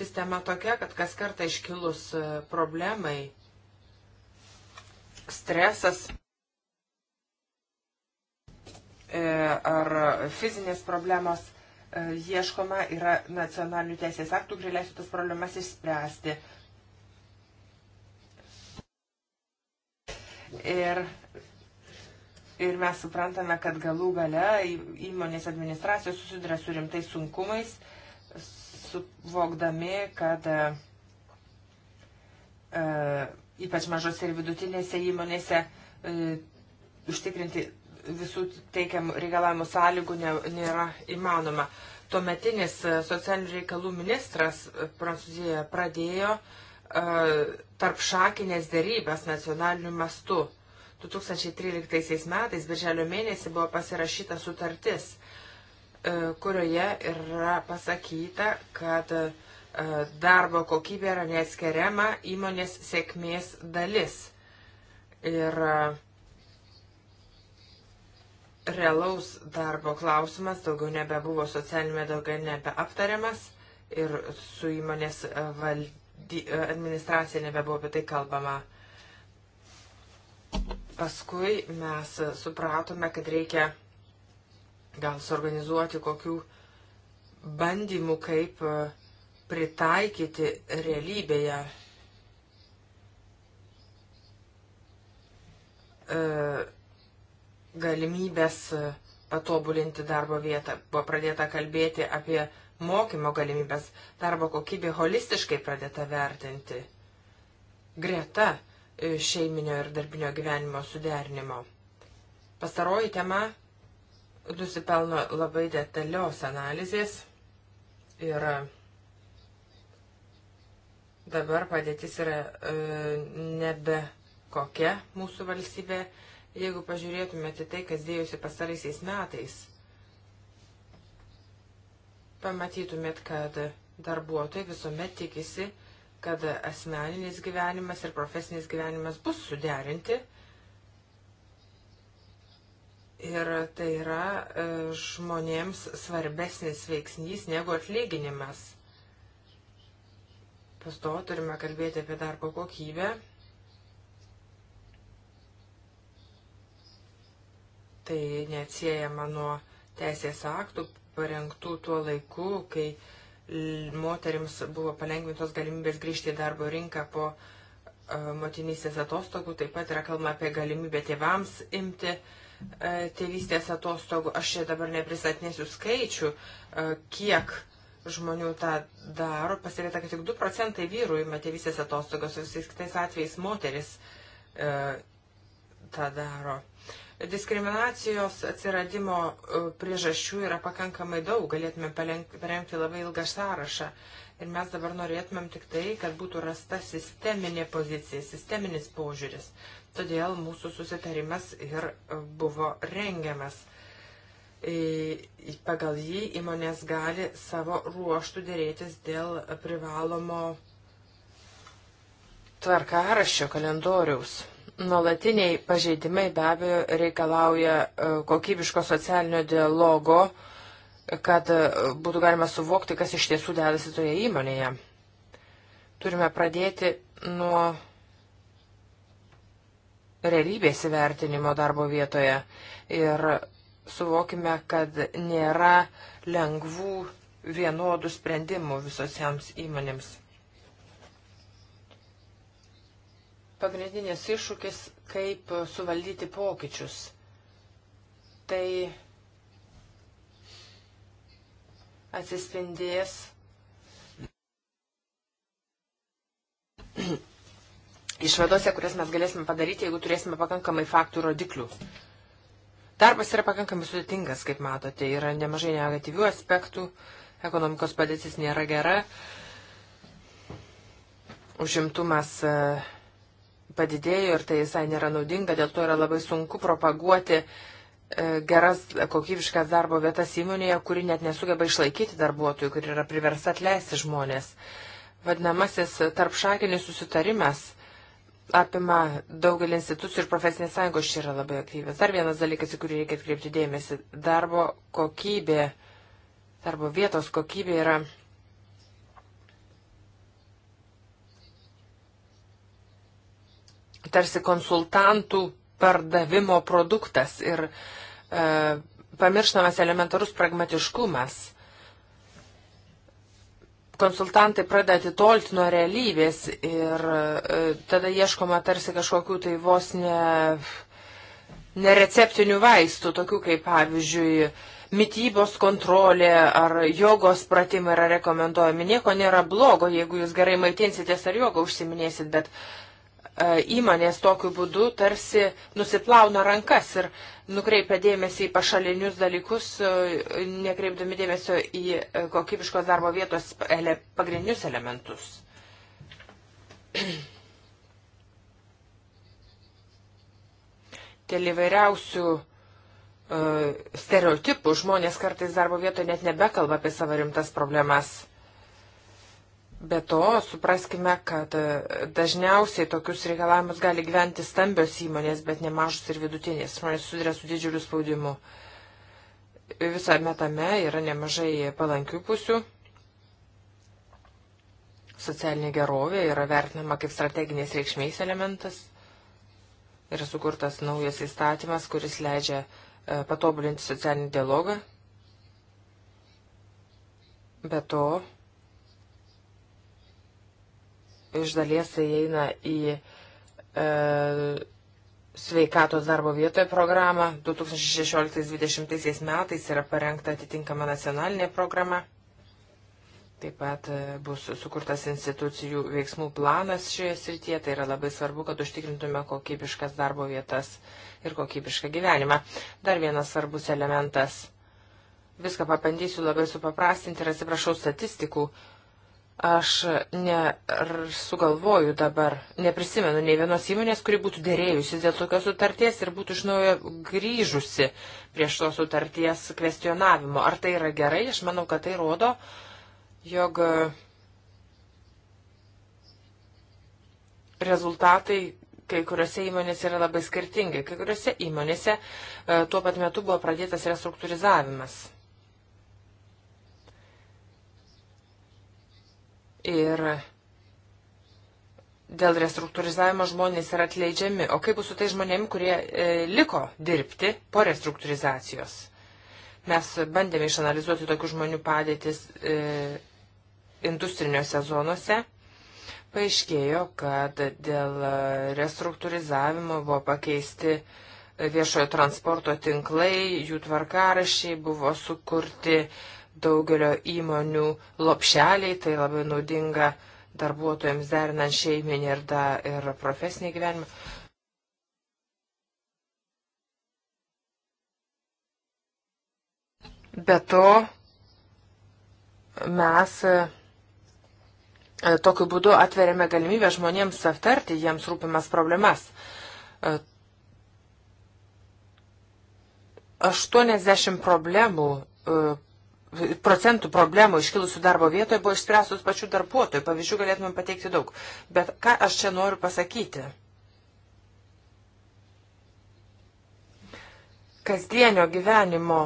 Sistema tokia, kad kas kartą iškilus e, problemai, stresas E, ar fizinės problemos e, ieškoma, yra nacionalinių teisės aktų, kurie leisų tas problemas išspręsti. Ir, ir mes suprantame, kad galų gale įmonės administracijos susiduria su rimtais sunkumais, suvokdami, kad e, e ypač mažose ir vidutinėse įmonėse e, užtikrinti visų teikiamų reikalavimų sąlygų ne, nėra įmanoma. Tuometinis e, socialinių reikalų ministras e, Prancūzijoje pradėjo uh, e, tarp šakinės dėrybas nacionaliniu mastu. 2013 metais, birželio mėnesį, buvo pasirašyta sutartis, uh, kurioje yra pasakyta, kad uh, darbo kokybė yra neatskiriama įmonės sėkmės dalis. Ir uh, realaus darbo klausimas daugiau nebebuvo socialinėme daugiau nebeaptariamas ir su įmonės e, valdy, e, administracija nebebuvo apie tai kalbama. Paskui mes supratome, kad reikia gal suorganizuoti kokių bandymų, kaip e, pritaikyti realybėje uh, galimybės e, patobulinti darbo vietą. Buvo pradėta kalbėti apie mokymo galimybės, darbo kokybė holistiškai pradėta vertinti. Greta e, šeiminio ir darbinio gyvenimo suderinimo. Pastaroji tema nusipelno labai detalios analizės ir e, dabar padėtis yra e, nebe kokia mūsų valstybė. E, Jeigu pažiūrėtumėte tai, kas dėjusi pastaraisiais metais, pamatytumėt, kad darbuotojai visuomet tikisi, kad asmeninis gyvenimas ir profesinis gyvenimas bus suderinti. Ir tai yra e, žmonėms svarbesnis veiksnys negu atlyginimas. Pasto turime kalbėti apie darbo kokybę Tai neatsiejama nuo teisės aktų parengtų tuo laiku, kai moteriams buvo palengvintos galimybės grįžti į darbo rinką po e, motinystės atostogų, taip pat yra kalba apie galimybę tėvams imti e, tėvystės atostogų. Aš čia dabar nepristatinėsiu skaičių, e, kiek žmonių tą daro. Pasirėta, kad tik 2 procentai vyrų ima tėvystės atostogos, visais kitais atvejais moteris tą daro. Diskriminacijos atsiradimo e, priežasčių yra pakankamai daug, galėtume parengti labai ilgą sąrašą. Ir mes dabar norėtumėm tik tai, kad būtų rasta sisteminė pozicija, sisteminis požiūris. Todėl mūsų susitarimas ir e, buvo rengiamas. E, pagal jį įmonės gali savo ruoštų dėrėtis dėl privalomo tvarkaraščio kalendoriaus Nuolatiniai pažeidimai be abejo reikalauja e, kokybiško socialinio dialogo, kad e, būtų galima suvokti, kas iš tiesų dedasi toje įmonėje. Turime pradėti nuo realybės įvertinimo darbo vietoje ir suvokime, kad nėra lengvų vienodų sprendimų visosioms įmonėms. pagrindinės iššūkis, kaip suvaldyti pokyčius. Tai atsispindės išvadose, kurias mes galėsime padaryti, jeigu turėsime pakankamai faktų rodiklių. Darbas yra pakankamai sudėtingas, kaip matote, yra nemažai negatyvių aspektų, ekonomikos padėtis nėra gera, užimtumas uh, padidėjo ir tai visai nėra naudinga, dėl to yra labai sunku propaguoti e, geras kokybiškas darbo vietas įmonėje, kuri net nesugeba išlaikyti darbuotojų, kuri yra priversta atleisti žmonės. Vadinamasis tarpšakinis susitarimas apima daugelį institucijų ir profesinės sąjungos čia yra labai aktyvės. Dar vienas dalykas, į kurį reikia atkreipti dėmesį - darbo kokybė, darbo vietos kokybė yra tarsi konsultantų pardavimo produktas ir e, pamirštamas elementarus pragmatiškumas. Konsultantai pradeda atitolti nuo realybės ir e, tada ieškoma tarsi kažkokių tai vos ne, nereceptinių vaistų, tokių kaip pavyzdžiui mytybos kontrolė ar jogos pratimai yra rekomenduojami. Nieko nėra blogo, jeigu jūs gerai maitinsitės ar jogą užsiminėsit, bet E, įmonės tokiu būdu tarsi nusiplauna rankas ir nukreipia dėmesį į pašalinius dalykus, e, nekreipdami dėmesio į e, kokybiškos darbo vietos ele, pagrindinius elementus. Dėl įvairiausių stereotipų žmonės kartais darbo vietoje net nebekalba apie savo rimtas problemas. Be to, supraskime, kad e, dažniausiai tokius reikalavimus gali gyventi stambios įmonės, bet nemažus ir vidutinės. Žmonės susiduria su didžiuliu spaudimu. Visame tame yra nemažai palankių pusių. Socialinė gerovė yra vertinama kaip strateginės reikšmės elementas. Yra sukurtas naujas įstatymas, kuris leidžia e, patobulinti socialinį dialogą. Be to, iš dalies tai įeina į e, sveikatos darbo vietoje programą. 2016-2020 metais yra parengta atitinkama nacionalinė programa. Taip pat e, bus sukurtas institucijų veiksmų planas šioje srityje. Tai yra labai svarbu, kad užtikrintume kokybiškas darbo vietas ir kokybišką gyvenimą. Dar vienas svarbus elementas. Viską pabandysiu labai supaprastinti ir atsiprašau statistikų, Aš nesugalvoju dabar, neprisimenu nei vienos įmonės, kuri būtų dėrėjusi dėl tokios sutarties ir būtų iš naujo grįžusi prieš tos sutarties kvestionavimo. Ar tai yra gerai? Aš manau, kad tai rodo, jog e, rezultatai kai kuriuose įmonėse yra labai skirtingi. Kai kuriuose įmonėse e, tuo pat metu buvo pradėtas restruktūrizavimas. ir dėl restruktūrizavimo žmonės yra atleidžiami. O kaip bus su tai žmonėm, kurie e, liko dirbti po restruktūrizacijos? Mes bandėme išanalizuoti tokių žmonių padėtis e, industriniuose zonuose. Paaiškėjo, kad dėl e, restruktūrizavimo buvo pakeisti e, viešojo transporto tinklai, jų tvarkarašiai buvo sukurti uh, daugelio įmonių lopšeliai, tai labai naudinga darbuotojams derinant šeiminį ir, da, ir profesinį gyvenimą. Be to, mes e, tokiu būdu atveriame galimybę žmonėms aptarti jiems rūpimas problemas. 80 e, problemų e, procentų problemų iškilusių darbo vietoje buvo išspręstos pačių darbuotojų. Pavyzdžių galėtumėm pateikti daug. Bet ką aš čia noriu pasakyti? Kasdienio gyvenimo,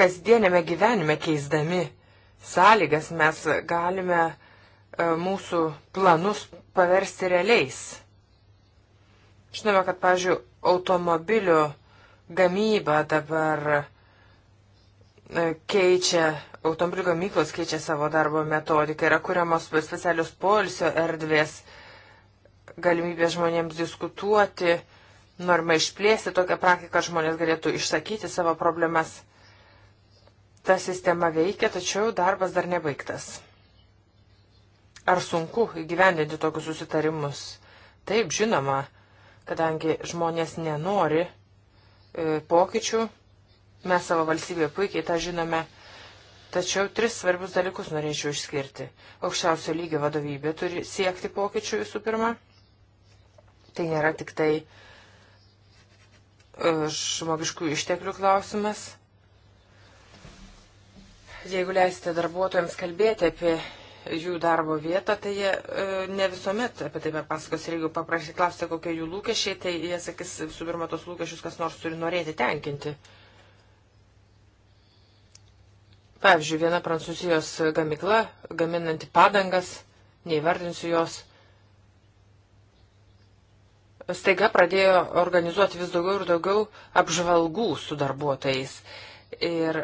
kasdienėme gyvenime keisdami sąlygas mes galime e, mūsų planus paversti realiais. Žinome, kad, pavyzdžiui, automobilių Gamyba dabar e, keičia, automobilių gamyklos keičia savo darbo metodiką, yra kuriamos specialios polisio erdvės, galimybė žmonėms diskutuoti, norima išplėsti tokią praktiką, kad žmonės galėtų išsakyti savo problemas. Ta sistema veikia, tačiau darbas dar nebaigtas. Ar sunku įgyvendinti tokius susitarimus? Taip, žinoma, kadangi žmonės nenori E, pokyčių. Mes savo valstybėje puikiai tą žinome. Tačiau tris svarbius dalykus norėčiau išskirti. Aukščiausio lygio vadovybė turi siekti pokyčių visų pirma. Tai nėra tik tai e, žmogiškų išteklių klausimas. Jeigu leisite darbuotojams kalbėti apie jų darbo vietą, tai jie e, ne visuomet apie tai papasakos. Ir jeigu paprašy klausti, kokie jų lūkesčiai, tai jie sakys, su pirma, tos lūkesčius kas nors turi norėti tenkinti. Pavyzdžiui, viena prancūzijos gamikla, gaminanti padangas, neįvardinsiu jos, staiga pradėjo organizuoti vis daugiau ir daugiau apžvalgų su darbuotojais. Ir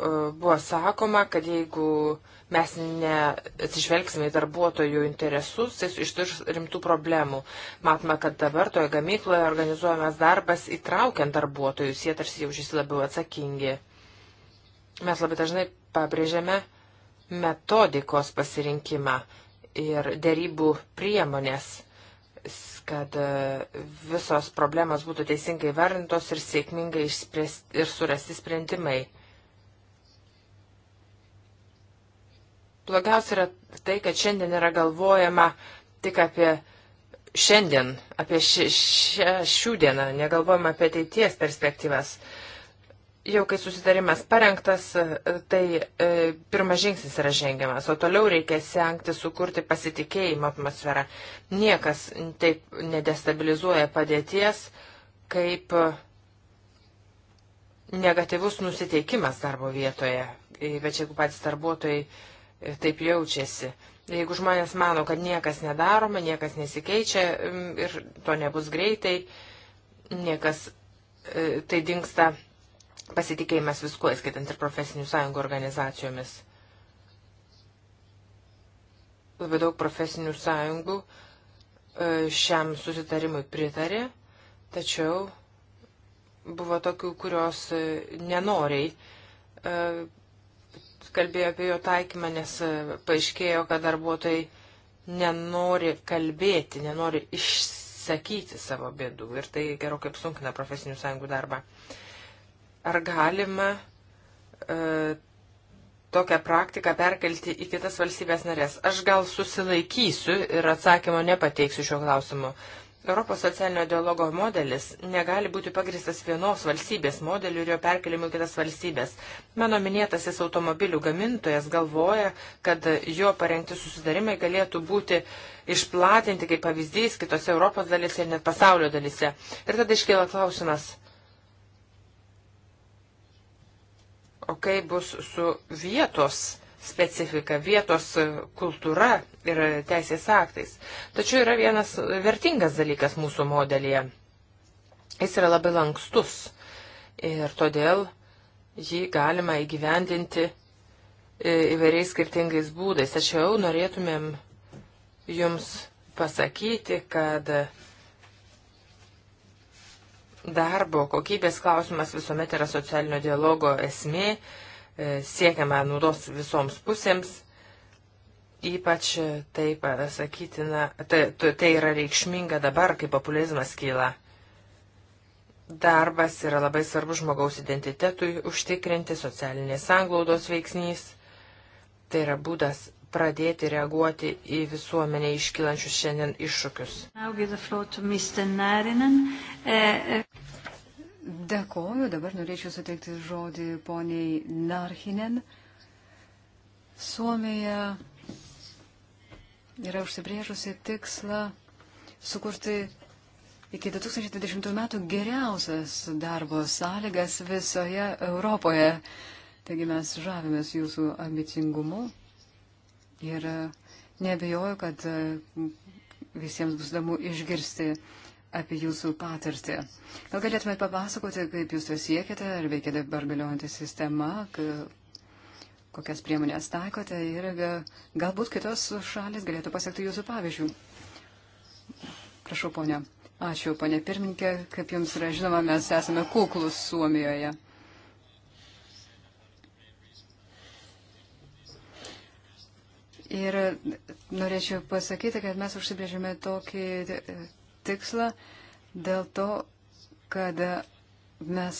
E, buvo sakoma, kad jeigu mes neatsižvelgsime į darbuotojų interesus, tai ištirs rimtų problemų. Matome, kad dabar toje gamykloje organizuojamas darbas įtraukiant darbuotojus, jie tarsi jaučiasi labiau atsakingi. Mes labai dažnai pabrėžiame metodikos pasirinkimą ir dėrybų priemonės kad e, visos problemos būtų teisingai vardintos ir sėkmingai ir surasti sprendimai. Blogiausia yra tai, kad šiandien yra galvojama tik apie šiandien, apie ši, ši, šių dieną, negalvojama apie ateities perspektyvas. Jau kai susitarimas parengtas, tai e, pirmas žingsnis yra žengiamas, o toliau reikia sengti sukurti pasitikėjimo atmosferą. Niekas taip nedestabilizuoja padėties, kaip e, negatyvus nusiteikimas darbo vietoje. E, bet jeigu patys darbuotojai taip jaučiasi. Jeigu žmonės mano, kad niekas nedaroma, niekas nesikeičia mm, ir to nebus greitai, niekas e, tai dinksta pasitikėjimas viskuo, skaitant ir profesinių sąjungų organizacijomis. Labai daug profesinių sąjungų e, šiam susitarimui pritarė, tačiau buvo tokių, kurios e, nenoriai kalbėjo apie jo taikymą, nes e, paaiškėjo, kad darbuotojai nenori kalbėti, nenori išsakyti savo bėdų ir tai gerokai apsunkina profesinių sąjungų darbą. Ar galima e, tokią praktiką perkelti į kitas valstybės narės? Aš gal susilaikysiu ir atsakymo nepateiksiu šiuo klausimu, Europos socialinio dialogo modelis negali būti pagristas vienos valstybės modeliu ir jo perkelimu į kitas valstybės. Mano minėtasis automobilių gamintojas galvoja, kad jo parengti susidarimai galėtų būti išplatinti kaip pavyzdys kitose Europos dalise ir net pasaulio dalise. Ir tada iškyla klausimas, o kaip bus su vietos specifika, vietos kultūra ir teisės aktais. Tačiau yra vienas vertingas dalykas mūsų modelyje. Jis yra labai lankstus ir todėl jį galima įgyvendinti e, įvairiais skirtingais būdais. Tačiau norėtumėm jums pasakyti, kad darbo kokybės klausimas visuomet yra socialinio dialogo esmė E, siekiama naudos visoms pusėms, ypač taip sakytina, tai, tai, tai yra reikšminga dabar, kai populizmas kyla. Darbas yra labai svarbus žmogaus identitetui užtikrinti socialinės sanglaudos veiksnys. Tai yra būdas pradėti reaguoti į visuomenę iškylančius šiandien iššūkius. Dėkoju, dabar norėčiau suteikti žodį poniai Narhinen. Suomija yra užsibrėžusi tikslą sukurti iki 2020 metų geriausias darbo sąlygas visoje Europoje. Taigi mes žavimės jūsų ambicingumu ir nebejoju, kad visiems bus įdomu išgirsti uh, apie jūsų patirtį. Gal galėtumėte papasakoti, kaip jūs to siekite, ar veikia dabar galiojanti sistema, kokias priemonės taikote ir e, galbūt kitos šalis galėtų pasiekti jūsų pavyzdžių. Prašau, ponia. Ačiū, ponia pirmininkė. Kaip jums yra žinoma, mes esame kuklus Suomijoje. Ir norėčiau pasakyti, kad mes užsibrėžėme tokį tikslą dėl to, kad mes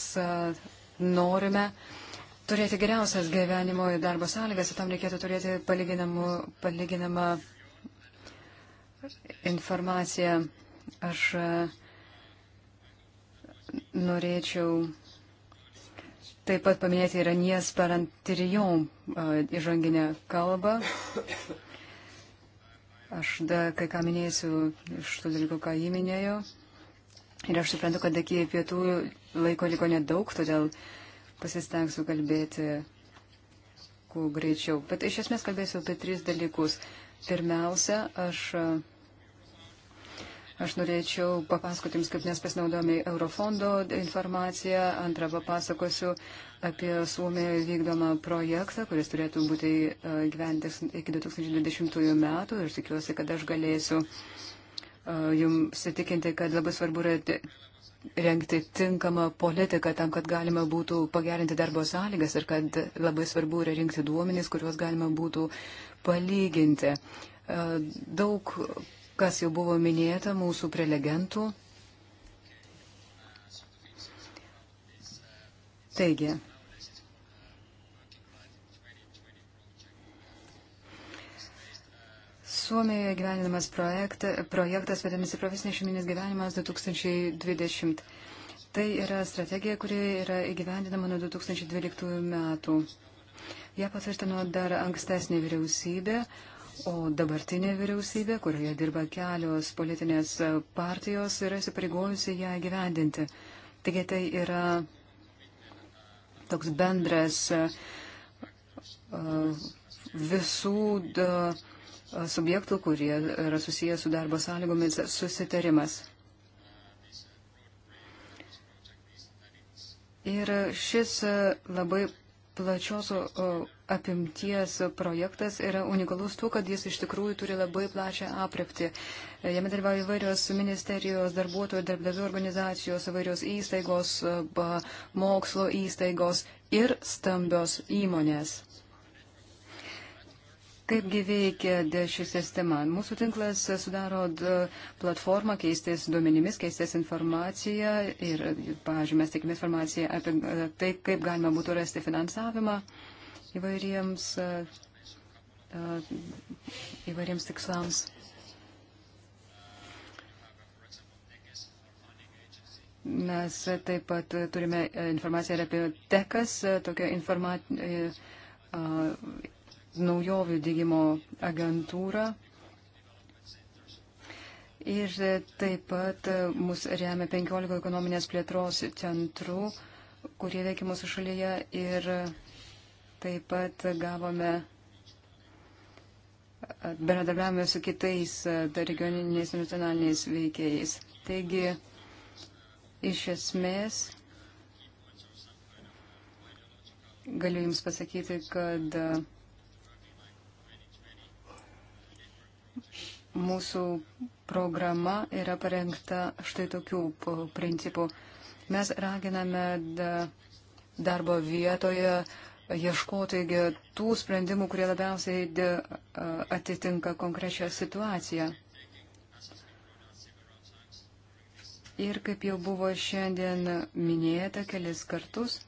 norime turėti geriausias gyvenimo ir darbo sąlygas, tam reikėtų turėti palyginamą informaciją. Aš norėčiau taip pat paminėti Iranijas Parantirijon įžanginę kalbą. Aš da, kai ką minėsiu iš tų dalykų, ką jį minėjo. Ir aš suprantu, kad iki pietų laiko liko nedaug, todėl pasistengsiu kalbėti kuo greičiau. Bet iš esmės kalbėsiu apie tris dalykus. Pirmiausia, aš Aš norėčiau papasakoti Jums, kaip mes pasinaudojame Eurofondo informaciją. Antrą papasakosiu apie Suomijoje vykdomą projektą, kuris turėtų būti e, gyventis iki 2020 metų ir tikiuosi, kad aš galėsiu e, Jums įtikinti, kad labai svarbu yra rengti tinkamą politiką tam, kad galima būtų pagerinti darbo sąlygas ir kad labai svarbu yra rinkti duomenys, kuriuos galima būtų palyginti. E, daug kas jau buvo minėta mūsų prelegentų. Taigi, Suomijoje gyvenimas projekta, projektas vadinasi Profesinės šeiminės gyvenimas 2020. Tai yra strategija, kuri yra įgyvendinama nuo 2012 metų. Ja patvirtino dar ankstesnė vyriausybė, O dabartinė vyriausybė, kurioje dirba kelios politinės partijos, yra įsipareigojusi ją gyvendinti. Taigi tai yra toks bendras e, visų subjektų, kurie yra susijęs su darbo sąlygomis, susitarimas. Ir šis e, labai plačios apimties projektas yra unikalus tuo, kad jis iš tikrųjų turi labai plačią aprepti. Jame dalyvauja įvairios ministerijos, darbuotojų, darbdavių organizacijos, įvairios įstaigos, mokslo įstaigos ir stambios įmonės. Kaipgi veikia ši sistema? Mūsų tinklas sudaro platformą keistis duomenimis, keistis informaciją ir, pavyzdžiui, mes tikime informaciją apie tai, kaip galima būtų rasti finansavimą įvairiems, įvairiems tikslams. Mes taip pat turime informaciją ir apie tekas, tokią informaciją naujovių dėgymo agentūrą. Ir taip pat mus remia 15 ekonominės plėtros centrų, kurie veikia mūsų šalyje. Ir taip pat gavome bendradarbiavome su kitais regioniniais ir nacionaliniais veikėjais. Taigi, iš esmės, galiu Jums pasakyti, kad mūsų programa yra parengta štai tokių principų. Mes raginame darbo vietoje ieškoti tų sprendimų, kurie labiausiai atitinka konkrečią situaciją. Ir kaip jau buvo šiandien minėta kelis kartus,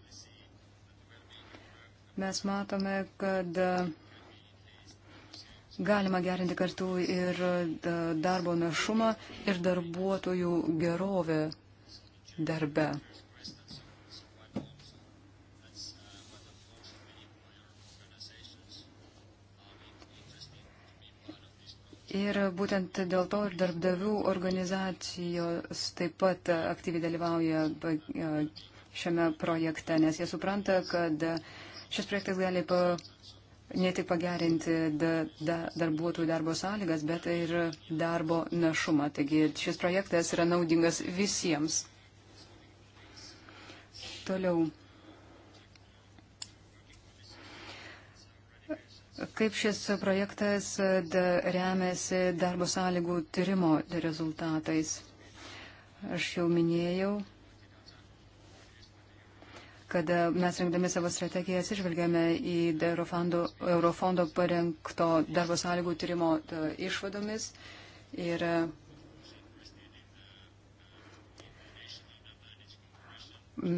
mes matome, kad uh, galima gerinti kartu ir e, darbo našumą ir darbuotojų gerovę darbe. Ir būtent dėl to ir darbdavių organizacijos taip pat aktyviai dalyvauja e, šiame projekte, nes jie supranta, kad šis projektas gali ne tik pagerinti da, da, darbuotojų darbo sąlygas, bet ir darbo našumą. Taigi šis projektas yra naudingas visiems. Toliau. Kaip šis projektas da, remiasi darbo sąlygų tyrimo rezultatais? Aš jau minėjau, kad e, mes rengdami savo strategiją atsižvelgėme į Eurofondo, Eurofondo parengto darbo sąlygų tyrimo e, išvadomis. Ir e,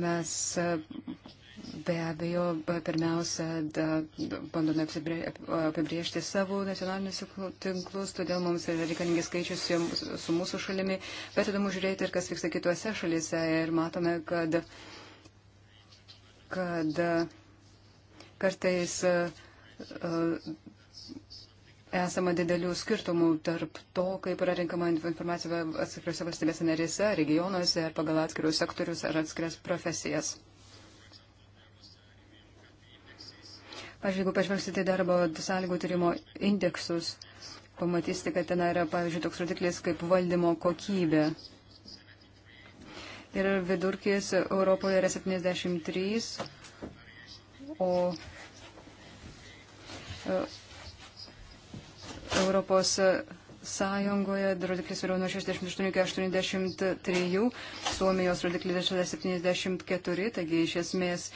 mes be abejo pirmiausia da, bandome apibriežti savo nacionalinius tinklus, todėl mums yra reikalingi skaičius su mūsų šalimi, bet įdomu žiūrėti ir kas vyksta kitose šalise ir matome, kad uh, kad e, kartais e, e, esama didelių skirtumų tarp to, kaip yra renkama informacija atskiriuose valstybėse narėse, regionuose, pagal atskirius sektorius ar atskirias profesijas. Pavyzdžiui, jeigu pažvelgsite darbo sąlygų tyrimo indeksus, pamatysite, kad ten yra, pavyzdžiui, toks rodiklis kaip valdymo kokybė ir vidurkis Europoje yra 73, o e, Europos Sąjungoje rodiklis yra nuo 68 iki 83, Suomijos rodiklis yra 74, taigi iš esmės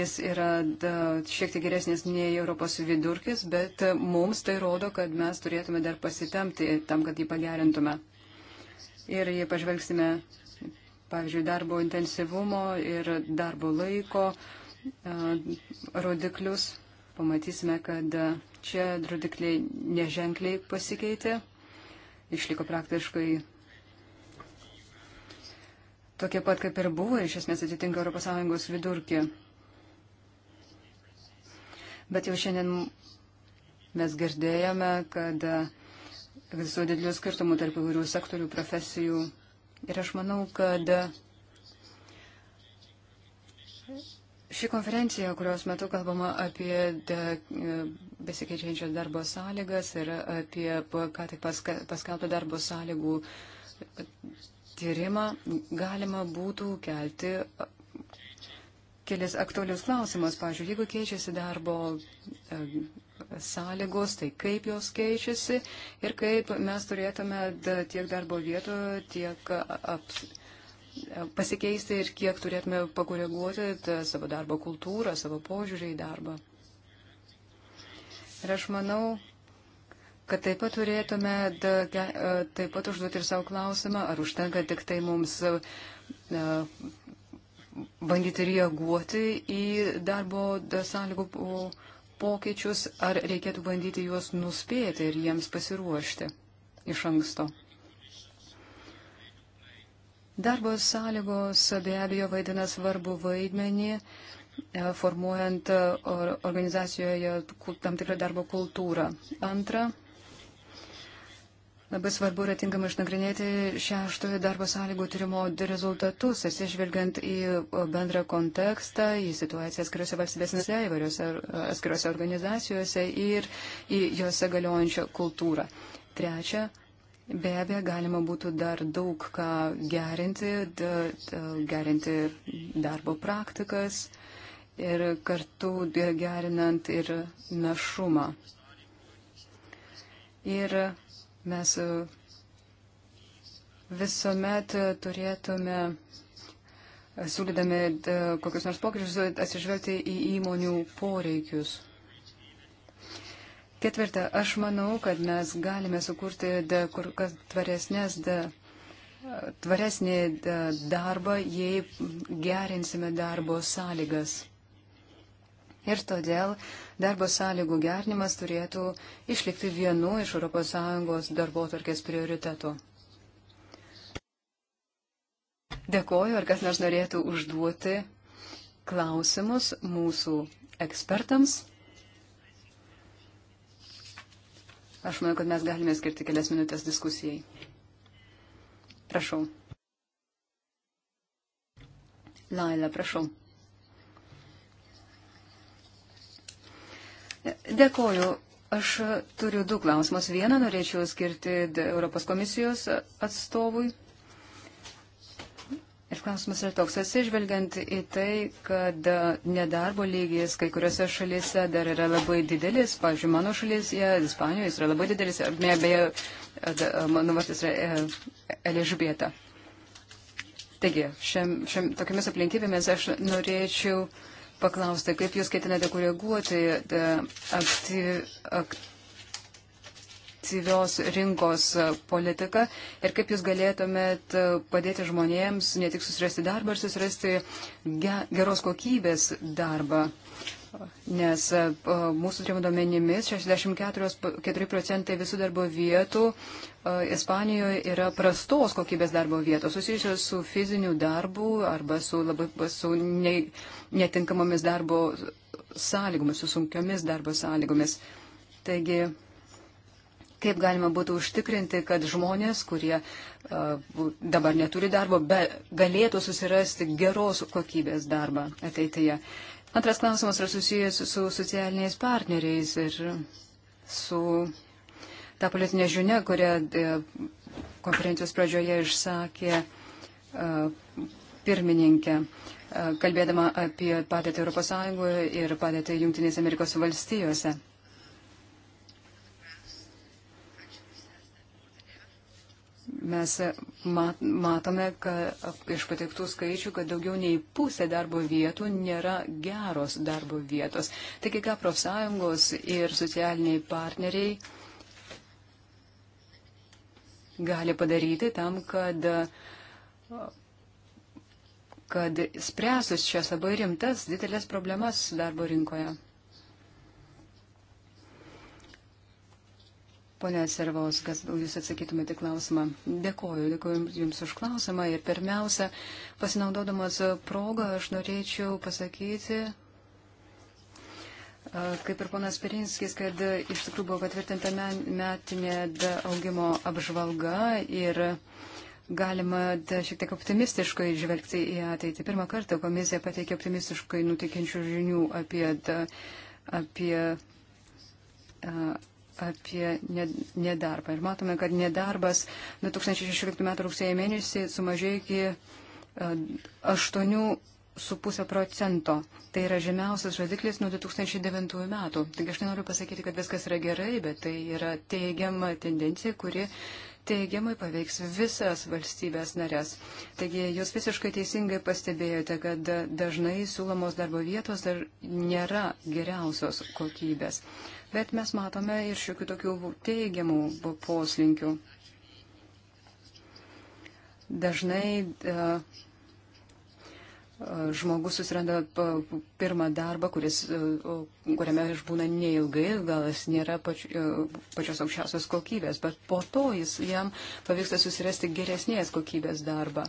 jis yra da, šiek tiek geresnis nei Europos vidurkis, bet mums tai rodo, kad mes turėtume dar pasitemti tam, kad jį pagerintume. Ir jei pažvelgsime pavyzdžiui, darbo intensyvumo ir darbo laiko e, rodiklius, pamatysime, kad čia rodikliai neženkliai pasikeitė, išliko praktiškai tokie pat kaip ir buvo, iš esmės atitinka ES vidurkį. Bet jau šiandien mes girdėjome, kad egzistuoja didelių skirtumų tarp įvairių sektorių, profesijų Ir aš manau, kad ši konferencija, kurios metu kalbama apie besikeičiančias darbo sąlygas ir apie ką tik paskelbtą darbo sąlygų tyrimą, galima būtų kelti kelis aktualius klausimus. Pavyzdžiui, jeigu keičiasi darbo sąlygos, tai kaip jos keičiasi ir kaip mes turėtume tiek darbo vietų, tiek aps, pasikeisti ir kiek turėtume pakoreguoti savo darbo kultūrą, savo požiūrį į darbą. Ir aš manau, kad taip pat turėtume taip pat užduoti ir savo klausimą, ar užtenka tik tai mums bandyti reaguoti į darbo sąlygų pokyčius, ar reikėtų bandyti juos nuspėti ir jiems pasiruošti iš anksto. Darbo sąlygos be abejo vaidina svarbu vaidmenį, e, formuojant organizacijoje tam tikrą darbo kultūrą. Antra, Labai svarbu yra tinkamai išnagrinėti šeštojo darbo sąlygų tyrimo rezultatus, atsižvelgiant į bendrą kontekstą, į situaciją atskiriuose valstybėse, įvairiuose atskiriuose organizacijose ir į juose galiojančią kultūrą. Trečia, be abejo, galima būtų dar daug ką gerinti, da, da, gerinti darbo praktikas ir kartu gerinant ir našumą. Ir Mes e, visuomet e, turėtume, e, siūlydami kokius nors pokyčius, atsižvelgti į įmonių poreikius. Ketvirta, aš manau, kad mes galime sukurti de, kur kas tvaresnės de, tvaresnį darbą, jei gerinsime darbo sąlygas. Ir todėl darbo sąlygų gernimas turėtų išlikti vienu iš ES darbo tvarkės prioritetų. Dėkoju, ar kas nors norėtų užduoti klausimus mūsų ekspertams. Aš manau, kad mes galime skirti kelias minutės diskusijai. Prašau. Laila, prašau. Dėkoju. Aš turiu du klausimus. Vieną norėčiau skirti Europos komisijos atstovui. Ir klausimas yra toks, atsižvelgiant į tai, kad e, nedarbo lygis kai kuriuose šalyse dar yra labai didelis, pavyzdžiui, mano šalis, ja, Ispanijoje jis yra labai didelis, be abejo, e, e, mano vardas yra Elžbieta. Taigi, šiam, šiam, tokiamis aplinkybėmis aš norėčiau uh, paklausti, kaip jūs ketinate koreguoti e, aktyv, aktyvios rinkos politiką ir kaip jūs galėtumėt e, padėti žmonėms ne tik susirasti darbą, bet susirasti geros kokybės darbą. Nes e, mūsų trim duomenimis 64 procentai visų darbo vietų E, Ispanijoje yra prastos kokybės darbo vietos, susijusios su fiziniu darbu arba su, labai, su ne, netinkamomis darbo sąlygomis, su sunkiomis darbo sąlygomis. Taigi, kaip galima būtų užtikrinti, kad žmonės, kurie uh, dabar neturi darbo, be, galėtų susirasti geros kokybės darbą ateityje. Antras klausimas yra susijęs su socialiniais partneriais ir su tą politinę žinę, kurią e, konferencijos pradžioje išsakė e, pirmininkė, e, kalbėdama apie padėtį ES ir padėtį Junktinės Amerikos valstijose. Mes mat, matome kad iš patiktų skaičių, kad daugiau nei pusė darbo vietų nėra geros darbo vietos. Taigi, ką profsąjungos ir socialiniai partneriai uh, gali padaryti tam, kad, kad spręsus šias labai rimtas didelės problemas darbo rinkoje. Pone Servaus, kas jūs atsakytumėte klausimą? Dėkoju, dėkoju Jums už klausimą ir pirmiausia, pasinaudodamas progą, aš norėčiau pasakyti, kaip ir ponas Pirinskis, kad iš tikrųjų buvo patvirtinta metinė augimo apžvalga ir galima šiek tiek optimistiškai žvelgti į ateitį. Pirmą kartą komisija pateikė optimistiškai nutikinčių žinių apie, apie, apie nedarbą. Ir matome, kad nedarbas 2016 m. rugsėjo mėnesį sumažėjo iki 8 2,5 procento. Tai yra žemiausias žadiklis nuo 2009 metų. Taigi aš nenoriu tai pasakyti, kad viskas yra gerai, bet tai yra teigiama tendencija, kuri teigiamai paveiks visas valstybės narės. Taigi jūs visiškai teisingai pastebėjote, kad dažnai siūlomos darbo vietos dar nėra geriausios kokybės. Bet mes matome ir šiokių tokių teigiamų poslinkių. Dažnai uh, žmogus susiranda pirmą darbą, kuris, e, kuriame išbūna neilgai, gal jis nėra pač, e, pačios aukščiausios kokybės, bet po to jis jam pavyksta susirasti geresnės kokybės darbą.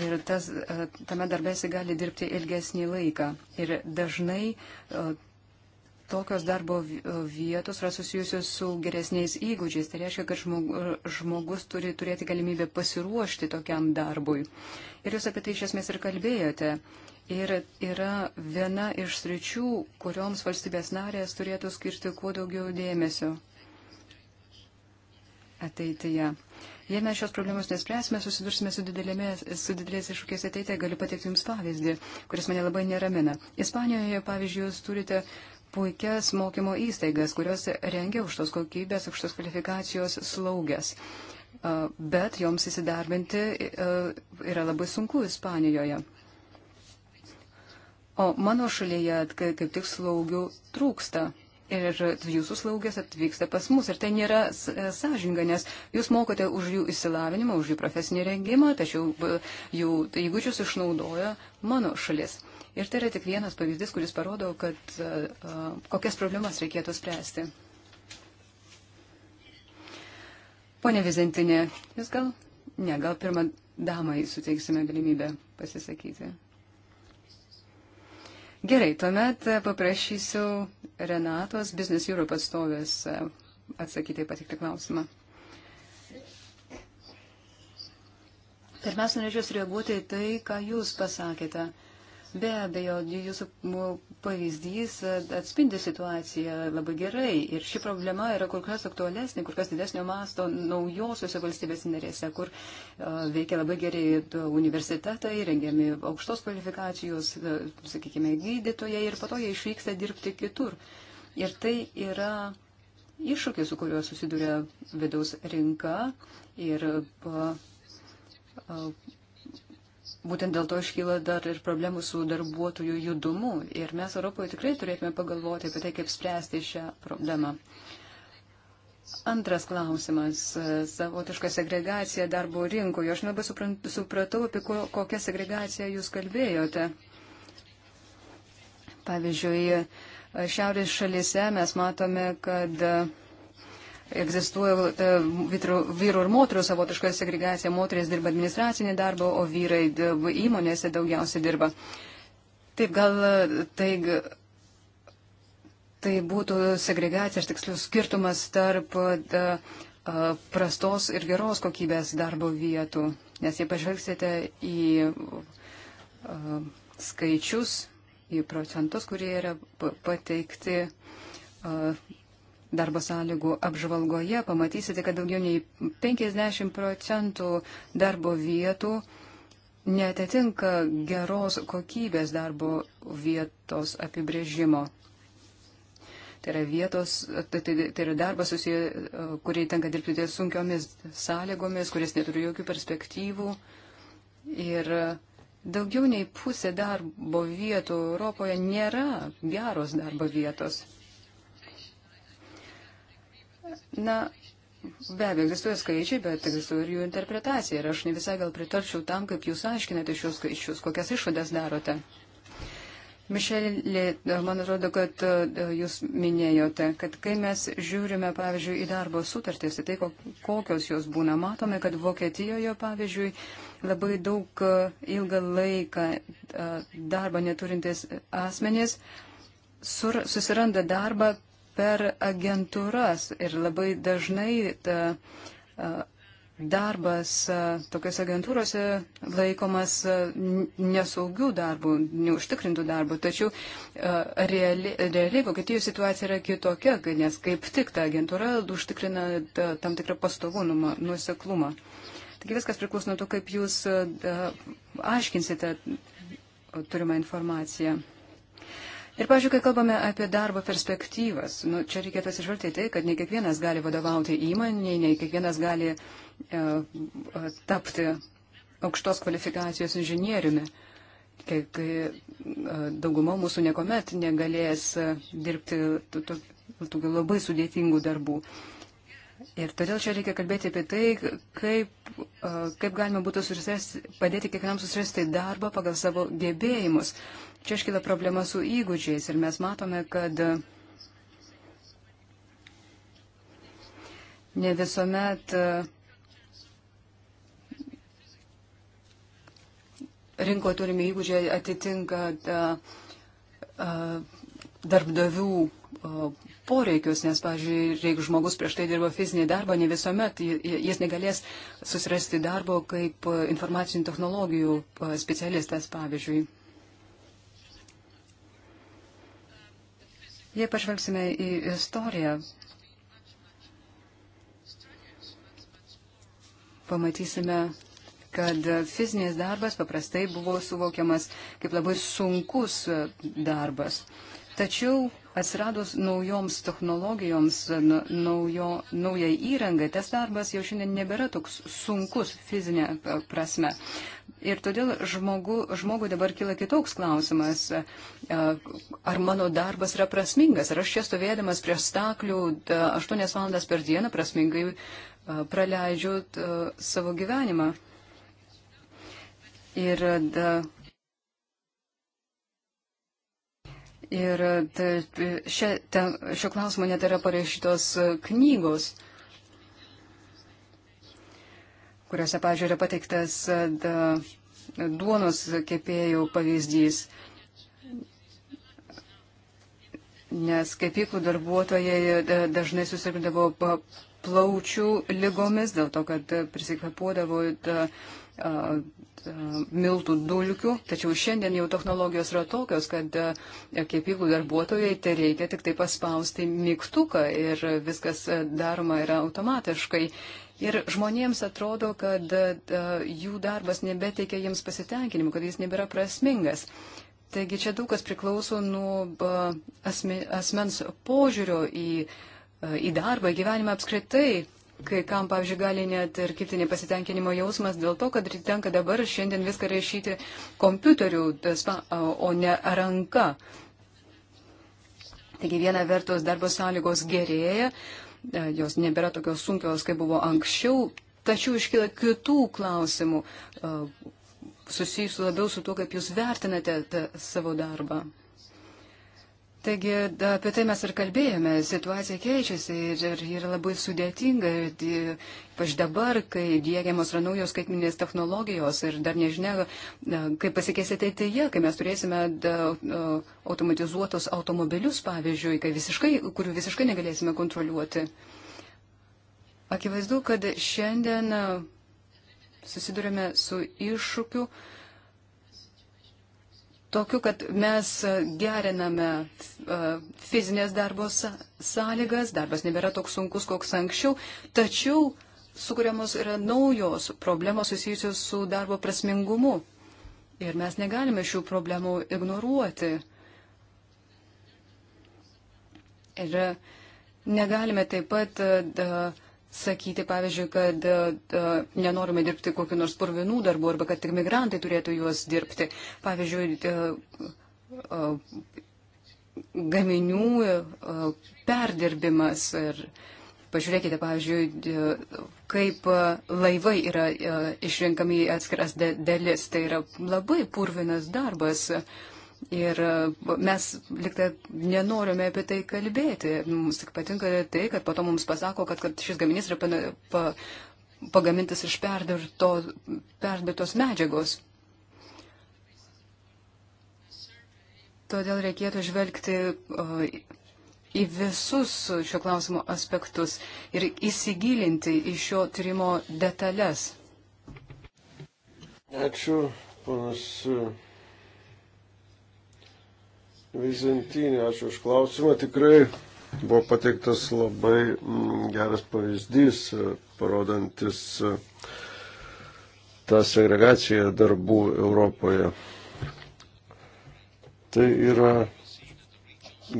Ir tas, e, tame darbe jis gali dirbti ilgesnį laiką. Ir dažnai tokios darbo vietos yra susijusios su geresniais įgūdžiais. Tai reiškia, kad žmogus turi turėti galimybę pasiruošti tokiam darbui. Ir jūs apie tai iš esmės ir kalbėjote. Ir yra viena iš sričių, kurioms valstybės narės turėtų skirti kuo daugiau dėmesio ateityje. Jei mes šios problemos nespręsime, susidursime su, didelėme, su didelės iššūkiais ateityje. Galiu pateikti Jums pavyzdį, kuris mane labai neramina. Ispanijoje, pavyzdžiui, Jūs turite uh, puikias mokymo įstaigas, kurios rengia aukštos kokybės, aukštos kvalifikacijos slaugės. Bet joms įsidarbinti yra labai sunku Ispanijoje. O mano šalyje kaip tik slaugių trūksta. Ir jūsų slaugės atvyksta pas mus. Ir tai nėra e, sąžinga, nes jūs mokote už jų įsilavinimą, už jų profesinį rengimą, tačiau e, jų įgūdžius išnaudoja mano šalis. Ir tai yra tik vienas pavyzdys, kuris parodo, kad, kokias problemas reikėtų spręsti. Pone Vizentinė, jūs gal? Ne, gal pirmą damai suteiksime galimybę pasisakyti. Gerai, tuomet paprašysiu Renatos, Business Europe atstovės, atsakyti į patiktą klausimą. Pirmiausia, norėčiau sureaguoti į tai, ką Jūs pasakėte. Be abejo, jūsų pavyzdys atspindi situaciją labai gerai ir ši problema yra kur kas aktualesnė, kur kas didesnio masto naujosiuose valstybės narėse, kur veikia labai gerai universitetai, rengiami aukštos kvalifikacijos, sakykime, gydytojai ir po to jie išvyksta dirbti kitur. Ir tai yra iššūkis, su kuriuo susiduria vidaus rinka ir Būtent dėl to iškyla dar ir problemų su darbuotojų judumu. Ir mes Europoje tikrai turėtume pagalvoti apie tai, kaip spręsti šią problemą. Antras klausimas - savotiška segregacija darbo rinkoje. Aš nelabai supratau, apie ko, kokią segregaciją jūs kalbėjote. Pavyzdžiui, šiaurės šalyse mes matome, kad uh, egzistuoja e, vyrų ir moterų savotiška segregacija. Moteris dirba administracinį darbą, o vyrai e, įmonėse daugiausiai dirba. Taip, gal e, tai, tai būtų segregacija, aš tiksliau skirtumas tarp da, prastos ir geros kokybės darbo vietų. Nes jei pažvelgsite į a, skaičius, į procentus, kurie yra pateikti a, darbo sąlygų apžvalgoje pamatysite, kad daugiau nei 50 procentų darbo vietų netitinka geros kokybės darbo vietos apibrėžimo. Tai yra vietos, tai, tai, tai yra darbas, susiję, kurį tenka dirbti dėl sunkiomis sąlygomis, kuris neturi jokių perspektyvų. Ir daugiau nei pusė darbo vietų Europoje nėra geros darbo vietos. Na, be abejo, egzistuoja skaičiai, bet egzistuoja ir jų interpretacija. Ir aš ne visai gal pritarčiau tam, kaip jūs aiškinate šios skaičius, kokias išvadas darote. Mišelė, man atrodo, kad e, jūs minėjote, kad kai mes žiūrime, pavyzdžiui, į darbo sutartys, tai kokios jos būna, matome, kad Vokietijoje, pavyzdžiui, labai daug e, ilgą laiką e, darbą neturintis asmenys susiranda darbą per agentūras ir labai dažnai ta, darbas tokios agentūrose laikomas nesaugių darbų, neužtikrintų darbų. Tačiau realiai, realiai Vokietijoje situacija yra kitokia, nes kaip tik ta agentūra užtikrina tam tikrą pastovumą, nuoseklumą. Taigi viskas priklauso nuo to, kaip jūs aiškinsite turimą informaciją. Ir, pažiūrėk, kai kalbame apie darbo perspektyvas, nu, čia reikėtų atsižvelgti tai, kad ne kiekvienas gali vadovauti įmoniai, ne kiekvienas gali uh, tapti aukštos kvalifikacijos inžinieriumi. Kai, kai uh, dauguma mūsų niekuomet negalės uh, dirbti tokių labai sudėtingų darbų. Ir todėl čia reikia kalbėti apie tai, kaip, kaip galima būtų susirasti, padėti kiekvienam susirasti darbą pagal savo gebėjimus. Čia iškyla problema su įgūdžiais ir mes matome, kad ne visuomet e, rinkoje turime įgūdžiai atitinka e, e, darbdavių poreikius, nes, pavyzdžiui, jeigu žmogus prieš tai dirbo fizinį darbą, ne visuomet jis negalės susirasti darbo kaip informacinių technologijų specialistas, pavyzdžiui. Jei pažvelgsime į istoriją, pamatysime, kad fizinis darbas paprastai buvo suvokiamas kaip labai sunkus darbas. Tačiau atsiradus naujoms technologijoms, naujo, naujai įrangai, tas darbas jau šiandien nebėra toks sunkus fizinė e, prasme. Ir todėl žmogu, žmogui dabar kyla kitoks klausimas, e, ar mano darbas yra prasmingas, ar aš čia stovėdamas prie staklių 8 e, valandas per dieną prasmingai e, praleidžiu savo gyvenimą. Ir da, Ir šio klausimo net yra parašytos knygos. Uh, kuriuose, pavyzdžiui, yra pateiktas e, duonos kepėjų pavyzdys. Uh, nes kepyklų darbuotojai e, dažnai susirgdavo plaučių lygomis dėl to, kad e, prisikvepuodavo e, miltų dulkių. Tačiau šiandien jau technologijos yra tokios, kad kepyklų darbuotojai tai reikia tik tai paspausti mygtuką ir viskas daroma yra automatiškai. Ir žmonėms atrodo, kad jų darbas nebeteikia jiems pasitenkinimų, kad jis nebėra prasmingas. Taigi čia daug kas priklauso nuo asmens požiūrio į, e, į darbą, į gyvenimą apskritai. Kai kam, pavyzdžiui, gali net ir kilti nepasitenkinimo jausmas dėl to, kad tenka dabar šiandien viską rašyti kompiuteriu, o ne ranka. Taigi viena vertus darbo sąlygos gerėja, e, jos nebėra tokios sunkios, kaip buvo anksčiau, tačiau iškyla kitų klausimų, e, susijusiu labiau su tuo, kaip jūs vertinate tą savo darbą. Taigi da, apie tai mes ir kalbėjome, situacija keičiasi ir, ir yra labai sudėtinga, ypač dabar, kai dėgiamos yra naujos skaitminės technologijos ir dar nežinia, da, kaip pasikeis ateityje, kai mes turėsime da, automatizuotos automobilius, pavyzdžiui, visiškai, kurių visiškai negalėsime kontroliuoti. Akivaizdu, kad šiandien susidurime su iššūkiu tokiu, kad mes geriname fizinės darbo sąlygas, darbas nebėra toks sunkus, koks anksčiau, tačiau sukūriamos yra naujos problemos susijusios su darbo prasmingumu. Ir mes negalime šių problemų ignoruoti. Ir negalime taip pat da, sakyti, pavyzdžiui, kad uh, nenorime dirbti kokiu nors purvinų darbu arba kad tik migrantai turėtų juos dirbti. Pavyzdžiui, uh, uh, gaminių uh, perdirbimas. Ir pažiūrėkite, pavyzdžiui, uh, kaip uh, laivai yra uh, išrenkami atskiras dalis. Tai yra labai purvinas darbas. Uh, Ir e, mes liktai nenorime apie tai kalbėti. Mums tik patinka tai, kad po to mums pasako, kad, kad šis gaminys yra pana, pa, pagamintas iš perdirto, perdirtos medžiagos. Todėl reikėtų žvelgti e, į visus šio klausimo aspektus ir įsigilinti į šio tyrimo detalės. Ačiū, ponas Vizantinė, ačiū už klausimą. Tikrai buvo pateiktas labai mm, geras pavyzdys, parodantis e, tą segregaciją darbų Europoje. Tai yra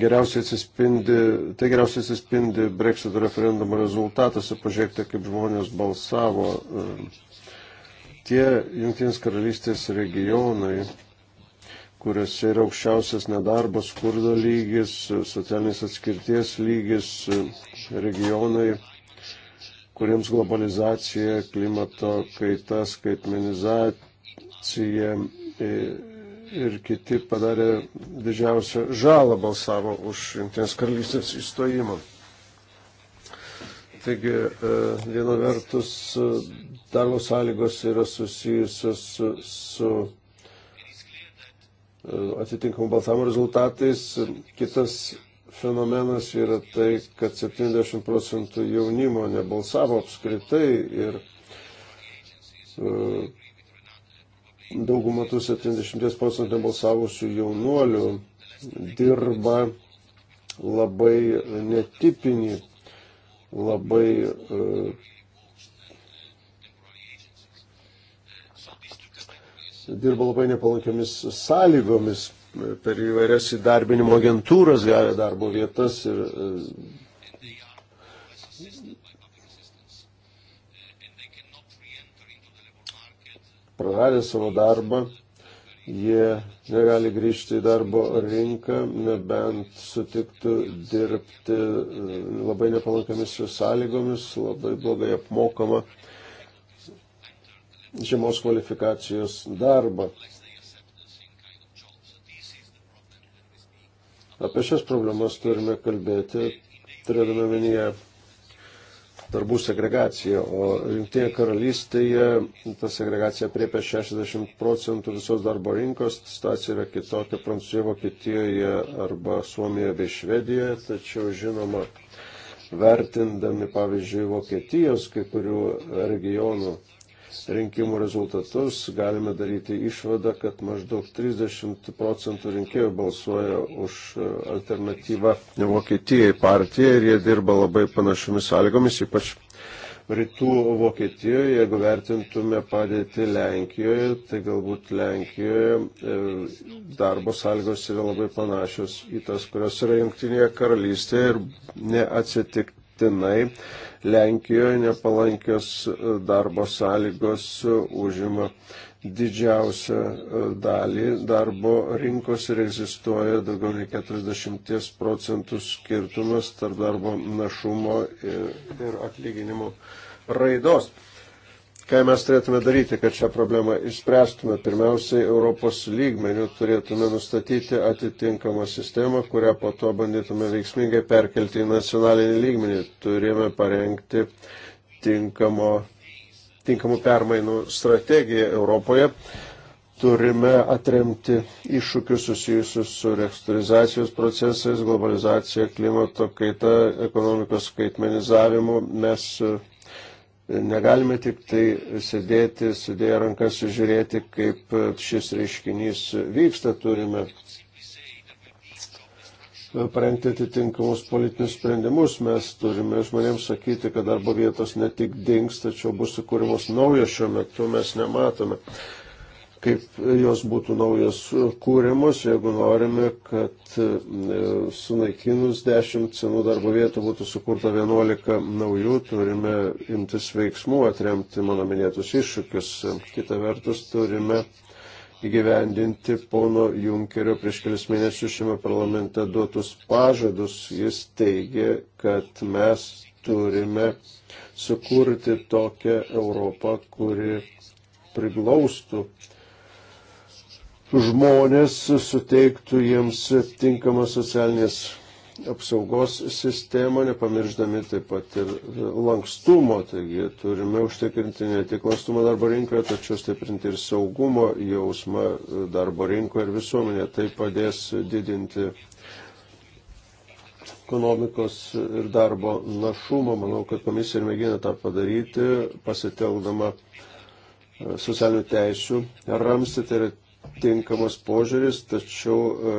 geriausiai atsispindi, tai geriausiai atsispindi Brexit referendumo rezultatuose, pažiūrėkite, kaip žmonės balsavo. E, tie Junktinės karalystės regionai kuriuose yra aukščiausias nedarbas, skurdo lygis, socialinės atskirties lygis, regionai, kuriems globalizacija, klimato kaita, skaitmenizacija e, ir kiti padarė didžiausią žalą balsavo už Junktinės karalystės įstojimą. Taigi, e, viena vertus, e, darbo sąlygos yra susijusios su. su atitinkamų balsavimo rezultatais. Kitas fenomenas yra tai, kad 70 procentų jaunimo nebalsavo apskritai ir e, dauguma tų 70 procentų nebalsavusių jaunuolių dirba labai netipinį, labai uh, dirba labai nepalankiamis sąlygomis, per įvairias įdarbinimo agentūras gavę darbo vietas ir e, praradę savo darbą, jie negali grįžti į darbo rinką, nebent sutiktų dirbti e, labai nepalankiamis sąlygomis, labai blogai apmokama žemos kvalifikacijos darbą. Apie šias problemas turime kalbėti, turėdami minėję darbų segregaciją, o Junktinėje karalystėje ta segregacija priepia 60 procentų visos darbo rinkos, situacija yra kitokia Prancūzijoje, Vokietijoje arba Suomijoje bei Švedijoje, tačiau žinoma, vertindami pavyzdžiui Vokietijos kai kurių regionų rinkimų rezultatus, galime daryti išvadą, kad maždaug 30 procentų rinkėjų balsuoja už e, alternatyvą Vokietijai partiją ir jie dirba labai panašiomis sąlygomis, ypač rytų Vokietijoje. Jeigu vertintume padėti Lenkijoje, tai galbūt Lenkijoje e, darbo sąlygos yra labai panašios į tas, kurios yra Junktinėje karalystėje ir neatsitiktinai Lenkijoje nepalankios e, darbo sąlygos e, užima didžiausią e, dalį darbo rinkos ir egzistuoja daugiau nei 40 procentų skirtumas tarp darbo našumo ir, ir atlyginimų raidos. Ką mes turėtume daryti, kad šią problemą išspręstume? Pirmiausiai, Europos lygmenių turėtume nustatyti atitinkamą sistemą, kurią po to bandytume veiksmingai perkelti į nacionalinį lygmenį. Turime parengti tinkamo, tinkamų permainų strategiją Europoje. Turime atremti iššūkius susijusius su rekstruizacijos procesais, globalizacija, klimato kaita, ekonomikos skaitmenizavimu. Mes Negalime tik tai sėdėti, sudėję rankas ir žiūrėti, kaip šis reiškinys vyksta. Turime parengti atitinkamus politinius sprendimus. Mes turime žmonėms sakyti, kad darbo vietos ne tik dings, tačiau bus sukūrimos naujos šiuo metu mes nematome kaip jos būtų naujos kūriamos, jeigu norime, kad e, sunaikinus 10 senų darbo vietų būtų sukurta 11 naujų, turime imtis veiksmų, atremti mano minėtus iššūkius. Kita vertus, turime įgyvendinti pono Junkerio prieš kelias mėnesius šiame parlamente duotus pažadus. Jis teigia, kad mes turime sukurti tokią Europą, kuri priglaustų uh, žmonės, suteiktų jiems tinkamą socialinės apsaugos sistemą, nepamiršdami taip pat ir lankstumo. Taigi turime užtikrinti ne tik lankstumą darbo rinkoje, tačiau stiprinti ir saugumo jausmą darbo rinkoje ir visuomenėje. Tai padės didinti ekonomikos ir darbo našumą. Manau, kad komisija ir mėgina tą padaryti, pasitelkdama socialinių teisių ramstį, tai yra tinkamas požiūris, tačiau e,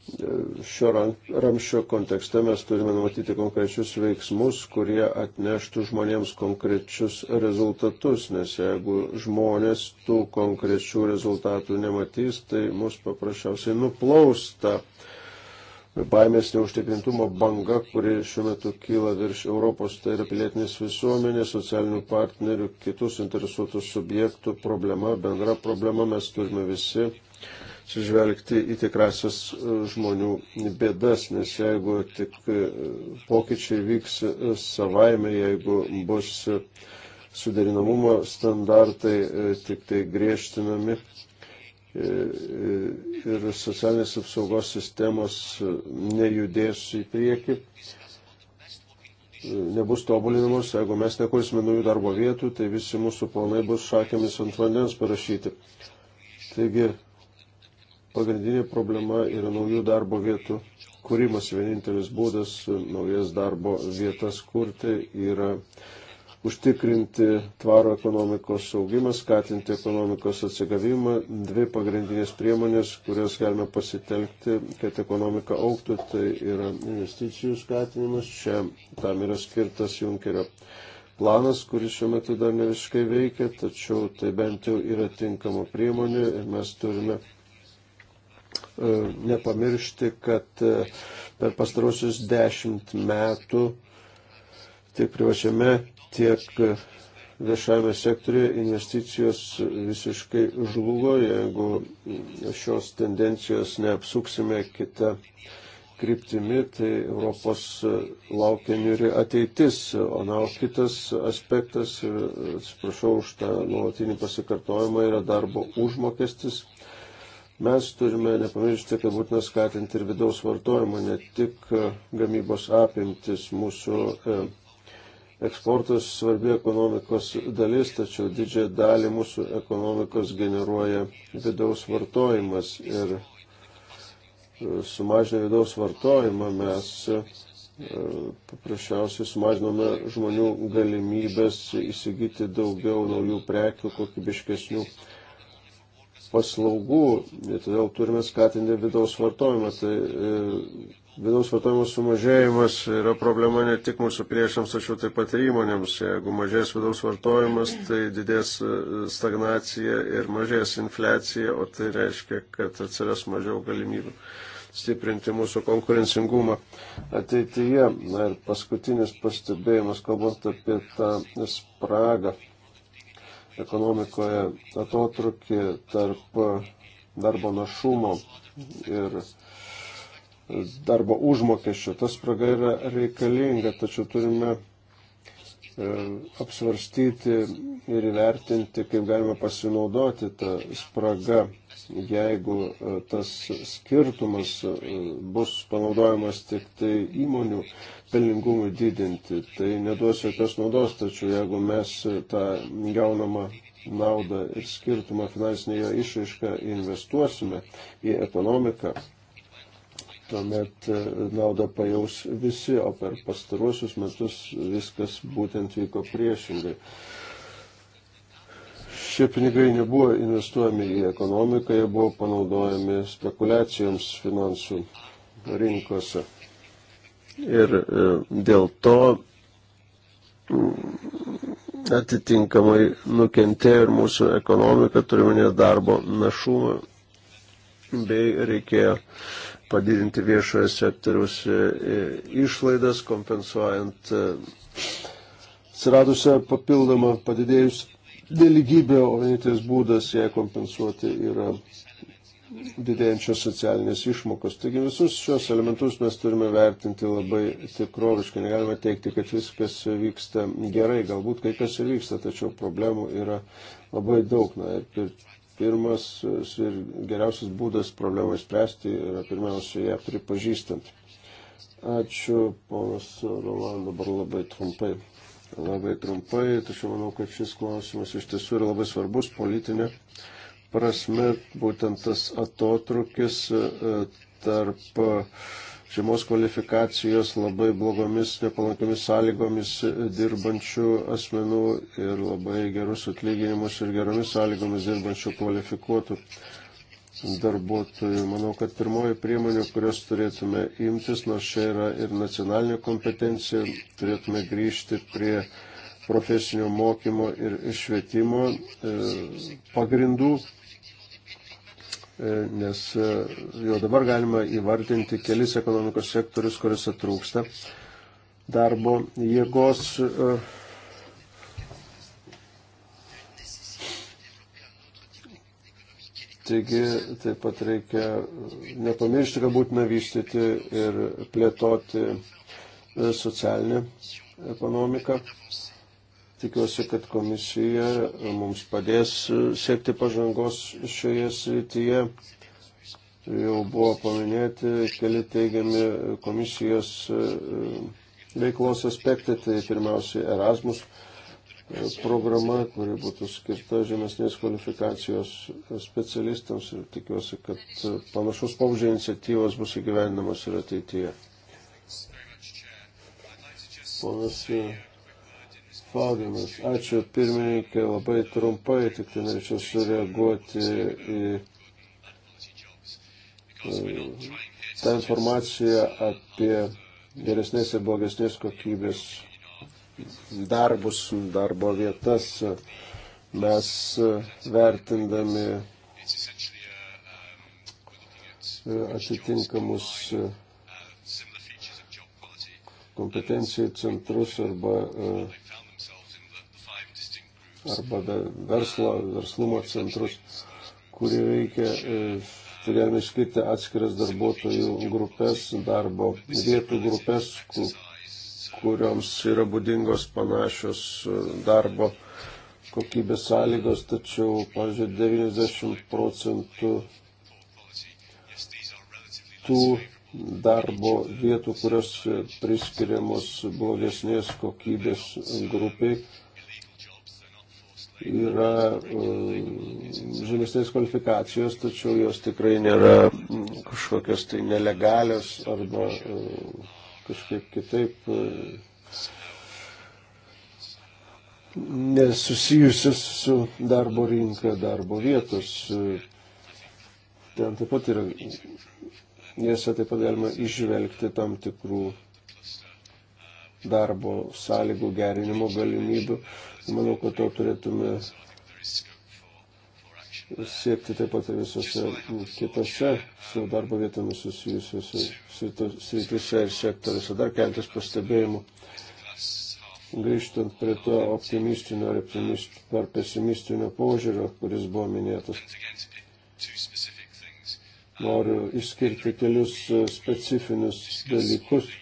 e, šio ramščio kontekste mes turime numatyti konkrečius veiksmus, kurie atneštų žmonėms konkrečius rezultatus, nes jeigu žmonės tų konkrečių rezultatų nematys, tai mus paprasčiausiai nuplausta. Ta baimės neužtikrintumo banga, kuri šiuo metu kyla virš Europos, tai yra pilietinės visuomenės, socialinių partnerių, kitus interesuotų subjektų problema, bendra problema, mes turime visi sižvelgti į tikrasias e, žmonių bėdas, nes jeigu tik e, pokyčiai vyks e, savaime, jeigu bus suderinamumo standartai tik tai griežtinami, E, e, ir socialinės apsaugos sistemos e, nejudės į priekį, nebus tobulinamos, jeigu mes nekursime naujų darbo vietų, tai visi mūsų planai bus šakėmis ant vandens parašyti. Taigi pagrindinė problema yra naujų darbo vietų kūrimas. Vienintelis būdas naujas darbo vietas kurti yra užtikrinti tvaro ekonomikos saugimą, skatinti ekonomikos atsigavimą. Dvi pagrindinės priemonės, kurias galime pasitelkti, kad ekonomika auktų, tai yra investicijų skatinimas. Čia tam yra skirtas Junkerio planas, kuris šiuo metu dar ne visiškai veikia, tačiau tai bent jau yra tinkama priemonė ir mes turime e, nepamiršti, kad e, per pastarosius dešimt metų tiek privačiame, tiek viešajame sektoriuje investicijos visiškai žlugo, jeigu šios tendencijos neapsuksime kitą kryptimi, tai Europos laukia niuri ateitis. O na, o kitas aspektas, atsiprašau už tą nuolatinį pasikartojimą, yra darbo užmokestis. Mes turime nepamiršti, kad būtina skatinti ir vidaus vartojimą, ne tik gamybos apimtis mūsų e, Eksportas svarbi ekonomikos dalis, tačiau didžiąją dalį mūsų ekonomikos generuoja vidaus vartojimas ir e, sumažinę vidaus vartojimą mes e, paprasčiausiai sumažinome žmonių galimybės įsigyti daugiau naujų prekių, kokybiškesnių paslaugų, todėl turime skatinti vidaus vartojimą. Tai e, Vidaus vartojimo sumažėjimas yra problema ne tik mūsų priešams, tačiau taip pat ir įmonėms. Jeigu mažės vidaus vartojimas, tai didės e, stagnacija ir mažės infliacija, o tai reiškia, kad atsiras mažiau galimybių stiprinti mūsų konkurencingumą ateityje. Na ir paskutinis pastebėjimas, kalbant apie tą spragą ekonomikoje, atotrukį tarp darbo našumo ir darbo užmokesčio. Tas spraga yra reikalinga, tačiau turime e, apsvarstyti ir įvertinti, kaip galima pasinaudoti tą spragą, jeigu e, tas skirtumas e, bus panaudojamas tik tai įmonių pelningumui didinti. Tai neduos jokios naudos, tačiau jeigu mes tą gaunamą naudą ir skirtumą finansinėje išaišką investuosime į ekonomiką, tuomet e, naudą pajaus visi, o per pastaruosius metus viskas būtent vyko priešingai. Šie pinigai nebuvo investuojami į ekonomiką, jie buvo panaudojami spekulacijoms finansų rinkose. Ir e, dėl to mm, atitinkamai nukentėjo ir mūsų ekonomika, turime darbo našumą, bei reikėjo padidinti viešojo sektoriaus e, e, išlaidas, kompensuojant e, atsiradusią papildomą padidėjus neligybę, o vienintelis būdas ją kompensuoti yra didėjančios socialinės išmokos. Taigi visus šios elementus mes turime vertinti labai tikroviškai. Negalima teikti, kad viskas vyksta gerai, galbūt kai kas ir vyksta, tačiau problemų yra labai daug. Na, ir pirmas ir geriausias būdas problemą spręsti yra pirmiausia ją pripažįstant. Ačiū, ponas Roland, dabar labai trumpai. Labai trumpai, tačiau manau, kad šis klausimas iš tiesų yra labai svarbus politinė prasme, būtent tas atotrukis e, tarp žemos kvalifikacijos, labai blogomis, nepalankiomis sąlygomis dirbančių asmenų ir labai gerus atlyginimus ir geromis sąlygomis dirbančių kvalifikuotų darbuotojų. Manau, kad pirmoji priemonė, kurios turėtume imtis, nors čia yra ir nacionalinė kompetencija, turėtume grįžti prie profesinio mokymo ir švietimo e, pagrindų E, nes e, jau dabar galima įvardinti kelis ekonomikos sektorius, kuriuose trūksta darbo jėgos. E. Taigi taip pat reikia nepamiršti, kad būtina vystyti ir plėtoti socialinę ekonomiką. Tikiuosi, kad komisija mums padės siekti pažangos šioje srityje. Jau buvo paminėti keli teigiami komisijos e, veiklos aspektai, tai pirmiausiai Erasmus e, programa, kuri būtų skirta žemesnės kvalifikacijos specialistams ir tikiuosi, kad e, panašus pavyzdžio iniciatyvos bus įgyvendinamas ir ateityje. Ponas Spaudimas. Ačiū pirmininkai, labai trumpai, tik tai norėčiau sureaguoti į tą informaciją apie geresnės ir blogesnės kokybės darbus, darbo vietas. Mes vertindami atitinkamus kompetencijų centrus arba uh, arba verslo, verslumo centrus, kurie veikia. E, turėjome skirti atskiras darbuotojų grupės, darbo vietų grupės, kurioms yra būdingos panašios e, darbo kokybės sąlygos, tačiau, pavyzdžiui, 90 procentų tų darbo vietų, kurios priskiriamos blogesnės kokybės grupiai, yra e, žemesnės kvalifikacijos, tačiau jos tikrai nėra kažkokios tai nelegalios arba e, kažkaip kitaip e, nesusijusios su darbo rinka, darbo vietos. Ten taip pat yra, jose taip pat galima išvelgti tam tikrų darbo sąlygų gerinimo galimybių Manau, kad to turėtume siekti taip pat ir visose kitose su darbo vietomis susijusiuose srityse ir sektoriuose. Dar keltis pastebėjimų. Grįžtant prie to optimistinio ar, optimist, ar pesimistinio požiūrio, kuris buvo minėtas, noriu išskirti kelius e, specifinius dalykus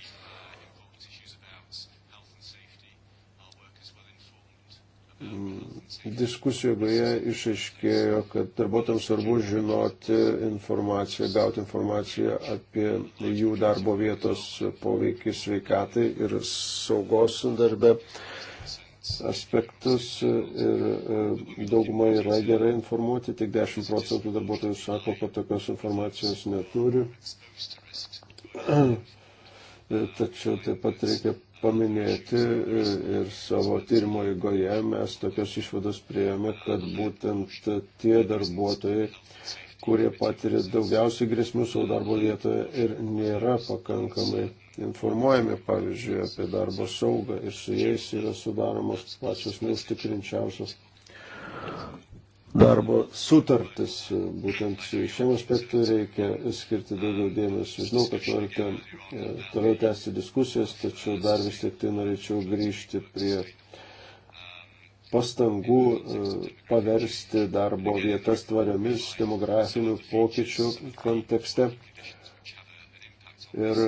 diskusijoje išaiškėjo, kad darbuotojams svarbu žinoti informaciją, gauti informaciją apie jų darbo vietos poveikį sveikatai ir saugos darbe aspektus ir e, dauguma yra gerai informuoti, tik 10 procentų darbuotojų sako, kad tokios informacijos neturi. Tačiau taip pat reikia paminėti e, ir savo tyrimo įgoje mes tokios išvados prieėmė, kad būtent tie darbuotojai, kurie patiria daugiausiai grėsmių savo darbo vietoje ir nėra pakankamai informuojami, pavyzdžiui, apie darbo saugą ir su jais yra sudaromos pačios neužtikrinčiausios darbo sutartis. Būtent šiam aspektui reikia skirti daugiau dėmesio. Žinau, kad norite e, toliau tęsti diskusijas, tačiau dar vis tik tai norėčiau grįžti prie pastangų e, paversti darbo vietas tvariomis demografinių pokyčių kontekste. Ir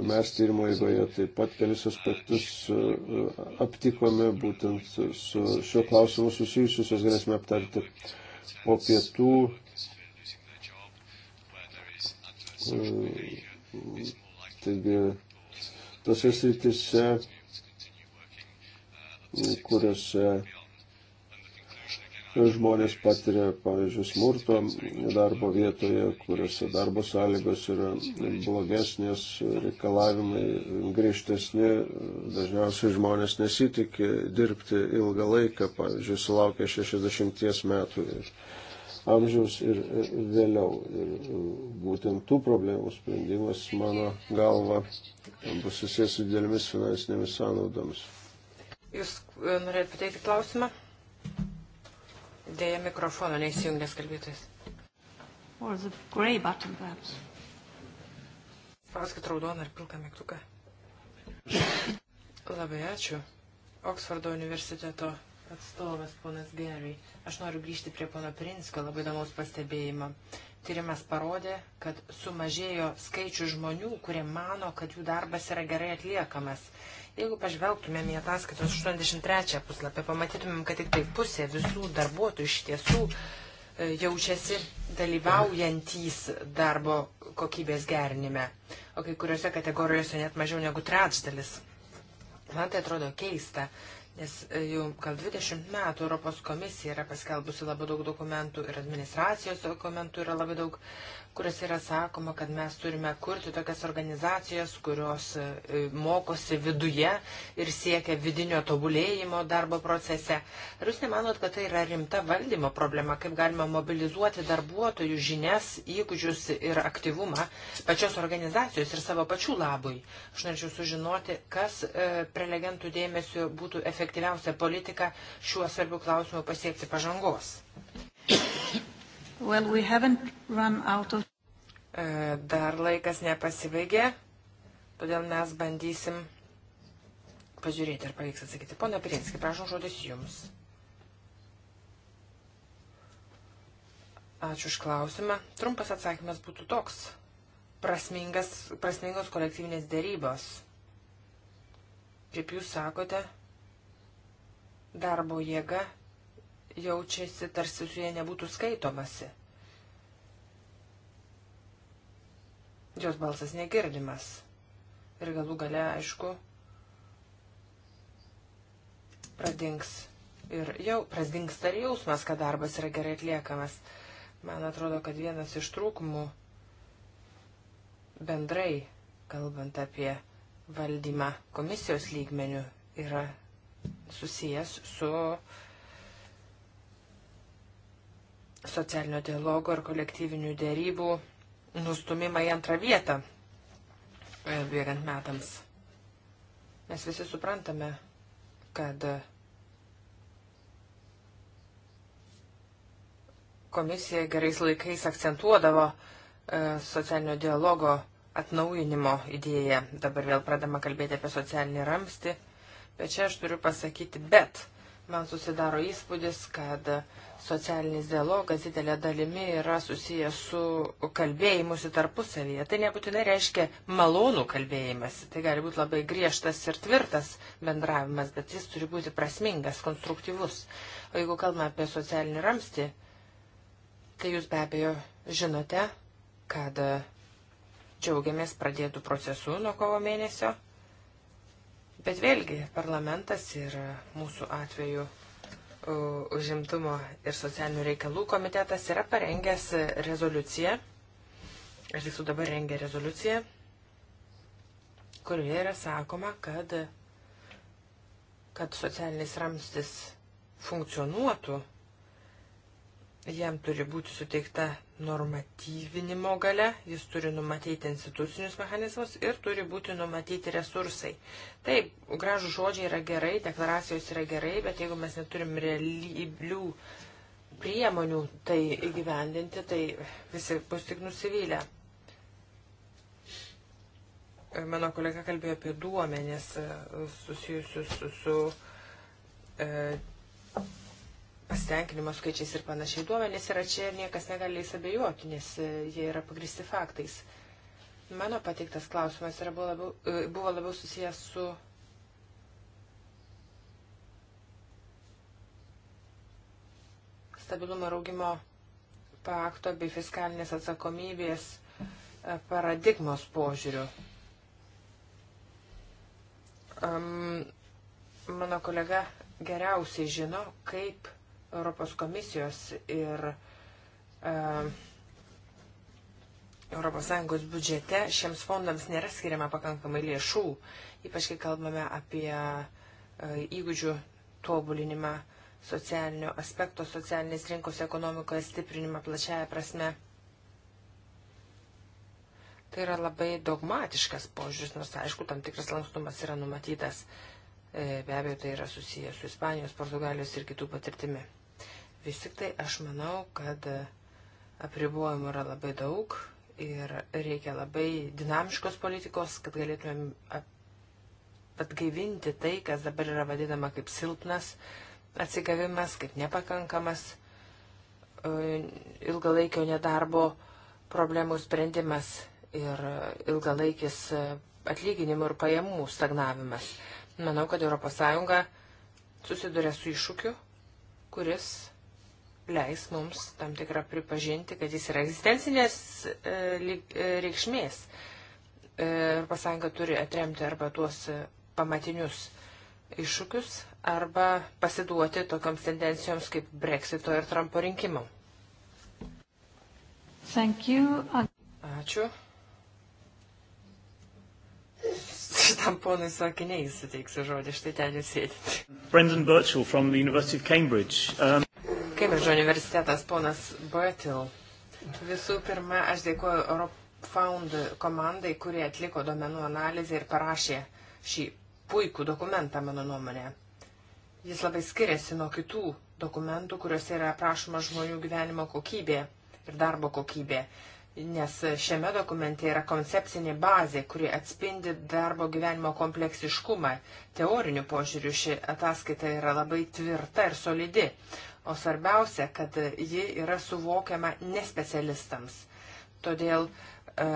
Mes tyrimo eigoje taip pat kelis aspektus e, e, aptikome, būtent su šiuo klausimu susijusius, jas galėsime aptarti po pietų. E, taigi, tose srityse, kuriuose žmonės patiria, pavyzdžiui, smurto darbo vietoje, kuriuose darbo sąlygos yra blogesnės, reikalavimai griežtesni, dažniausiai žmonės nesitikė dirbti ilgą laiką, pavyzdžiui, sulaukia 60 metų amžiaus ir vėliau. Ir e, būtent tų problemų sprendimas, mano galva, bus susijęs su didelėmis finansinėmis sąnaudomis. Jūs e, norėtumėte pateikti klausimą? Dėja mikrofono neįsijungęs kalbėtojas. Or the grey button, perhaps. Spauskit raudoną ar pilką mygtuką. Labai ačiū. Oksfordo universiteto atstovas ponas Gary. Aš noriu grįžti prie pono Prinsko labai įdomaus pastebėjimo. Tyrimas parodė, kad sumažėjo skaičių žmonių, kurie mano, kad jų darbas yra gerai atliekamas. Jeigu pažvelgtumėm į ataskaitos 83 puslapį, pamatytumėm, kad tik tai pusė visų darbuotojų iš tiesų e, jaučiasi dalyvaujantys darbo kokybės gerinime, o kai kuriuose kategorijose net mažiau negu trečdalis. Man tai atrodo keista, Nes e, jau gal 20 metų Europos komisija yra paskelbusi labai daug dokumentų ir administracijos dokumentų yra labai daug, kuris yra sakoma, kad mes turime kurti tokias organizacijas, kurios e, e, mokosi viduje ir siekia vidinio tobulėjimo darbo procese. Ar jūs nemanot, kad tai yra rimta valdymo problema, kaip galima mobilizuoti darbuotojų žinias, įgūdžius ir aktyvumą pačios organizacijos ir savo pačių labui? Aš norėčiau sužinoti, kas prelegentų dėmesio būtų efektyviausias efektyviausią politiką šiuo svarbiu klausimu pasiekti pažangos. Well, we of... E, dar laikas nepasibaigė, todėl mes bandysim pažiūrėti, ar pavyks atsakyti. Pone Pirinski, prašom žodis jums. Ačiū už klausimą. Trumpas atsakymas būtų toks. Prasmingas, prasmingos kolektyvinės dėrybos. Kaip jūs sakote, darbo jėga jaučiasi, tarsi su jie nebūtų skaitomasi. Jos balsas negirdimas. Ir galų gale, aišku, pradings. Ir jau pradingsta ir jausmas, kad darbas yra gerai atliekamas. Man atrodo, kad vienas iš trūkumų bendrai, kalbant apie valdymą komisijos lygmenių, yra susijęs su socialinio dialogo ir kolektyvinių dėrybų nustumimą į antrą vietą e, bėgant metams. Mes visi suprantame, kad komisija gerais laikais akcentuodavo e, socialinio dialogo atnaujinimo idėją. Dabar vėl pradama kalbėti apie socialinį ramstį. Bet čia aš turiu pasakyti, bet man susidaro įspūdis, kad socialinis dialogas didelė dalimi yra susijęs su kalbėjimusi tarpusavyje. Tai nebūtinai reiškia malonų kalbėjimas, tai gali būti labai griežtas ir tvirtas bendravimas, bet jis turi būti prasmingas, konstruktyvus. O jeigu kalbame apie socialinį ramstį, tai jūs be abejo žinote, kad džiaugiamės pradėtų procesų nuo kovo mėnesio. Bet vėlgi, parlamentas ir mūsų atveju užimtumo ir socialinių reikalų komitetas yra parengęs rezoliuciją, ir visų dabar rengia rezoliuciją, kurioje yra sakoma, kad, kad socialinis ramstis funkcionuotų jam turi būti suteikta normatyvinimo gale, jis turi numatyti institucinius mechanizmus ir turi būti numatyti resursai. Taip, gražų žodžiai yra gerai, deklaracijos yra gerai, bet jeigu mes neturim realių priemonių tai įgyvendinti, tai visi bus tik nusivylę. Mano kolega kalbėjo apie duomenės e, susijusius su, su e, pasitenkinimo skaičiais ir panašiai duomenys yra čia ir niekas negali jais abejoti, nes e, jie yra pagristi faktais. Mano pateiktas klausimas yra, buvo, labiau, e, buvo labiau susijęs su. stabilumo raugimo pakto bei fiskalinės atsakomybės e, paradigmos požiūriu. Um, mano kolega geriausiai žino, kaip Europos komisijos ir ES biudžete šiems fondams nėra skiriama pakankamai lėšų, ypač kai kalbame apie e, įgūdžių tobulinimą, socialinio aspekto, socialinės rinkos ekonomikoje stiprinimą plačiaja prasme. Tai yra labai dogmatiškas požiūris, nors aišku, tam tikras lankstumas yra numatytas. E, be abejo, tai yra susijęs su Ispanijos, Portugalijos ir kitų patirtimi. Vis tik tai aš manau, kad apribojimų yra labai daug ir reikia labai dinamiškos politikos, kad galėtumėm atgaivinti tai, kas dabar yra vadinama kaip silpnas atsigavimas, kaip nepakankamas e, ilgalaikio nedarbo problemų sprendimas ir ilgalaikis e, atlyginimų ir pajamų stagnavimas. Manau, kad ES susiduria su iššūkiu, kuris leis mums tam tikrą pripažinti, kad jis yra egzistencinės e, e reikšmės. E, Europos Sąjunga turi atremti arba tuos e, pamatinius iššūkius, arba pasiduoti tokiams tendencijoms kaip Brexito ir Trumpo rinkimų. Ačiū. Šitam ponui su akiniais suteiksiu žodį, štai ten jūs sėdite. Brendan Birchall from the University of Cambridge. Um... Kembridžo universitetas, ponas Bertil. Visų pirma, aš dėkuoju Eurofound komandai, kurie atliko domenų analizę ir parašė šį puikų dokumentą, mano nuomonė. Jis labai skiriasi nuo kitų dokumentų, kuriuose yra aprašoma žmonių gyvenimo kokybė ir darbo kokybė. Nes šiame dokumente yra koncepcinė bazė, kuri atspindi darbo gyvenimo kompleksiškumą. Teoriniu požiūriu ši ataskaita yra labai tvirta ir solidi. O svarbiausia, kad ji yra suvokiama nespecialistams. Todėl e,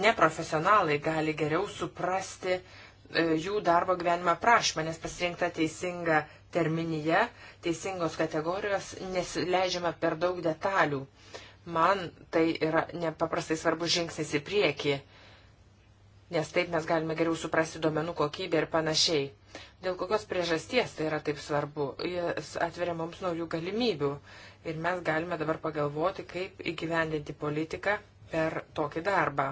neprofesionalai gali geriau suprasti e, jų darbo gyvenimą prašymą, nes pasirinkta teisinga terminija, teisingos kategorijos, nesileidžiama per daug detalių. Man tai yra nepaprastai svarbus žingsnis į priekį. Uh, nes taip mes galime geriau suprasti duomenų kokybę ir panašiai. Dėl kokios priežasties tai yra taip svarbu, jis atveria mums naujų galimybių ir mes galime dabar pagalvoti, kaip įgyvendinti politiką per tokį darbą,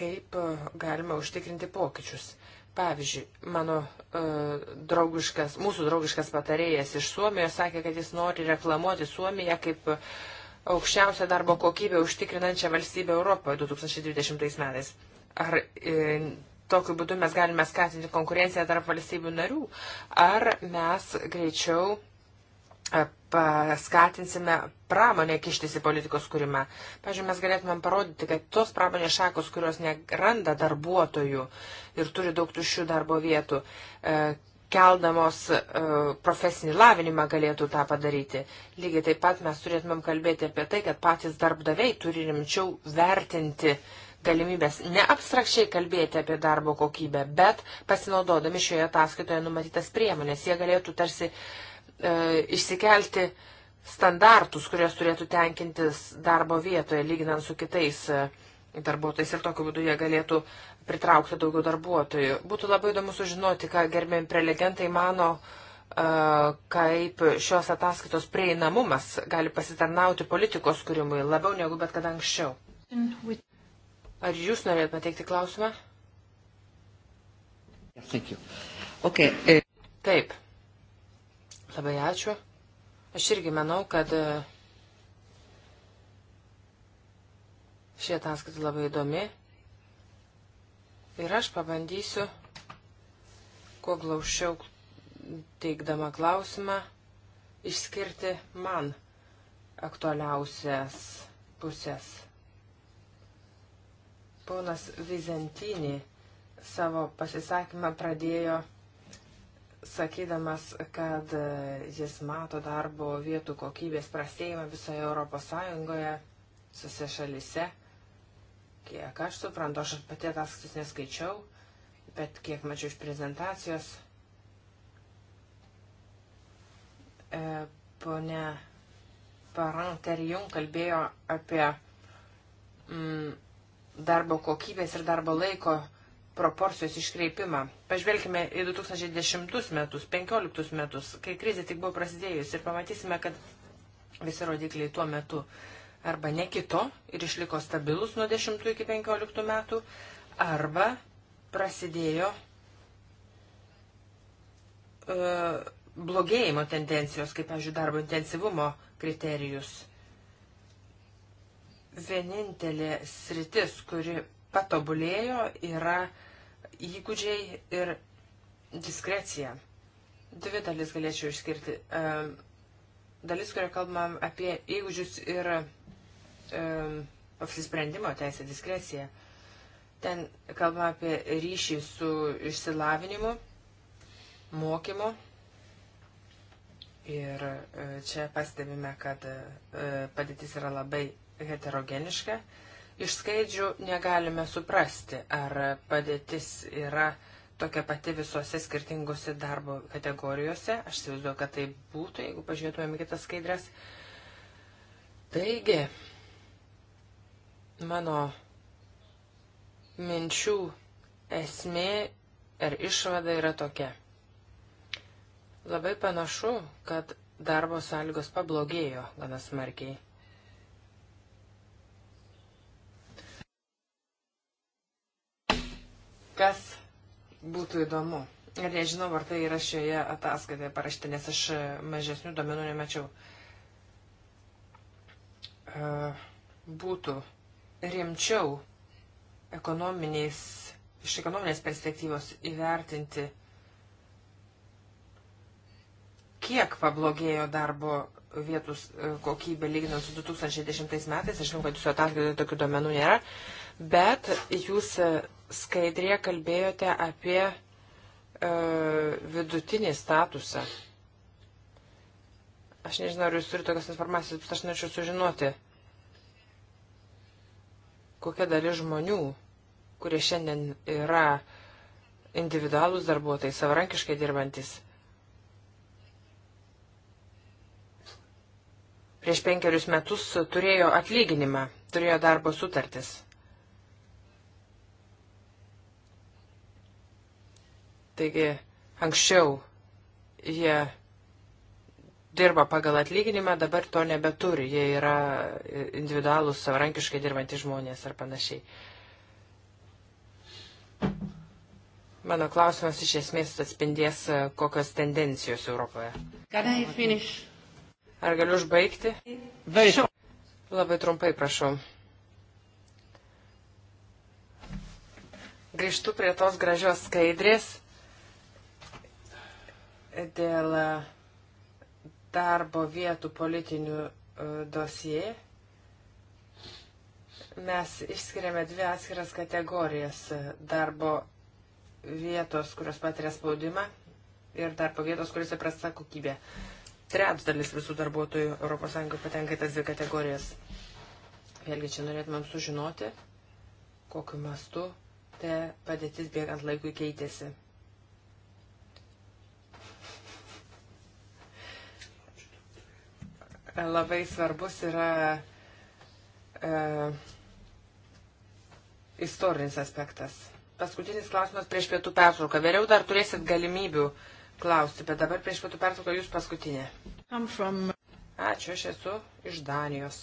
kaip e, galime užtikrinti pokyčius. Pavyzdžiui, mano uh, draugiškas, mūsų draugiškas patarėjas iš Suomijos sakė, kad jis nori reklamuoti Suomiją kaip aukščiausią darbo kokybę užtikrinančią valstybę Europoje 2020 metais ar e, tokiu būdu mes galime skatinti konkurenciją tarp valstybių narių, ar mes greičiau e, paskatinsime pramonę kištis į politikos kūrimą. Pavyzdžiui, mes galėtumėm parodyti, kad tos pramonės šakos, kurios neranda darbuotojų ir turi daug tuščių darbo vietų, e, keldamos e, profesinį lavinimą galėtų tą padaryti. Lygiai taip pat mes turėtumėm kalbėti apie tai, kad patys darbdaviai turi rimčiau vertinti uh, galimybės ne abstrakčiai kalbėti apie darbo kokybę, bet pasinaudodami šioje ataskaitoje numatytas priemonės, jie galėtų tarsi e, išsikelti standartus, kurios turėtų tenkintis darbo vietoje, lyginant su kitais e, darbuotojais ir tokiu būdu jie galėtų pritraukti daugiau darbuotojų. Būtų labai įdomu sužinoti, ką gerbėjim prelegentai mano e, kaip šios ataskaitos prieinamumas gali pasitarnauti politikos kūrimui labiau negu bet kada anksčiau. Ar jūs norėtumėte pateikti klausimą? Okay. E- Taip. Labai ačiū. Aš irgi manau, kad e, ši ataskaita labai įdomi. Ir aš pabandysiu, kuo glaušiau teikdama klausimą, išskirti man aktualiausias pusės. Ponas Vizantinį savo pasisakymą pradėjo sakydamas, kad jis mato darbo vietų kokybės prastėjimą visoje Europos Sąjungoje, visose šalise. Kiek aš suprantu, aš pati ataskaitus neskaičiau, bet kiek mačiau iš prezentacijos, e, ponia Paranterjum kalbėjo apie mm, darbo kokybės ir darbo laiko proporcijos iškreipimą. Pažvelkime į 2010 metus, 15 metus, kai krizė tik buvo prasidėjus ir pamatysime, kad visi rodikliai tuo metu arba nekito ir išliko stabilus nuo 10 iki 15 metų, arba prasidėjo e, blogėjimo tendencijos, kaip, pavyzdžiui, darbo intensyvumo kriterijus Vienintelė sritis, kuri patobulėjo, yra įgūdžiai ir diskrecija. Dvi dalis galėčiau išskirti. E, dalis, kurioje kalbam apie įgūdžius ir e, apsisprendimo teisę diskreciją. Ten kalbam apie ryšį su išsilavinimu, mokymu. Ir e, čia pastebime, kad padėtis yra labai heterogeniška. Iš skaidžių negalime suprasti, ar padėtis yra tokia pati visose skirtingose darbo kategorijose. Aš įsivaizduoju, kad tai būtų, jeigu pažiūrėtumėm kitas skaidrės. Taigi, mano minčių esmė ir išvada yra tokia. Labai panašu, kad darbo sąlygos pablogėjo gana smarkiai. kas būtų įdomu. Ir nežinau, ar tai yra šioje ataskaitoje parašyta, nes aš e, mažesnių domenų nemačiau. E, būtų rimčiau ekonominiais, iš ekonominės perspektyvos įvertinti, kiek pablogėjo darbo vietų e, kokybė lyginant su 2010 metais. Aš žinau, kad jūsų ataskaitoje tokių domenų nėra, bet jūs skaidrėje kalbėjote apie e, vidutinį statusą. Aš nežinau, ar jūs turite tokias informacijas, bet aš norėčiau sužinoti, kokia dalis žmonių, kurie šiandien yra individualūs darbuotojai, savarankiškai dirbantis. Prieš penkerius metus turėjo atlyginimą, turėjo darbo sutartis. Taigi anksčiau jie dirba pagal atlyginimą, dabar to nebeturi, jie yra individualūs, savarankiškai dirbantys žmonės ar panašiai. Mano klausimas iš esmės atspindės, e, kokios tendencijos Europoje. Ar galiu užbaigti? Sure. Labai trumpai prašau. Grįžtu prie tos gražios skaidrės dėl e, darbo vietų politinių e, dosijai mes išskiriame dvi atskiras kategorijas e, - darbo vietos, kurios patiria spaudimą ir darbo vietos, kuriuose prasta kokybė. Trečdalis visų darbuotojų ES patenka į tas dvi kategorijas. Vėlgi čia norėtumėm sužinoti, kokiu mastu ta padėtis bėgant laikui keitėsi. labai svarbus yra e, istorinis aspektas. Paskutinis klausimas prieš pietų pertrauką. Vėliau dar turėsit galimybių klausti, bet dabar prieš pietų pertrauką jūs paskutinė. From... Ačiū, aš esu iš Danijos,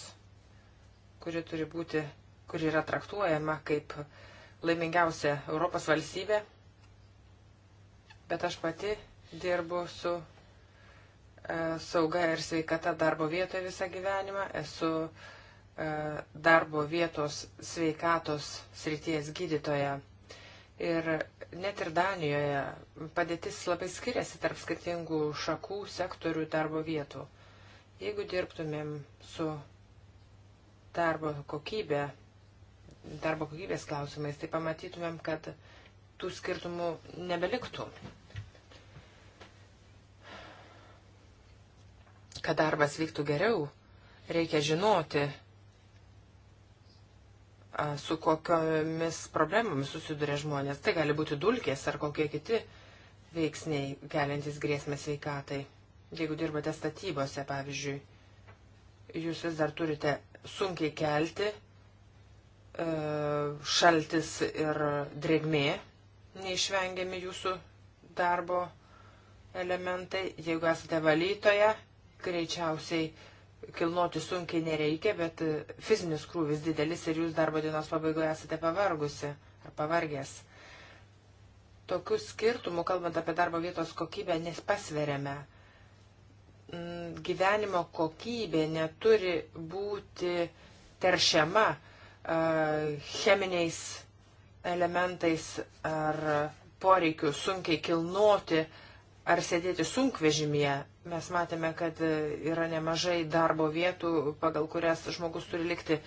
kuri turi būti, kuri yra traktuojama kaip laimingiausia Europos valstybė, bet aš pati dirbu su E, sauga ir sveikata darbo vietoje visą gyvenimą, esu e, darbo vietos sveikatos srities gydytoja. Ir net ir Danijoje padėtis labai skiriasi tarp skirtingų šakų, sektorių darbo vietų. Jeigu dirbtumėm su darbo kokybė, darbo kokybės klausimais, tai pamatytumėm, kad tų skirtumų nebeliktų. kad darbas vyktų geriau, reikia žinoti, su kokiamis problemomis susiduria žmonės. Tai gali būti dulkės ar kokie kiti veiksniai, keliantis grėsmę sveikatai. Jeigu dirbate statybose, pavyzdžiui, jūs vis dar turite sunkiai kelti, e, šaltis ir drėgmė neišvengiami jūsų darbo elementai. Jeigu esate valytoje, greičiausiai kilnoti sunkiai nereikia, bet fizinis krūvis didelis ir jūs darbo dienos pabaigoje esate pavargusi ar pavargęs. Tokių skirtumų, kalbant apie darbo vietos kokybę, nes pasveriame. Mm, gyvenimo kokybė neturi būti teršiama cheminiais elementais ar poreikiu sunkiai kilnoti ar sėdėti sunkvežimėje Mes matėme, kad e, yra nemažai darbo vietų, pagal kurias žmogus turi likti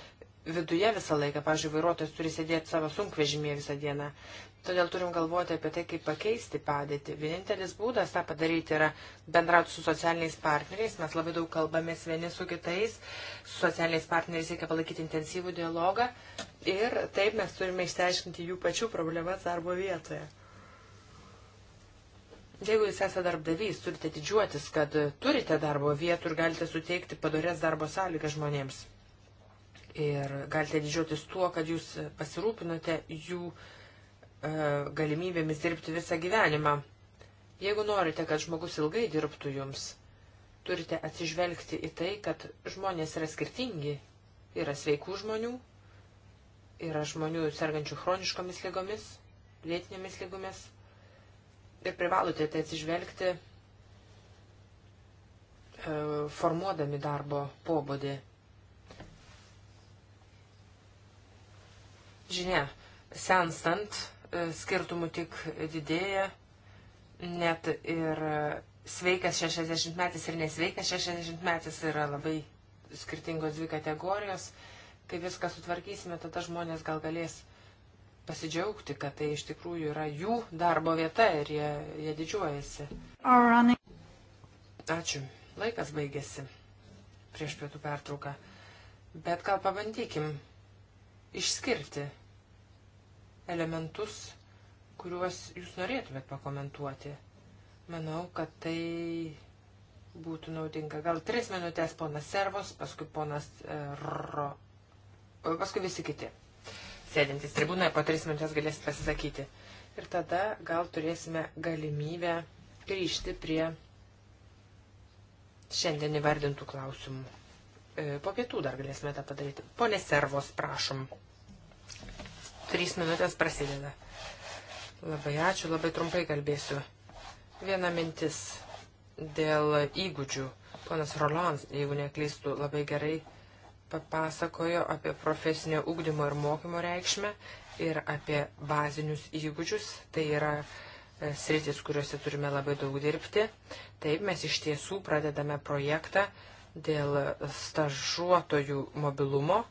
viduje visą laiką. Pavyzdžiui, vairuotojas turi sėdėti savo sunkvežimėje visą dieną. Todėl turim galvoti apie tai, kaip pakeisti padėtį. Vienintelis būdas tą padaryti yra bendrauti su socialiniais partneriais. Mes labai daug kalbamės vieni su kitais. Su socialiniais partneriais reikia palaikyti intensyvų dialogą. Ir taip mes turime išsiaiškinti jų pačių problemas darbo vietoje. Jeigu jūs esate darbdavys, turite didžiuotis, kad turite darbo vietų ir galite suteikti padorės darbo sąlygą žmonėms. Ir galite didžiuotis tuo, kad jūs pasirūpinote jų e, galimybėmis dirbti visą gyvenimą. Jeigu norite, kad žmogus ilgai dirbtų jums, turite atsižvelgti į tai, kad žmonės yra skirtingi. Yra sveikų žmonių, yra žmonių sergančių chroniškomis lygomis, lėtinėmis lygomis, ir privalote tai atsižvelgti e, formuodami darbo pobūdį. Žinia, senstant e, skirtumų tik didėja, net ir e, sveikas 60 metais ir nesveikas 60 metais yra labai skirtingos dvi kategorijos. Kai viską sutvarkysime, tada žmonės gal galės pasidžiaugti, kad tai iš tikrųjų yra jų darbo vieta ir jie, jie didžiuojasi. Ačiū. Laikas baigėsi prieš pietų pertrauką. Bet gal pabandykim išskirti elementus, kuriuos jūs norėtumėt pakomentuoti. Manau, kad tai būtų naudinga. Gal tris minutės ponas Servos, paskui ponas e, Ro, paskui visi kiti sėdintys tribūnoje, po tris minutės galėsit pasisakyti. Ir tada gal turėsime galimybę grįžti prie šiandien įvardintų klausimų. E, po pietų dar galėsime tą padaryti. Pone Servos, prašom. Trys minutės prasideda. Labai ačiū, labai trumpai kalbėsiu. Viena mintis dėl įgūdžių. Ponas Roland, jeigu neklystų, labai gerai papasakojo apie profesinio ūkdymo ir mokymo reikšmę ir apie bazinius įgūdžius. Tai yra e, sritis, kuriuose turime labai daug dirbti. Taip, mes iš tiesų pradedame projektą dėl stažuotojų mobilumo.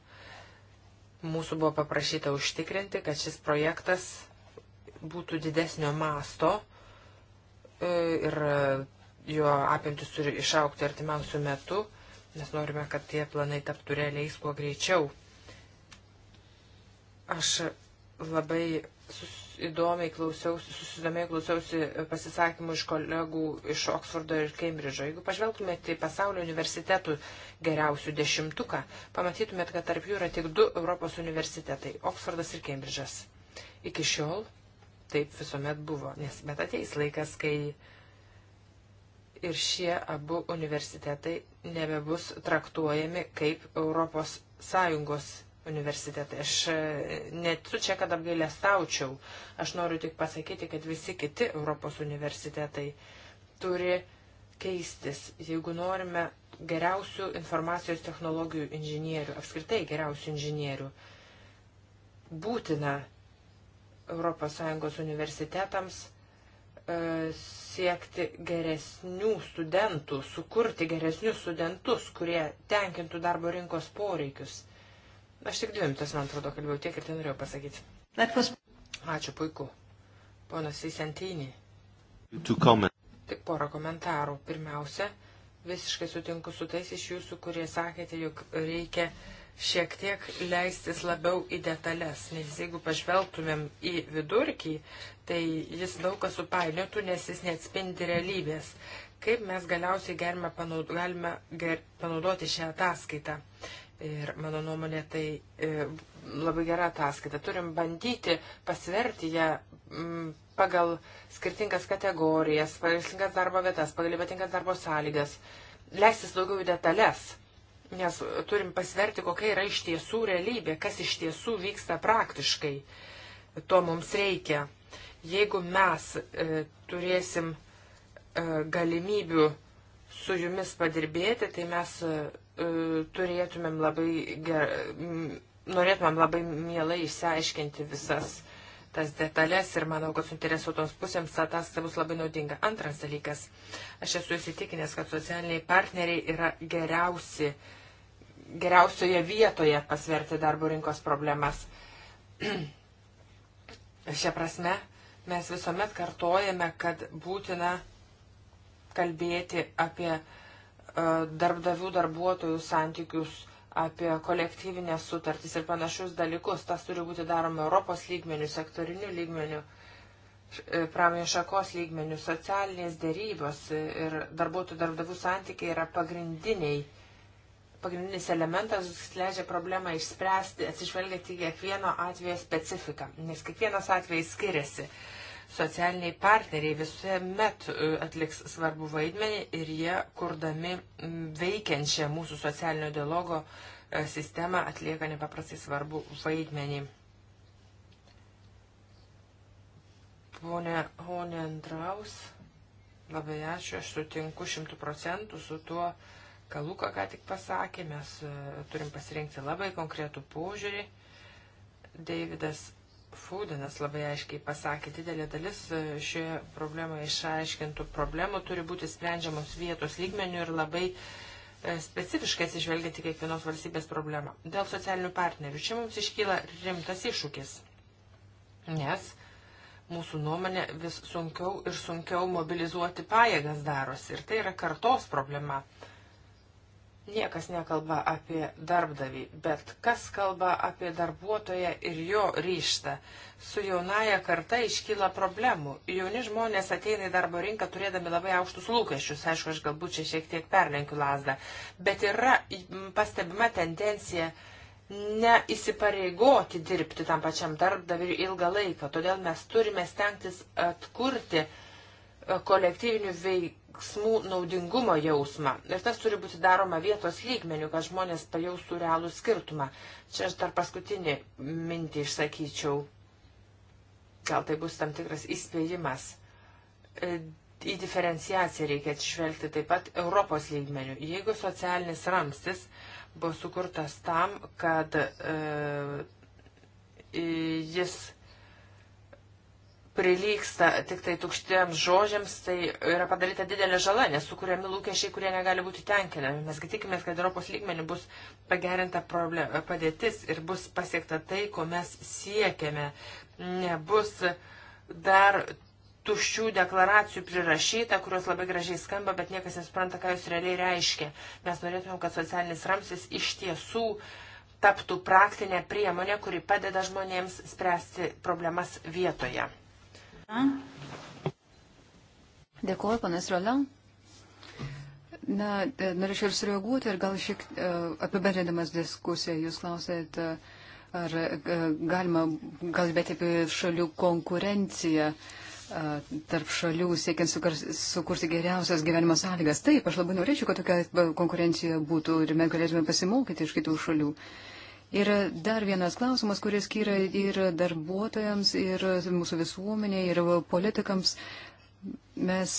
Mūsų buvo paprašyta užtikrinti, kad šis projektas būtų didesnio masto e, ir e, jo apimtis turi išaukti artimiausių metų Mes norime, kad tie planai taptų realiais kuo greičiau. Aš labai sus įdomiai klausiausi, susidomėjai klausiausi pasisakymų iš kolegų iš Oksfordo ir Kembridžo. Jeigu pažvelgtumėte į pasaulio universitetų geriausių dešimtuką, pamatytumėte, kad tarp jų yra tik du Europos universitetai - Oksfordas ir Kembridžas. Iki šiol taip visuomet buvo, nes bet ateis laikas, kai uh, ir šie abu universitetai nebebus traktuojami kaip ES universitetai. Aš e, neturiu čia, kad apgailę staučiau. Aš noriu tik pasakyti, kad visi kiti Europos universitetai turi keistis, jeigu norime geriausių informacijos technologijų inžinierių, apskritai geriausių inžinierių. Būtina ES universitetams E, siekti geresnių studentų, sukurti geresnius studentus, kurie tenkintų darbo rinkos poreikius. Aš tik dvi minutės, man atrodo, kalbėjau tiek ir tai norėjau pasakyti. Was... Ačiū, puiku. Ponas Isentinį. Tik porą komentarų. Pirmiausia, visiškai sutinku su tais iš jūsų, kurie sakėte, jog reikia uh, šiek tiek leistis labiau į detalės, nes jeigu pažvelgtumėm į vidurkį, tai jis daug kas supainiotų, nes jis neatspindi realybės. Kaip mes galiausiai galime, panaud galime ger panaudoti šią ataskaitą? Ir mano nuomonė, tai e, labai gera ataskaita. Turim bandyti pasverti ją m, mm, pagal skirtingas kategorijas, pagal skirtingas darbo vietas, pagal ypatingas darbo sąlygas, leistis daugiau į detalės nes turim pasverti, kokia yra iš tiesų realybė, kas iš tiesų vyksta praktiškai. To mums reikia. Jeigu mes e, turėsim e, galimybių su jumis padirbėti, tai mes e, e turėtumėm labai ger, norėtumėm labai mielai išsiaiškinti visas e, tas detalės ir manau, kad suinteresuotoms pusėms ataskaita bus labai naudinga. Antras dalykas, aš esu įsitikinęs, kad socialiniai partneriai yra geriausi, geriausioje vietoje pasverti darbo rinkos problemas. Šia prasme, mes visuomet kartojame, kad būtina kalbėti apie e, darbdavių darbuotojų santykius apie kolektyvinės sutartys ir panašius dalykus. Tas turi būti daroma Europos lygmenių, sektorinių lygmenių, e, pramonės šakos lygmenių, socialinės dėrybos ir darbuotojų darbdavių santykiai yra pagrindiniai. Pagrindinis elementas leidžia problemą išspręsti, atsižvelgiant į kiekvieno atvejo specifiką, nes kiekvienas atvejis skiriasi. Uh, Socialiniai partneriai visuomet e, atliks svarbu vaidmenį ir jie, kurdami veikiančią mūsų socialinio dialogo e, sistemą, atlieka nepaprastai svarbu vaidmenį. Pone Honendraus, labai ačiū, aš sutinku šimtų procentų su tuo, ką Luka ką tik pasakė, mes e, turim pasirinkti labai konkretų požiūrį. Deividas Fūdinas labai aiškiai pasakė, didelė dalis e, šioje problemoje išaiškintų problemų turi būti sprendžiamos vietos lygmenių ir labai e, specifiškai atsižvelgiant į kiekvienos valstybės problemą. Dėl socialinių partnerių čia mums iškyla rimtas iššūkis, nes mūsų nuomonė vis sunkiau ir sunkiau mobilizuoti pajėgas darosi ir tai yra kartos problema. Uh, Niekas nekalba apie darbdavį, bet kas kalba apie darbuotoją ir jo ryštą. Su jaunaja karta iškyla problemų. Jauni žmonės ateina į darbo rinką turėdami labai aukštus lūkesčius. Aišku, aš galbūt čia šiek tiek perlenkiu lasdą. Bet yra pastebima tendencija neįsipareigoti dirbti tam pačiam darbdaviui ilgą laiką. Todėl mes turime stengtis atkurti e, kolektyvinių veikimų veiksmų naudingumo jausmą. Ir tas turi būti daroma vietos lygmenių, kad žmonės pajaustų realų skirtumą. Čia aš dar paskutinį mintį išsakyčiau. Gal tai bus tam tikras įspėjimas. E, į diferenciaciją reikia atšvelgti taip pat Europos lygmenių. Jeigu socialinis ramstis buvo sukurtas tam, kad e, jis prilyksta tik tai tukštiems žodžiams, tai yra padaryta didelė žala, nes sukūrėmi lūkesčiai, kurie negali būti tenkinami. Mesgi tikimės, kad Europos lygmenį bus pagerinta problem, padėtis ir bus pasiekta tai, ko mes siekiame. Nebus dar tuščių deklaracijų prirašyta, kurios labai gražiai skamba, bet niekas nesupranta, ką jūs realiai reiškia. Mes norėtumėm, kad socialinis ramsis iš tiesų taptų praktinė priemonė, kuri padeda žmonėms spręsti problemas vietoje. Dėkuoju, panas Roland. Na, e, norėčiau ir sureaguoti ir gal šiek tiek apibendrinamas diskusiją. Jūs klausėt, ar e, galima kalbėti apie šalių konkurenciją e, tarp šalių, siekiant sukurti geriausias gyvenimo sąlygas. Taip, aš labai norėčiau, kad tokia konkurencija būtų ir mes galėtume pasimokyti iš kitų šalių. Uh, Ir dar vienas klausimas, kuris skiria ir darbuotojams, ir mūsų visuomenė, ir politikams. Mes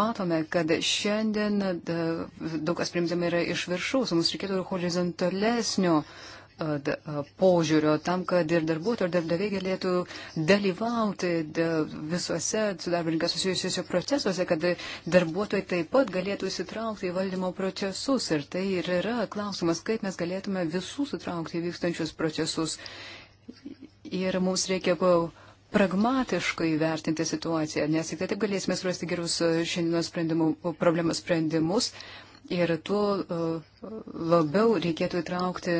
matome, kad šiandien daug kas primtama yra iš viršaus, mums reikėtų horizontalesnio uh, požiūrio tam, kad ir darbuotojai, ir darbdaviai galėtų dalyvauti visuose su darbininkas susijusiuose procesuose, kad darbuotojai taip pat galėtų įsitraukti į valdymo procesus. Ir tai ir yra klausimas, kaip mes galėtume visus sutraukti į vykstančius procesus. Ir mums reikia pragmatiškai vertinti situaciją, nes tik taip galėsime surasti gerus šiandienos problemos sprendimus. Ir tuo labiau reikėtų įtraukti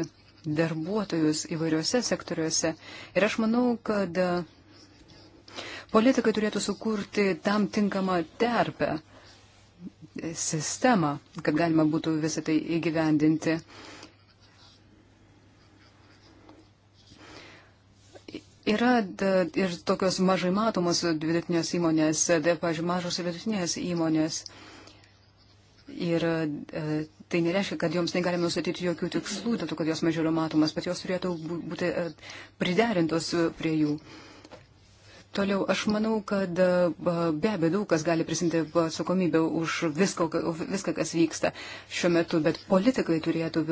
darbuotojus įvairiuose sektoriuose. Ir aš manau, kad politikai turėtų sukurti tam tinkamą terpę, sistemą, kad galima būtų visą tai įgyvendinti. Yra ir tokios mažai matomos vidutinės įmonės, pažiūrėjau, mažos ir vidutinės įmonės. Ir e, tai nereiškia, kad joms negalime nustatyti jokių tikslų, dėl to, kad jos mažiau yra matomas, bet jos turėtų būti e, priderintos e, prie jų. Toliau, aš manau, kad e, be abejo daug kas gali prisimti atsakomybę už visko, viską, kas vyksta šiuo metu, bet politikai turėtų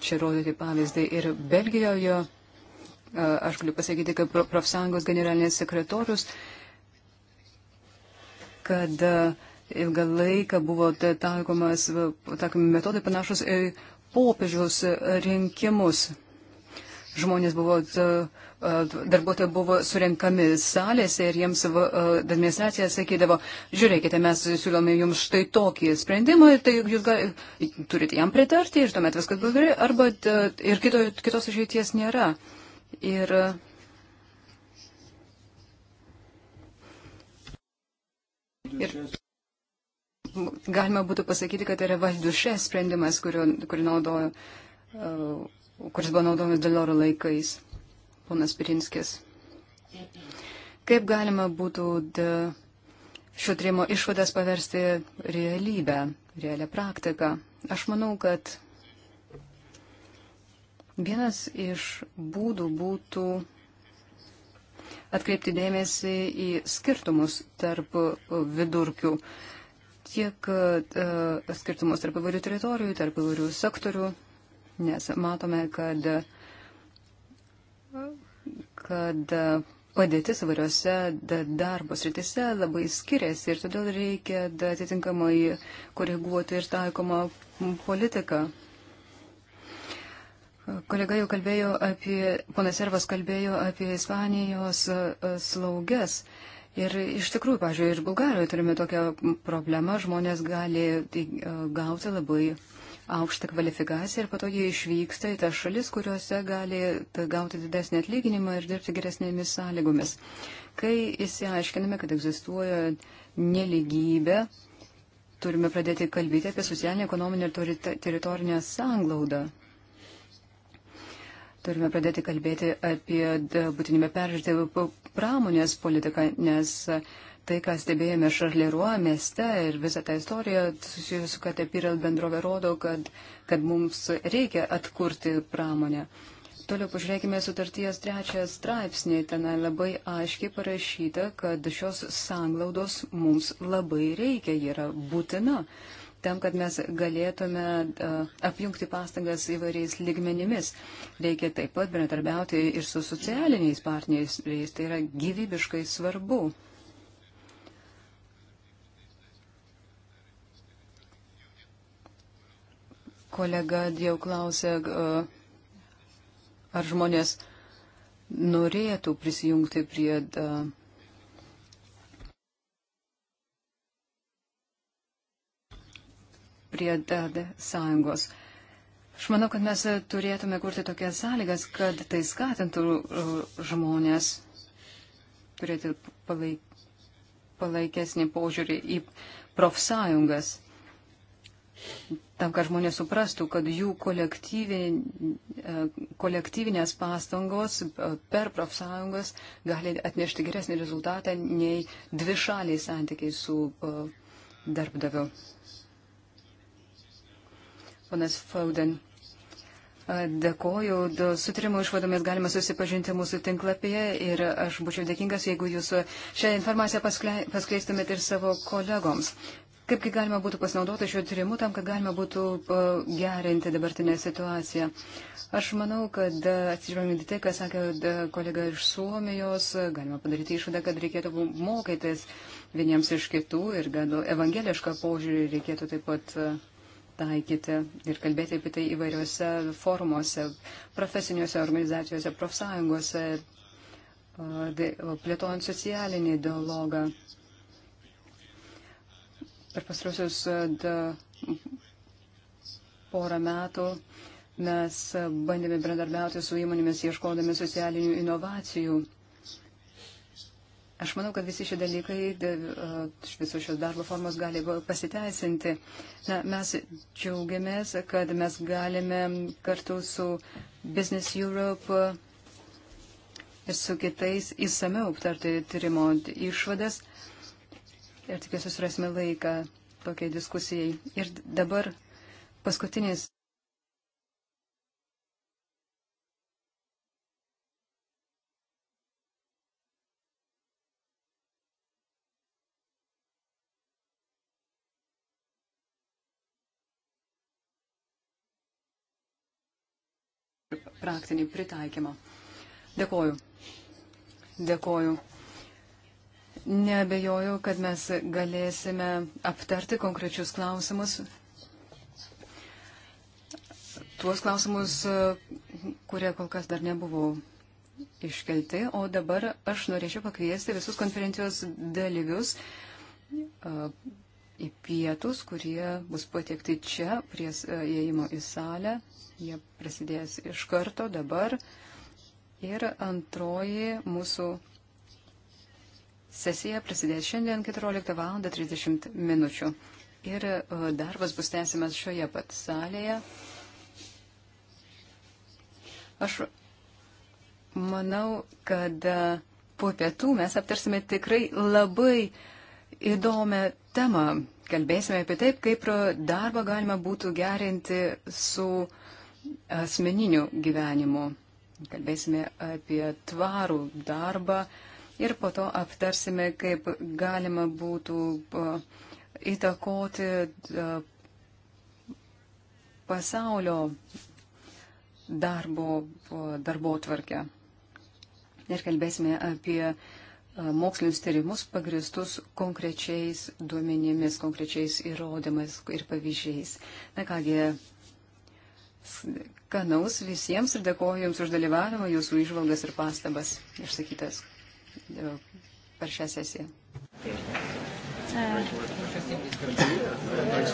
čia rodyti pavyzdį ir Belgijoje, aš galiu pasakyti, kad profsąjungos generalinis sekretorius, kad uh, ilgą laiką buvo taikomas, taikomi metodai panašus į popiežiaus rinkimus. Žmonės buvo, darbuotojai buvo surenkami salėse ir jiems administracija sakydavo, žiūrėkite, mes siūlome jums štai tokį sprendimą ir tai jūs gal, turite jam pritarti ir tuomet viskas bus gerai, arba ir kito, kitos išeities nėra. Ir, ir galima būtų pasakyti, kad tai yra valdušė sprendimas, kurio, kurį naudojo, uh, kuris buvo naudojamas Deloro laikais, ponas Pirinskis. Kaip galima būtų šio trimo išvadas paversti realybę, realią praktiką? Aš manau, kad vienas iš būdų būtų atkreipti dėmesį į skirtumus tarp vidurkių. Uh, tiek e, skirtumus tarp įvairių teritorijų, tarp įvairių sektorių, nes matome, kad, kad padėtis įvairiose darbo sritise labai skiriasi ir todėl reikia atitinkamai koreguoti ir taikomą politiką. Kolega jau kalbėjo apie, ponas Servas kalbėjo apie Ispanijos e, slauges. Uh, Ir iš tikrųjų, pažiūrėjau, ir Bulgarijoje turime tokią problemą, žmonės gali tai, e, gauti labai aukštą kvalifikaciją ir po to jie išvyksta į tas šalis, kuriuose gali gauti didesnį atlyginimą ir dirbti geresnėmis sąlygomis. Kai įsiaiškiname, kad egzistuoja neligybė, turime pradėti kalbėti apie socialinę, ekonominę ir teritorinę sanglaudą. Turime pradėti kalbėti apie būtinybę peržiūrėti pramonės politiką, nes tai, ką stebėjome Šarleruo mieste ir visą tą istoriją susijusiu su Katepirel bendrovė rodo, kad, kad mums reikia atkurti pramonę. Toliau pažiūrėkime sutarties trečią straipsnį. Ten labai aiškiai parašyta, kad šios sanglaudos mums labai reikia, ji yra būtina. Uh, tam, kad mes galėtume e, apjungti pastangas įvairiais ligmenimis. Reikia taip pat bendradarbiauti ir su socialiniais partneriais, tai yra gyvybiškai svarbu. Kolega jau klausė, e, ar žmonės norėtų prisijungti prie. Uh, prie sąjungos. Aš manau, kad mes turėtume kurti tokias sąlygas, kad tai skatintų e, žmonės turėti palaik, palaikesnį požiūrį į profsąjungas, tam, kad žmonės suprastų, kad jų e, kolektyvinės pastangos e, per profsąjungas gali atnešti geresnį rezultatą nei dvi šaliai santykiai su darbdaviu panas Fauden. Dėkoju, sutarimo išvadomis galima susipažinti mūsų tinklapyje ir aš būčiau dėkingas, jeigu jūs šią informaciją paskleistumėt ir savo kolegoms. Kaipgi galima būtų pasinaudoti šiuo tyrimu tam, kad galima būtų gerinti dabartinę situaciją. Aš manau, kad atsižvelgiant į tai, ką sakė kolega iš Suomijos, galima padaryti išvadą, kad reikėtų mokytis vieniems iš kitų ir gal evangelišką požiūrį reikėtų taip pat taikyti ir kalbėti apie tai įvairiuose forumuose, profesiniuose organizacijose, profsąjungose, plėtojant socialinį dialogą. Per pasrusius porą metų mes bandėme bendradarbiauti su įmonėmis ieškodami socialinių inovacijų. Aš manau, kad visi šie dalykai, visos šios darbo formos gali pasiteisinti. Na, mes džiaugiamės, kad mes galime kartu su Business Europe ir su kitais įsameu aptarti tyrimo išvadas ir tikiuosi surasime laiką tokiai diskusijai. Ir dabar paskutinis. praktinį pritaikymą. Dėkoju. Dėkoju. Nebejoju, kad mes galėsime aptarti konkrečius klausimus. Tuos klausimus, kurie kol kas dar nebuvo iškelti, o dabar aš norėčiau pakviesti visus konferencijos dalyvius į pietus, kurie bus patiekti čia prie e, įėjimo į salę. Jie prasidės iš karto dabar. Ir antroji mūsų sesija prasidės šiandien 14 val. 30 minučių. Ir e, darbas bus tęsiamas šioje pat salėje. Aš manau, kad e, po pietų mes aptarsime tikrai labai uh, įdomią temą. Kalbėsime apie taip, kaip darbą galima būtų gerinti su asmeniniu gyvenimu. Kalbėsime apie tvarų darbą ir po to aptarsime, kaip galima būtų įtakoti pasaulio darbo, darbo tvarkę. Ir kalbėsime apie uh, mokslinius tyrimus pagristus konkrečiais duomenimis, konkrečiais įrodymais ir pavyzdžiais. Na kągi, skanaus visiems ir dėkoju Jums už dalyvavimą, Jūsų išvalgas ir pastabas išsakytas e, per šią sesiją. Uh.